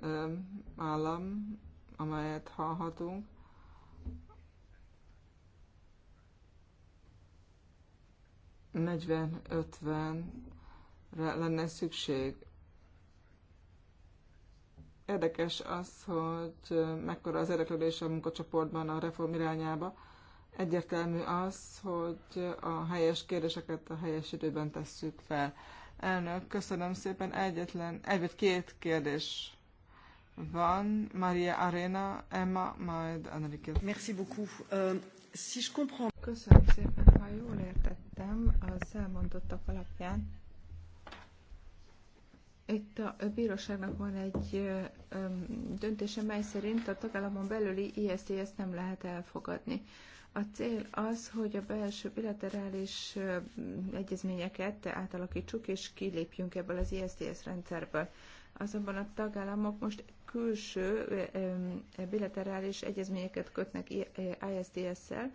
ö, állam, amelyet hallhatunk. Negyven, ötven lenne szükség. Érdekes az, hogy mekkora az érdeklődés a munkacsoportban a reform irányába. Egyértelmű az, hogy a helyes kérdéseket a helyes időben tesszük fel. Elnök, köszönöm szépen. Egyetlen, egy vagy két kérdés van. Maria Arena, Emma, majd Enrique. Merci beaucoup. Uh, si je comprends... Köszönöm szépen, ha jól értettem az elmondottak alapján itt a bíróságnak van egy döntése, mely szerint a tagállamon belüli ISDS nem lehet elfogadni. A cél az, hogy a belső bilaterális egyezményeket átalakítsuk, és kilépjünk ebből az ISDS rendszerből. Azonban a tagállamok most külső bilaterális egyezményeket kötnek ISDS-szel,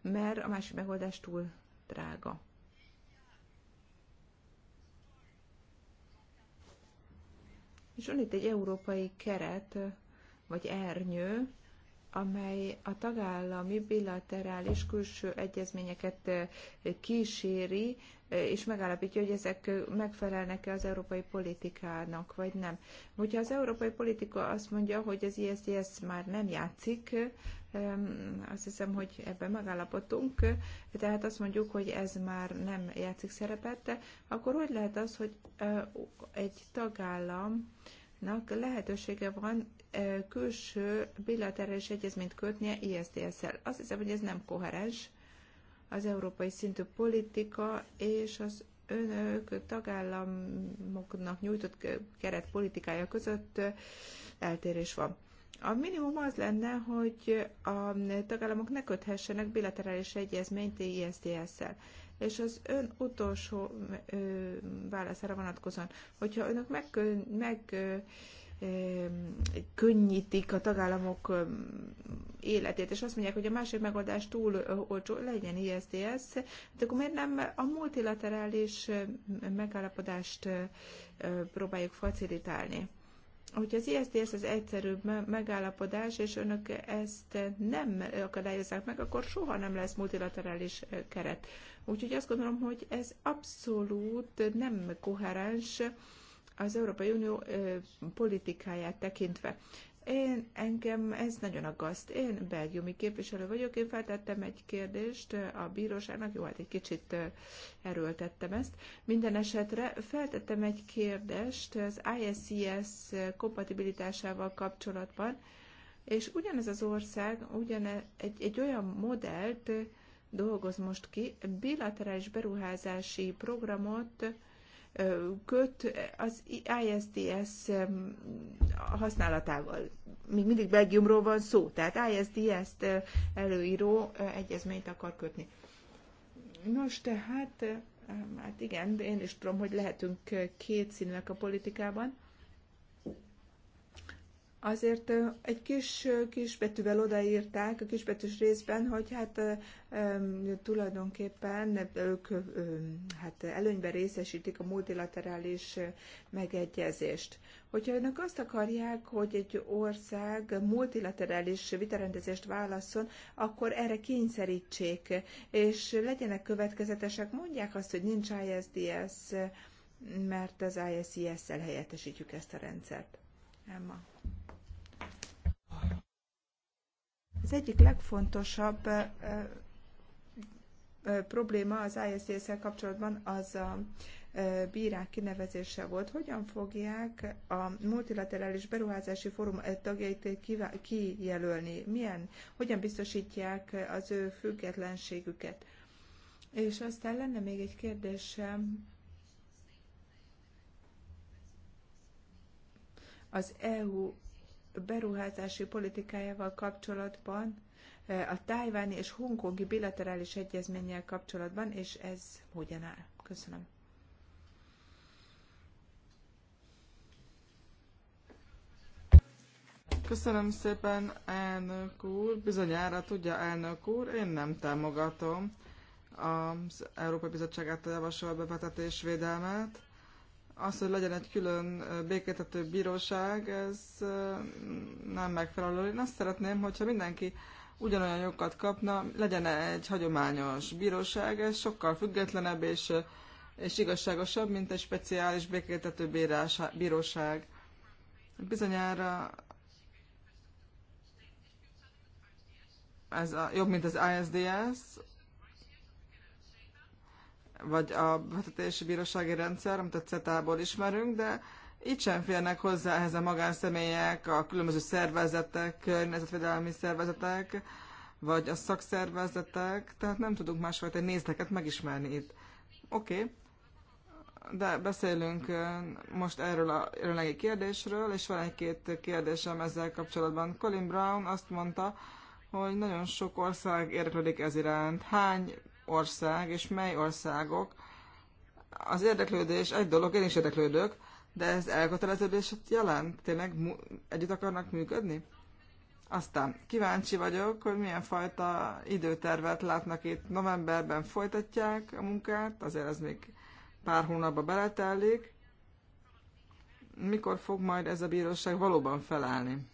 mert a másik megoldás túl drága. És van itt egy európai keret, vagy ernyő, amely a tagállami bilaterális külső egyezményeket eh, kíséri, eh, és megállapítja, hogy ezek megfelelnek-e az európai politikának, vagy nem. Hogyha az európai politika azt mondja, hogy az ISDS már nem játszik, azt hiszem, hogy ebben megállapodtunk, tehát azt mondjuk, hogy ez már nem játszik szerepet, de akkor hogy lehet az, hogy egy tagállamnak lehetősége van külső bilaterális egyezményt kötnie ISDS-szel? Azt hiszem, hogy ez nem koherens az európai szintű politika és az önök tagállamoknak nyújtott keret politikája között eltérés van. A minimum az lenne, hogy a tagállamok ne köthessenek bilaterális egyezményt ISDS-szel. És az ön utolsó ö, válaszára vonatkozóan, hogyha önök meg, meg könnyítik a tagállamok életét, és azt mondják, hogy a másik megoldás túl olcsó, legyen ISDS, de hát akkor miért nem a multilaterális megállapodást próbáljuk facilitálni? Hogy az ISDS az egyszerűbb megállapodás, és önök ezt nem akadályozzák meg, akkor soha nem lesz multilaterális keret. Úgyhogy azt gondolom, hogy ez abszolút nem koherens az Európai Unió politikáját tekintve. Én engem ez nagyon aggaszt. Én belgiumi képviselő vagyok, én feltettem egy kérdést a bíróságnak, jó, hát egy kicsit erőltettem ezt. Minden esetre feltettem egy kérdést az ISIS kompatibilitásával kapcsolatban, és ugyanez az ország ugyan egy, egy olyan modellt dolgoz most ki, bilaterális beruházási programot, köt az ISDS használatával. Még mindig Belgiumról van szó, tehát ISDS-t előíró egyezményt akar kötni. Nos, tehát, hát igen, én is tudom, hogy lehetünk színűek a politikában azért egy kis, kis betűvel odaírták, a kisbetűs részben, hogy hát tulajdonképpen ők hát előnyben részesítik a multilaterális megegyezést. Hogyha önök azt akarják, hogy egy ország multilaterális vitarendezést válaszol, akkor erre kényszerítsék, és legyenek következetesek, mondják azt, hogy nincs ISDS, mert az ISIS-szel helyettesítjük ezt a rendszert. Emma. Az egyik legfontosabb probléma az ISDS-szel kapcsolatban az a bírák kinevezése volt. Hogyan fogják a multilaterális beruházási fórum tagjait kijelölni? Milyen, hogyan biztosítják az ő függetlenségüket? És aztán lenne még egy kérdésem. Az EU beruházási politikájával kapcsolatban, a tájváni és hongkongi bilaterális egyezménnyel kapcsolatban, és ez hogyan áll? Köszönöm. Köszönöm szépen, elnök úr. Bizonyára tudja, elnök úr, én nem támogatom az Európai Bizottság által javasolt bevetetésvédelmet. védelmet az, hogy legyen egy külön békétető bíróság, ez nem megfelelő. Én azt szeretném, hogyha mindenki ugyanolyan jogokat kapna, legyen egy hagyományos bíróság, ez sokkal függetlenebb és, és igazságosabb, mint egy speciális békétető bíróság. Bizonyára ez a, jobb, mint az ISDS, vagy a vezetési bírósági rendszer, amit a CETA-ból ismerünk, de itt sem férnek hozzá ehhez a magánszemélyek, a különböző szervezetek, környezetvédelmi szervezetek, vagy a szakszervezetek, tehát nem tudunk másfajta nézeteket megismerni itt. Oké, okay. de beszélünk most erről a jelenlegi kérdésről, és van egy-két kérdésem ezzel kapcsolatban. Colin Brown azt mondta, hogy nagyon sok ország érdeklődik ez iránt. Hány ország, és mely országok. Az érdeklődés egy dolog, én is érdeklődök, de ez elköteleződést jelent? Tényleg együtt akarnak működni? Aztán kíváncsi vagyok, hogy milyen fajta időtervet látnak itt. Novemberben folytatják a munkát, azért ez még pár hónapba beletellik. Mikor fog majd ez a bíróság valóban felállni?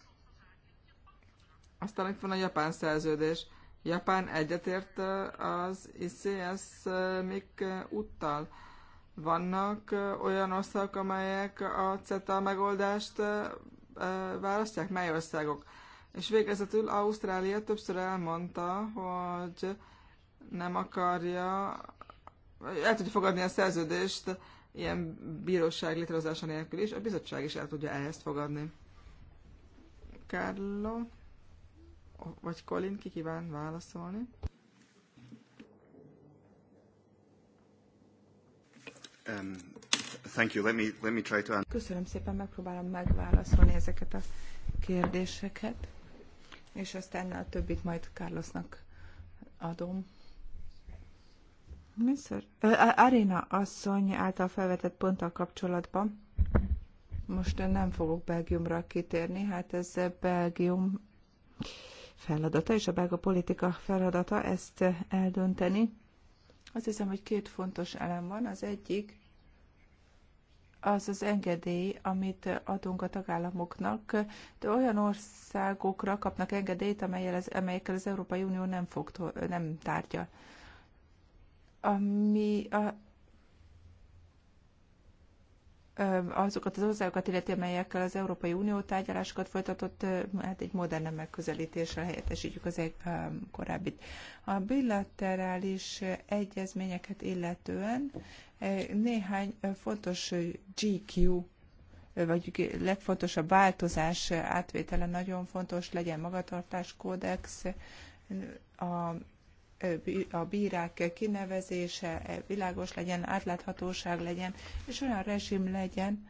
Aztán itt van a japán szerződés. Japán egyetért az ICS mik úttal. Vannak olyan országok, amelyek a CETA megoldást választják? Mely országok? És végezetül Ausztrália többször elmondta, hogy nem akarja, el tudja fogadni a szerződést ilyen bíróság létrehozása nélkül is, a bizottság is el tudja ezt fogadni. Carlo? vagy Colin, ki kíván válaszolni? Um, thank you. Let me, let me try to... Köszönöm szépen, megpróbálom megválaszolni ezeket a kérdéseket, és aztán a többit majd Carlosnak adom. Mr. Arena asszony által felvetett ponttal kapcsolatban most nem fogok Belgiumra kitérni, hát ez Belgium feladata, és a belga politika feladata ezt eldönteni. Azt hiszem, hogy két fontos elem van. Az egyik az az engedély, amit adunk a tagállamoknak, de olyan országokra kapnak engedélyt, amelyel az, amelyekkel az Európai Unió nem, fog, nem tárgya. Ami a azokat az országokat illeti, melyekkel az Európai Unió tárgyalásokat folytatott, hát egy modernebb megközelítéssel helyettesítjük az egy korábbit. A bilaterális egyezményeket illetően néhány fontos GQ vagy legfontosabb változás átvétele nagyon fontos, legyen magatartáskódex, a a bírák kinevezése eh, világos legyen, átláthatóság legyen, és olyan rezsim legyen,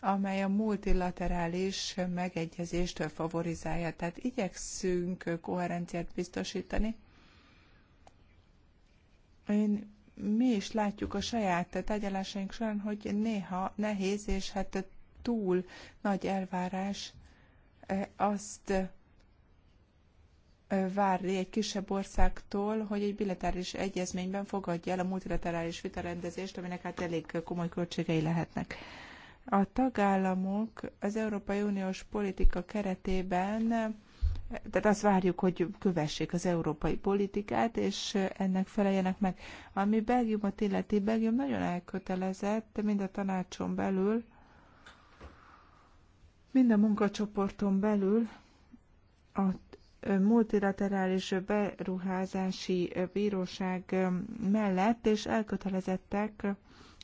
amely a multilaterális megegyezéstől favorizálja. Tehát igyekszünk koherenciát biztosítani. Én, mi is látjuk a saját tegyelásaink során, hogy néha nehéz, és hát túl nagy elvárás eh, azt várni egy kisebb országtól, hogy egy bilaterális egyezményben fogadja el a multilaterális vitarendezést, aminek hát elég komoly költségei lehetnek. A tagállamok az Európai Uniós politika keretében, tehát azt várjuk, hogy kövessék az európai politikát, és ennek feleljenek meg. Ami Belgiumot illeti, Belgium nagyon elkötelezett, mind a tanácson belül, mind a munkacsoporton belül a multilaterális beruházási bíróság mellett, és elkötelezettek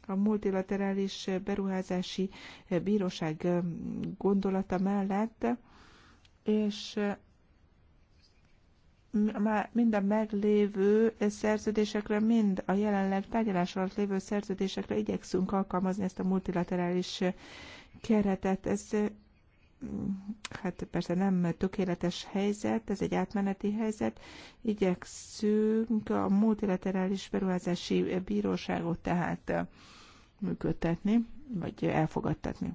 a multilaterális beruházási bíróság gondolata mellett, és már mind a meglévő szerződésekre, mind a jelenleg tárgyalás alatt lévő szerződésekre igyekszünk alkalmazni ezt a multilaterális keretet. Ez hát persze nem tökéletes helyzet, ez egy átmeneti helyzet. Igyekszünk a multilaterális beruházási bíróságot tehát működtetni, vagy elfogadtatni.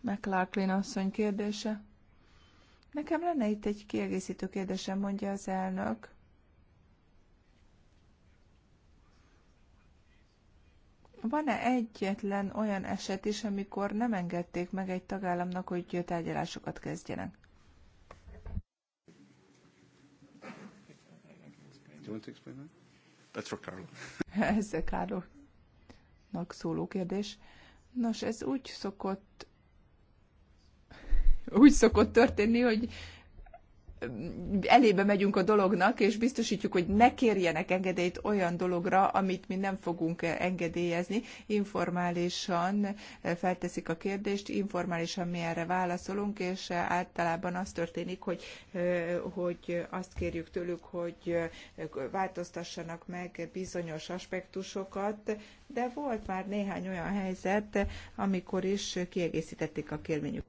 McLaughlin asszony kérdése. Nekem lenne itt egy kiegészítő kérdésem, mondja az elnök. Van-e egyetlen olyan eset is, amikor nem engedték meg egy tagállamnak, hogy tárgyalásokat kezdjenek? Do you want to explain that? That's for Carlo. Ez a szóló kérdés. Nos, ez úgy szokott úgy szokott történni, hogy elébe megyünk a dolognak, és biztosítjuk, hogy ne kérjenek engedélyt olyan dologra, amit mi nem fogunk engedélyezni. Informálisan eh, felteszik a kérdést, informálisan mi erre válaszolunk, és eh, általában az történik, hogy, eh, hogy azt kérjük tőlük, hogy változtassanak meg bizonyos aspektusokat, de volt már néhány olyan helyzet, amikor is kiegészítették a kérményüket.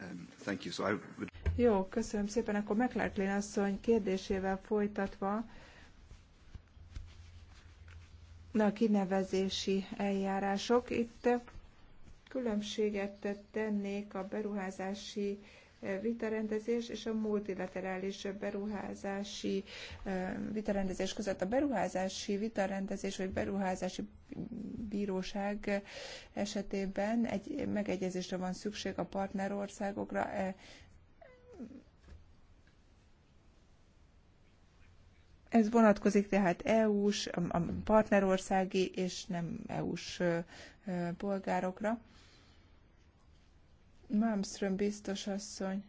Um, thank you. So I would... Jó, köszönöm szépen. Akkor McLaughlin asszony kérdésével folytatva, Na, a kinevezési eljárások. Itt különbséget tennék a beruházási eh, vitarendezés és a multilaterális beruházási eh, vitarendezés között. A beruházási vitarendezés vagy beruházási bíróság esetében egy megegyezésre van szükség a partnerországokra eh, Ez vonatkozik tehát EU-s, a partnerországi és nem EU-s polgárokra. Malmström biztos asszony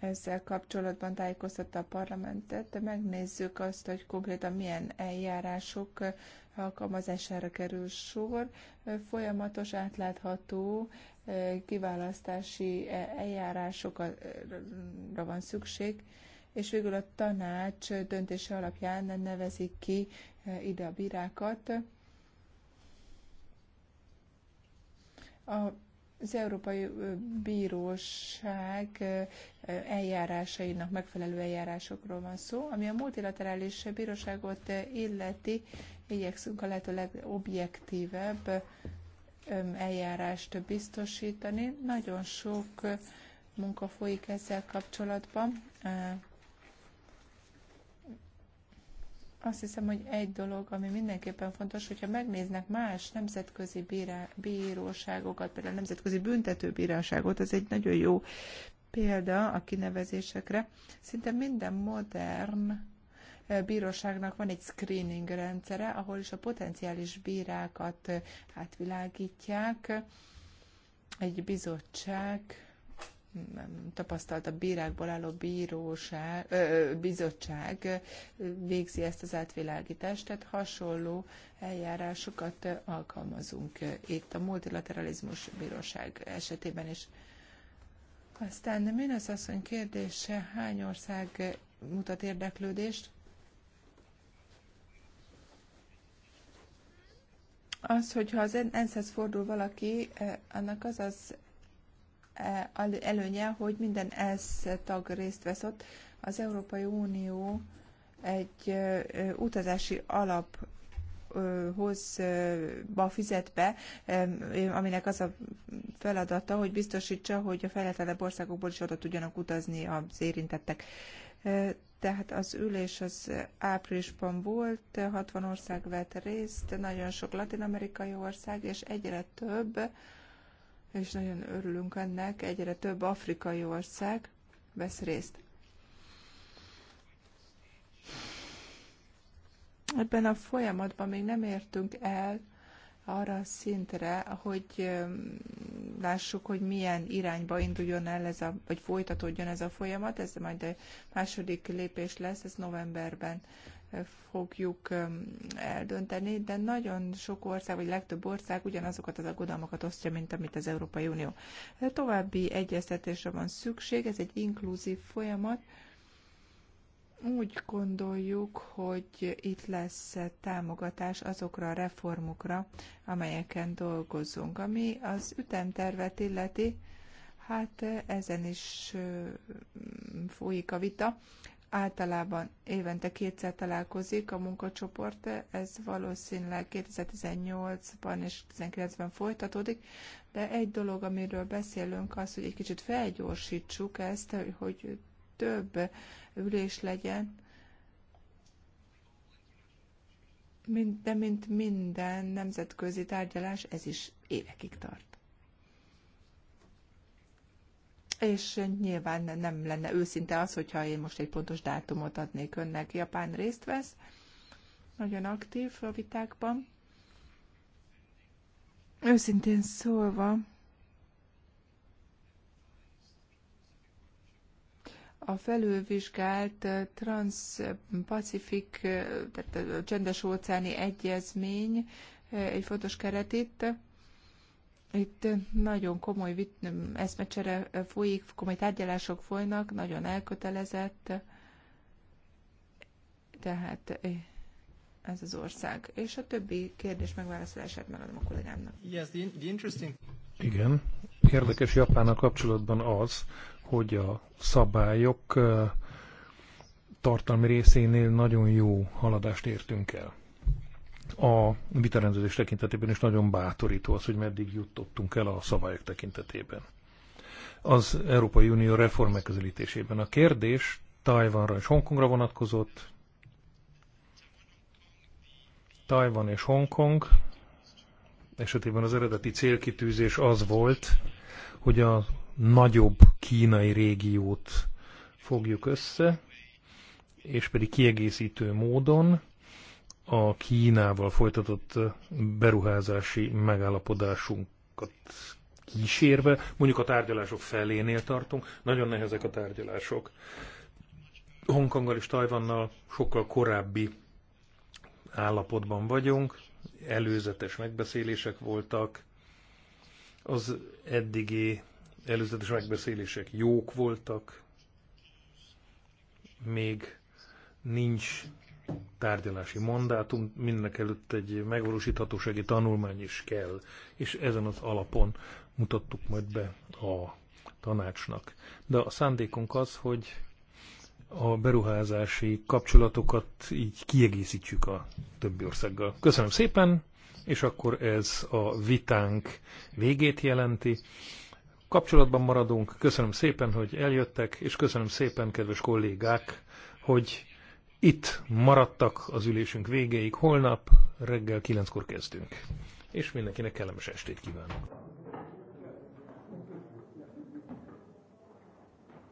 ezzel kapcsolatban tájékoztatta a parlamentet, de megnézzük azt, hogy konkrétan milyen eljárások alkalmazására kerül sor. Folyamatos, átlátható kiválasztási e, eljárásokra van szükség és végül a tanács döntése alapján nevezik ki e, ide a bírákat. A az Európai Bíróság eljárásainak megfelelő eljárásokról van szó. Ami a multilaterális bíróságot illeti, igyekszünk a lehető legobjektívebb eljárást biztosítani. Nagyon sok munka folyik ezzel kapcsolatban Azt hiszem, hogy egy dolog, ami mindenképpen fontos, hogyha megnéznek más nemzetközi bíróságokat, például nemzetközi büntetőbíróságot, ez egy nagyon jó példa a kinevezésekre. Szinte minden modern e, bíróságnak van egy screening rendszere, ahol is a potenciális bírákat e, átvilágítják. Egy bizottság tapasztalt a bírákból álló bíróság, ö, bizottság végzi ezt az átvilágítást, tehát hasonló eljárásokat alkalmazunk itt a multilateralizmus bíróság esetében is. Aztán az asszony kérdése, hány ország mutat érdeklődést? Az, hogyha az ENSZ-hez fordul valaki, annak az az Eh, előnye, hogy minden ESZ tag részt vesz ott. Az Európai Unió egy eh, eh, utazási alap hozba fizet be, aminek az a feladata, hogy biztosítsa, hogy a fejletlenebb országokból is oda tudjanak utazni az érintettek. Tehát az ülés az áprilisban volt, 60 ország vett részt, nagyon sok latin-amerikai ország, és egyre több és nagyon örülünk ennek, egyre több afrikai ország vesz részt. Ebben a folyamatban még nem értünk el arra a szintre, hogy lássuk, hogy milyen irányba induljon el ez a, vagy folytatódjon ez a folyamat, ez majd a második lépés lesz, ez novemberben fogjuk eldönteni, de nagyon sok ország, vagy legtöbb ország ugyanazokat az aggodalmakat osztja, mint amit az Európai Unió. További egyeztetésre van szükség, ez egy inkluzív folyamat. Úgy gondoljuk, hogy itt lesz támogatás azokra a reformokra, amelyeken dolgozunk. Ami az ütemtervet illeti, hát ezen is folyik a vita általában évente kétszer találkozik a munkacsoport, ez valószínűleg 2018-ban és 2019-ben folytatódik, de egy dolog, amiről beszélünk, az, hogy egy kicsit felgyorsítsuk ezt, hogy több ülés legyen, de mint minden nemzetközi tárgyalás, ez is évekig tart. és nyilván nem lenne őszinte az, hogyha én most egy pontos dátumot adnék önnek. Japán részt vesz, nagyon aktív a vitákban. Őszintén szólva, a felülvizsgált eh, Trans-Pacific, eh, tehát a csendes óceáni egyezmény eh, egy fontos keret itt, itt nagyon komoly eszmecsere folyik, komoly tárgyalások folynak, nagyon elkötelezett, tehát eh, ez az ország. És a többi kérdés megválaszolását megadom a kollégámnak. Yes, the, the interesting... Igen. Érdekes Japánnal kapcsolatban az, hogy a szabályok eh, tartalmi részénél nagyon jó haladást értünk el a vitarendezés tekintetében is nagyon bátorító az, hogy meddig jutottunk el a szabályok tekintetében. Az Európai Unió reform megközelítésében a kérdés Tajvanra és Hongkongra vonatkozott. Tajvan és Hongkong esetében az eredeti célkitűzés az volt, hogy a nagyobb kínai régiót fogjuk össze, és pedig kiegészítő módon a Kínával folytatott beruházási megállapodásunkat kísérve, mondjuk a tárgyalások felénél tartunk, nagyon nehezek a tárgyalások. Hongkonggal és Tajvannal sokkal korábbi állapotban vagyunk, előzetes megbeszélések voltak, az eddigi előzetes megbeszélések jók voltak, még nincs tárgyalási mandátum, mindenek előtt egy megvalósíthatósági tanulmány is kell, és ezen az alapon mutattuk majd be a tanácsnak. De a szándékunk az, hogy a beruházási kapcsolatokat így kiegészítjük a többi országgal. Köszönöm szépen, és akkor ez a vitánk végét jelenti. Kapcsolatban maradunk. Köszönöm szépen, hogy eljöttek, és köszönöm szépen, kedves kollégák, hogy itt maradtak az ülésünk végéig, holnap reggel 9-kor kezdünk. És mindenkinek kellemes estét kívánok!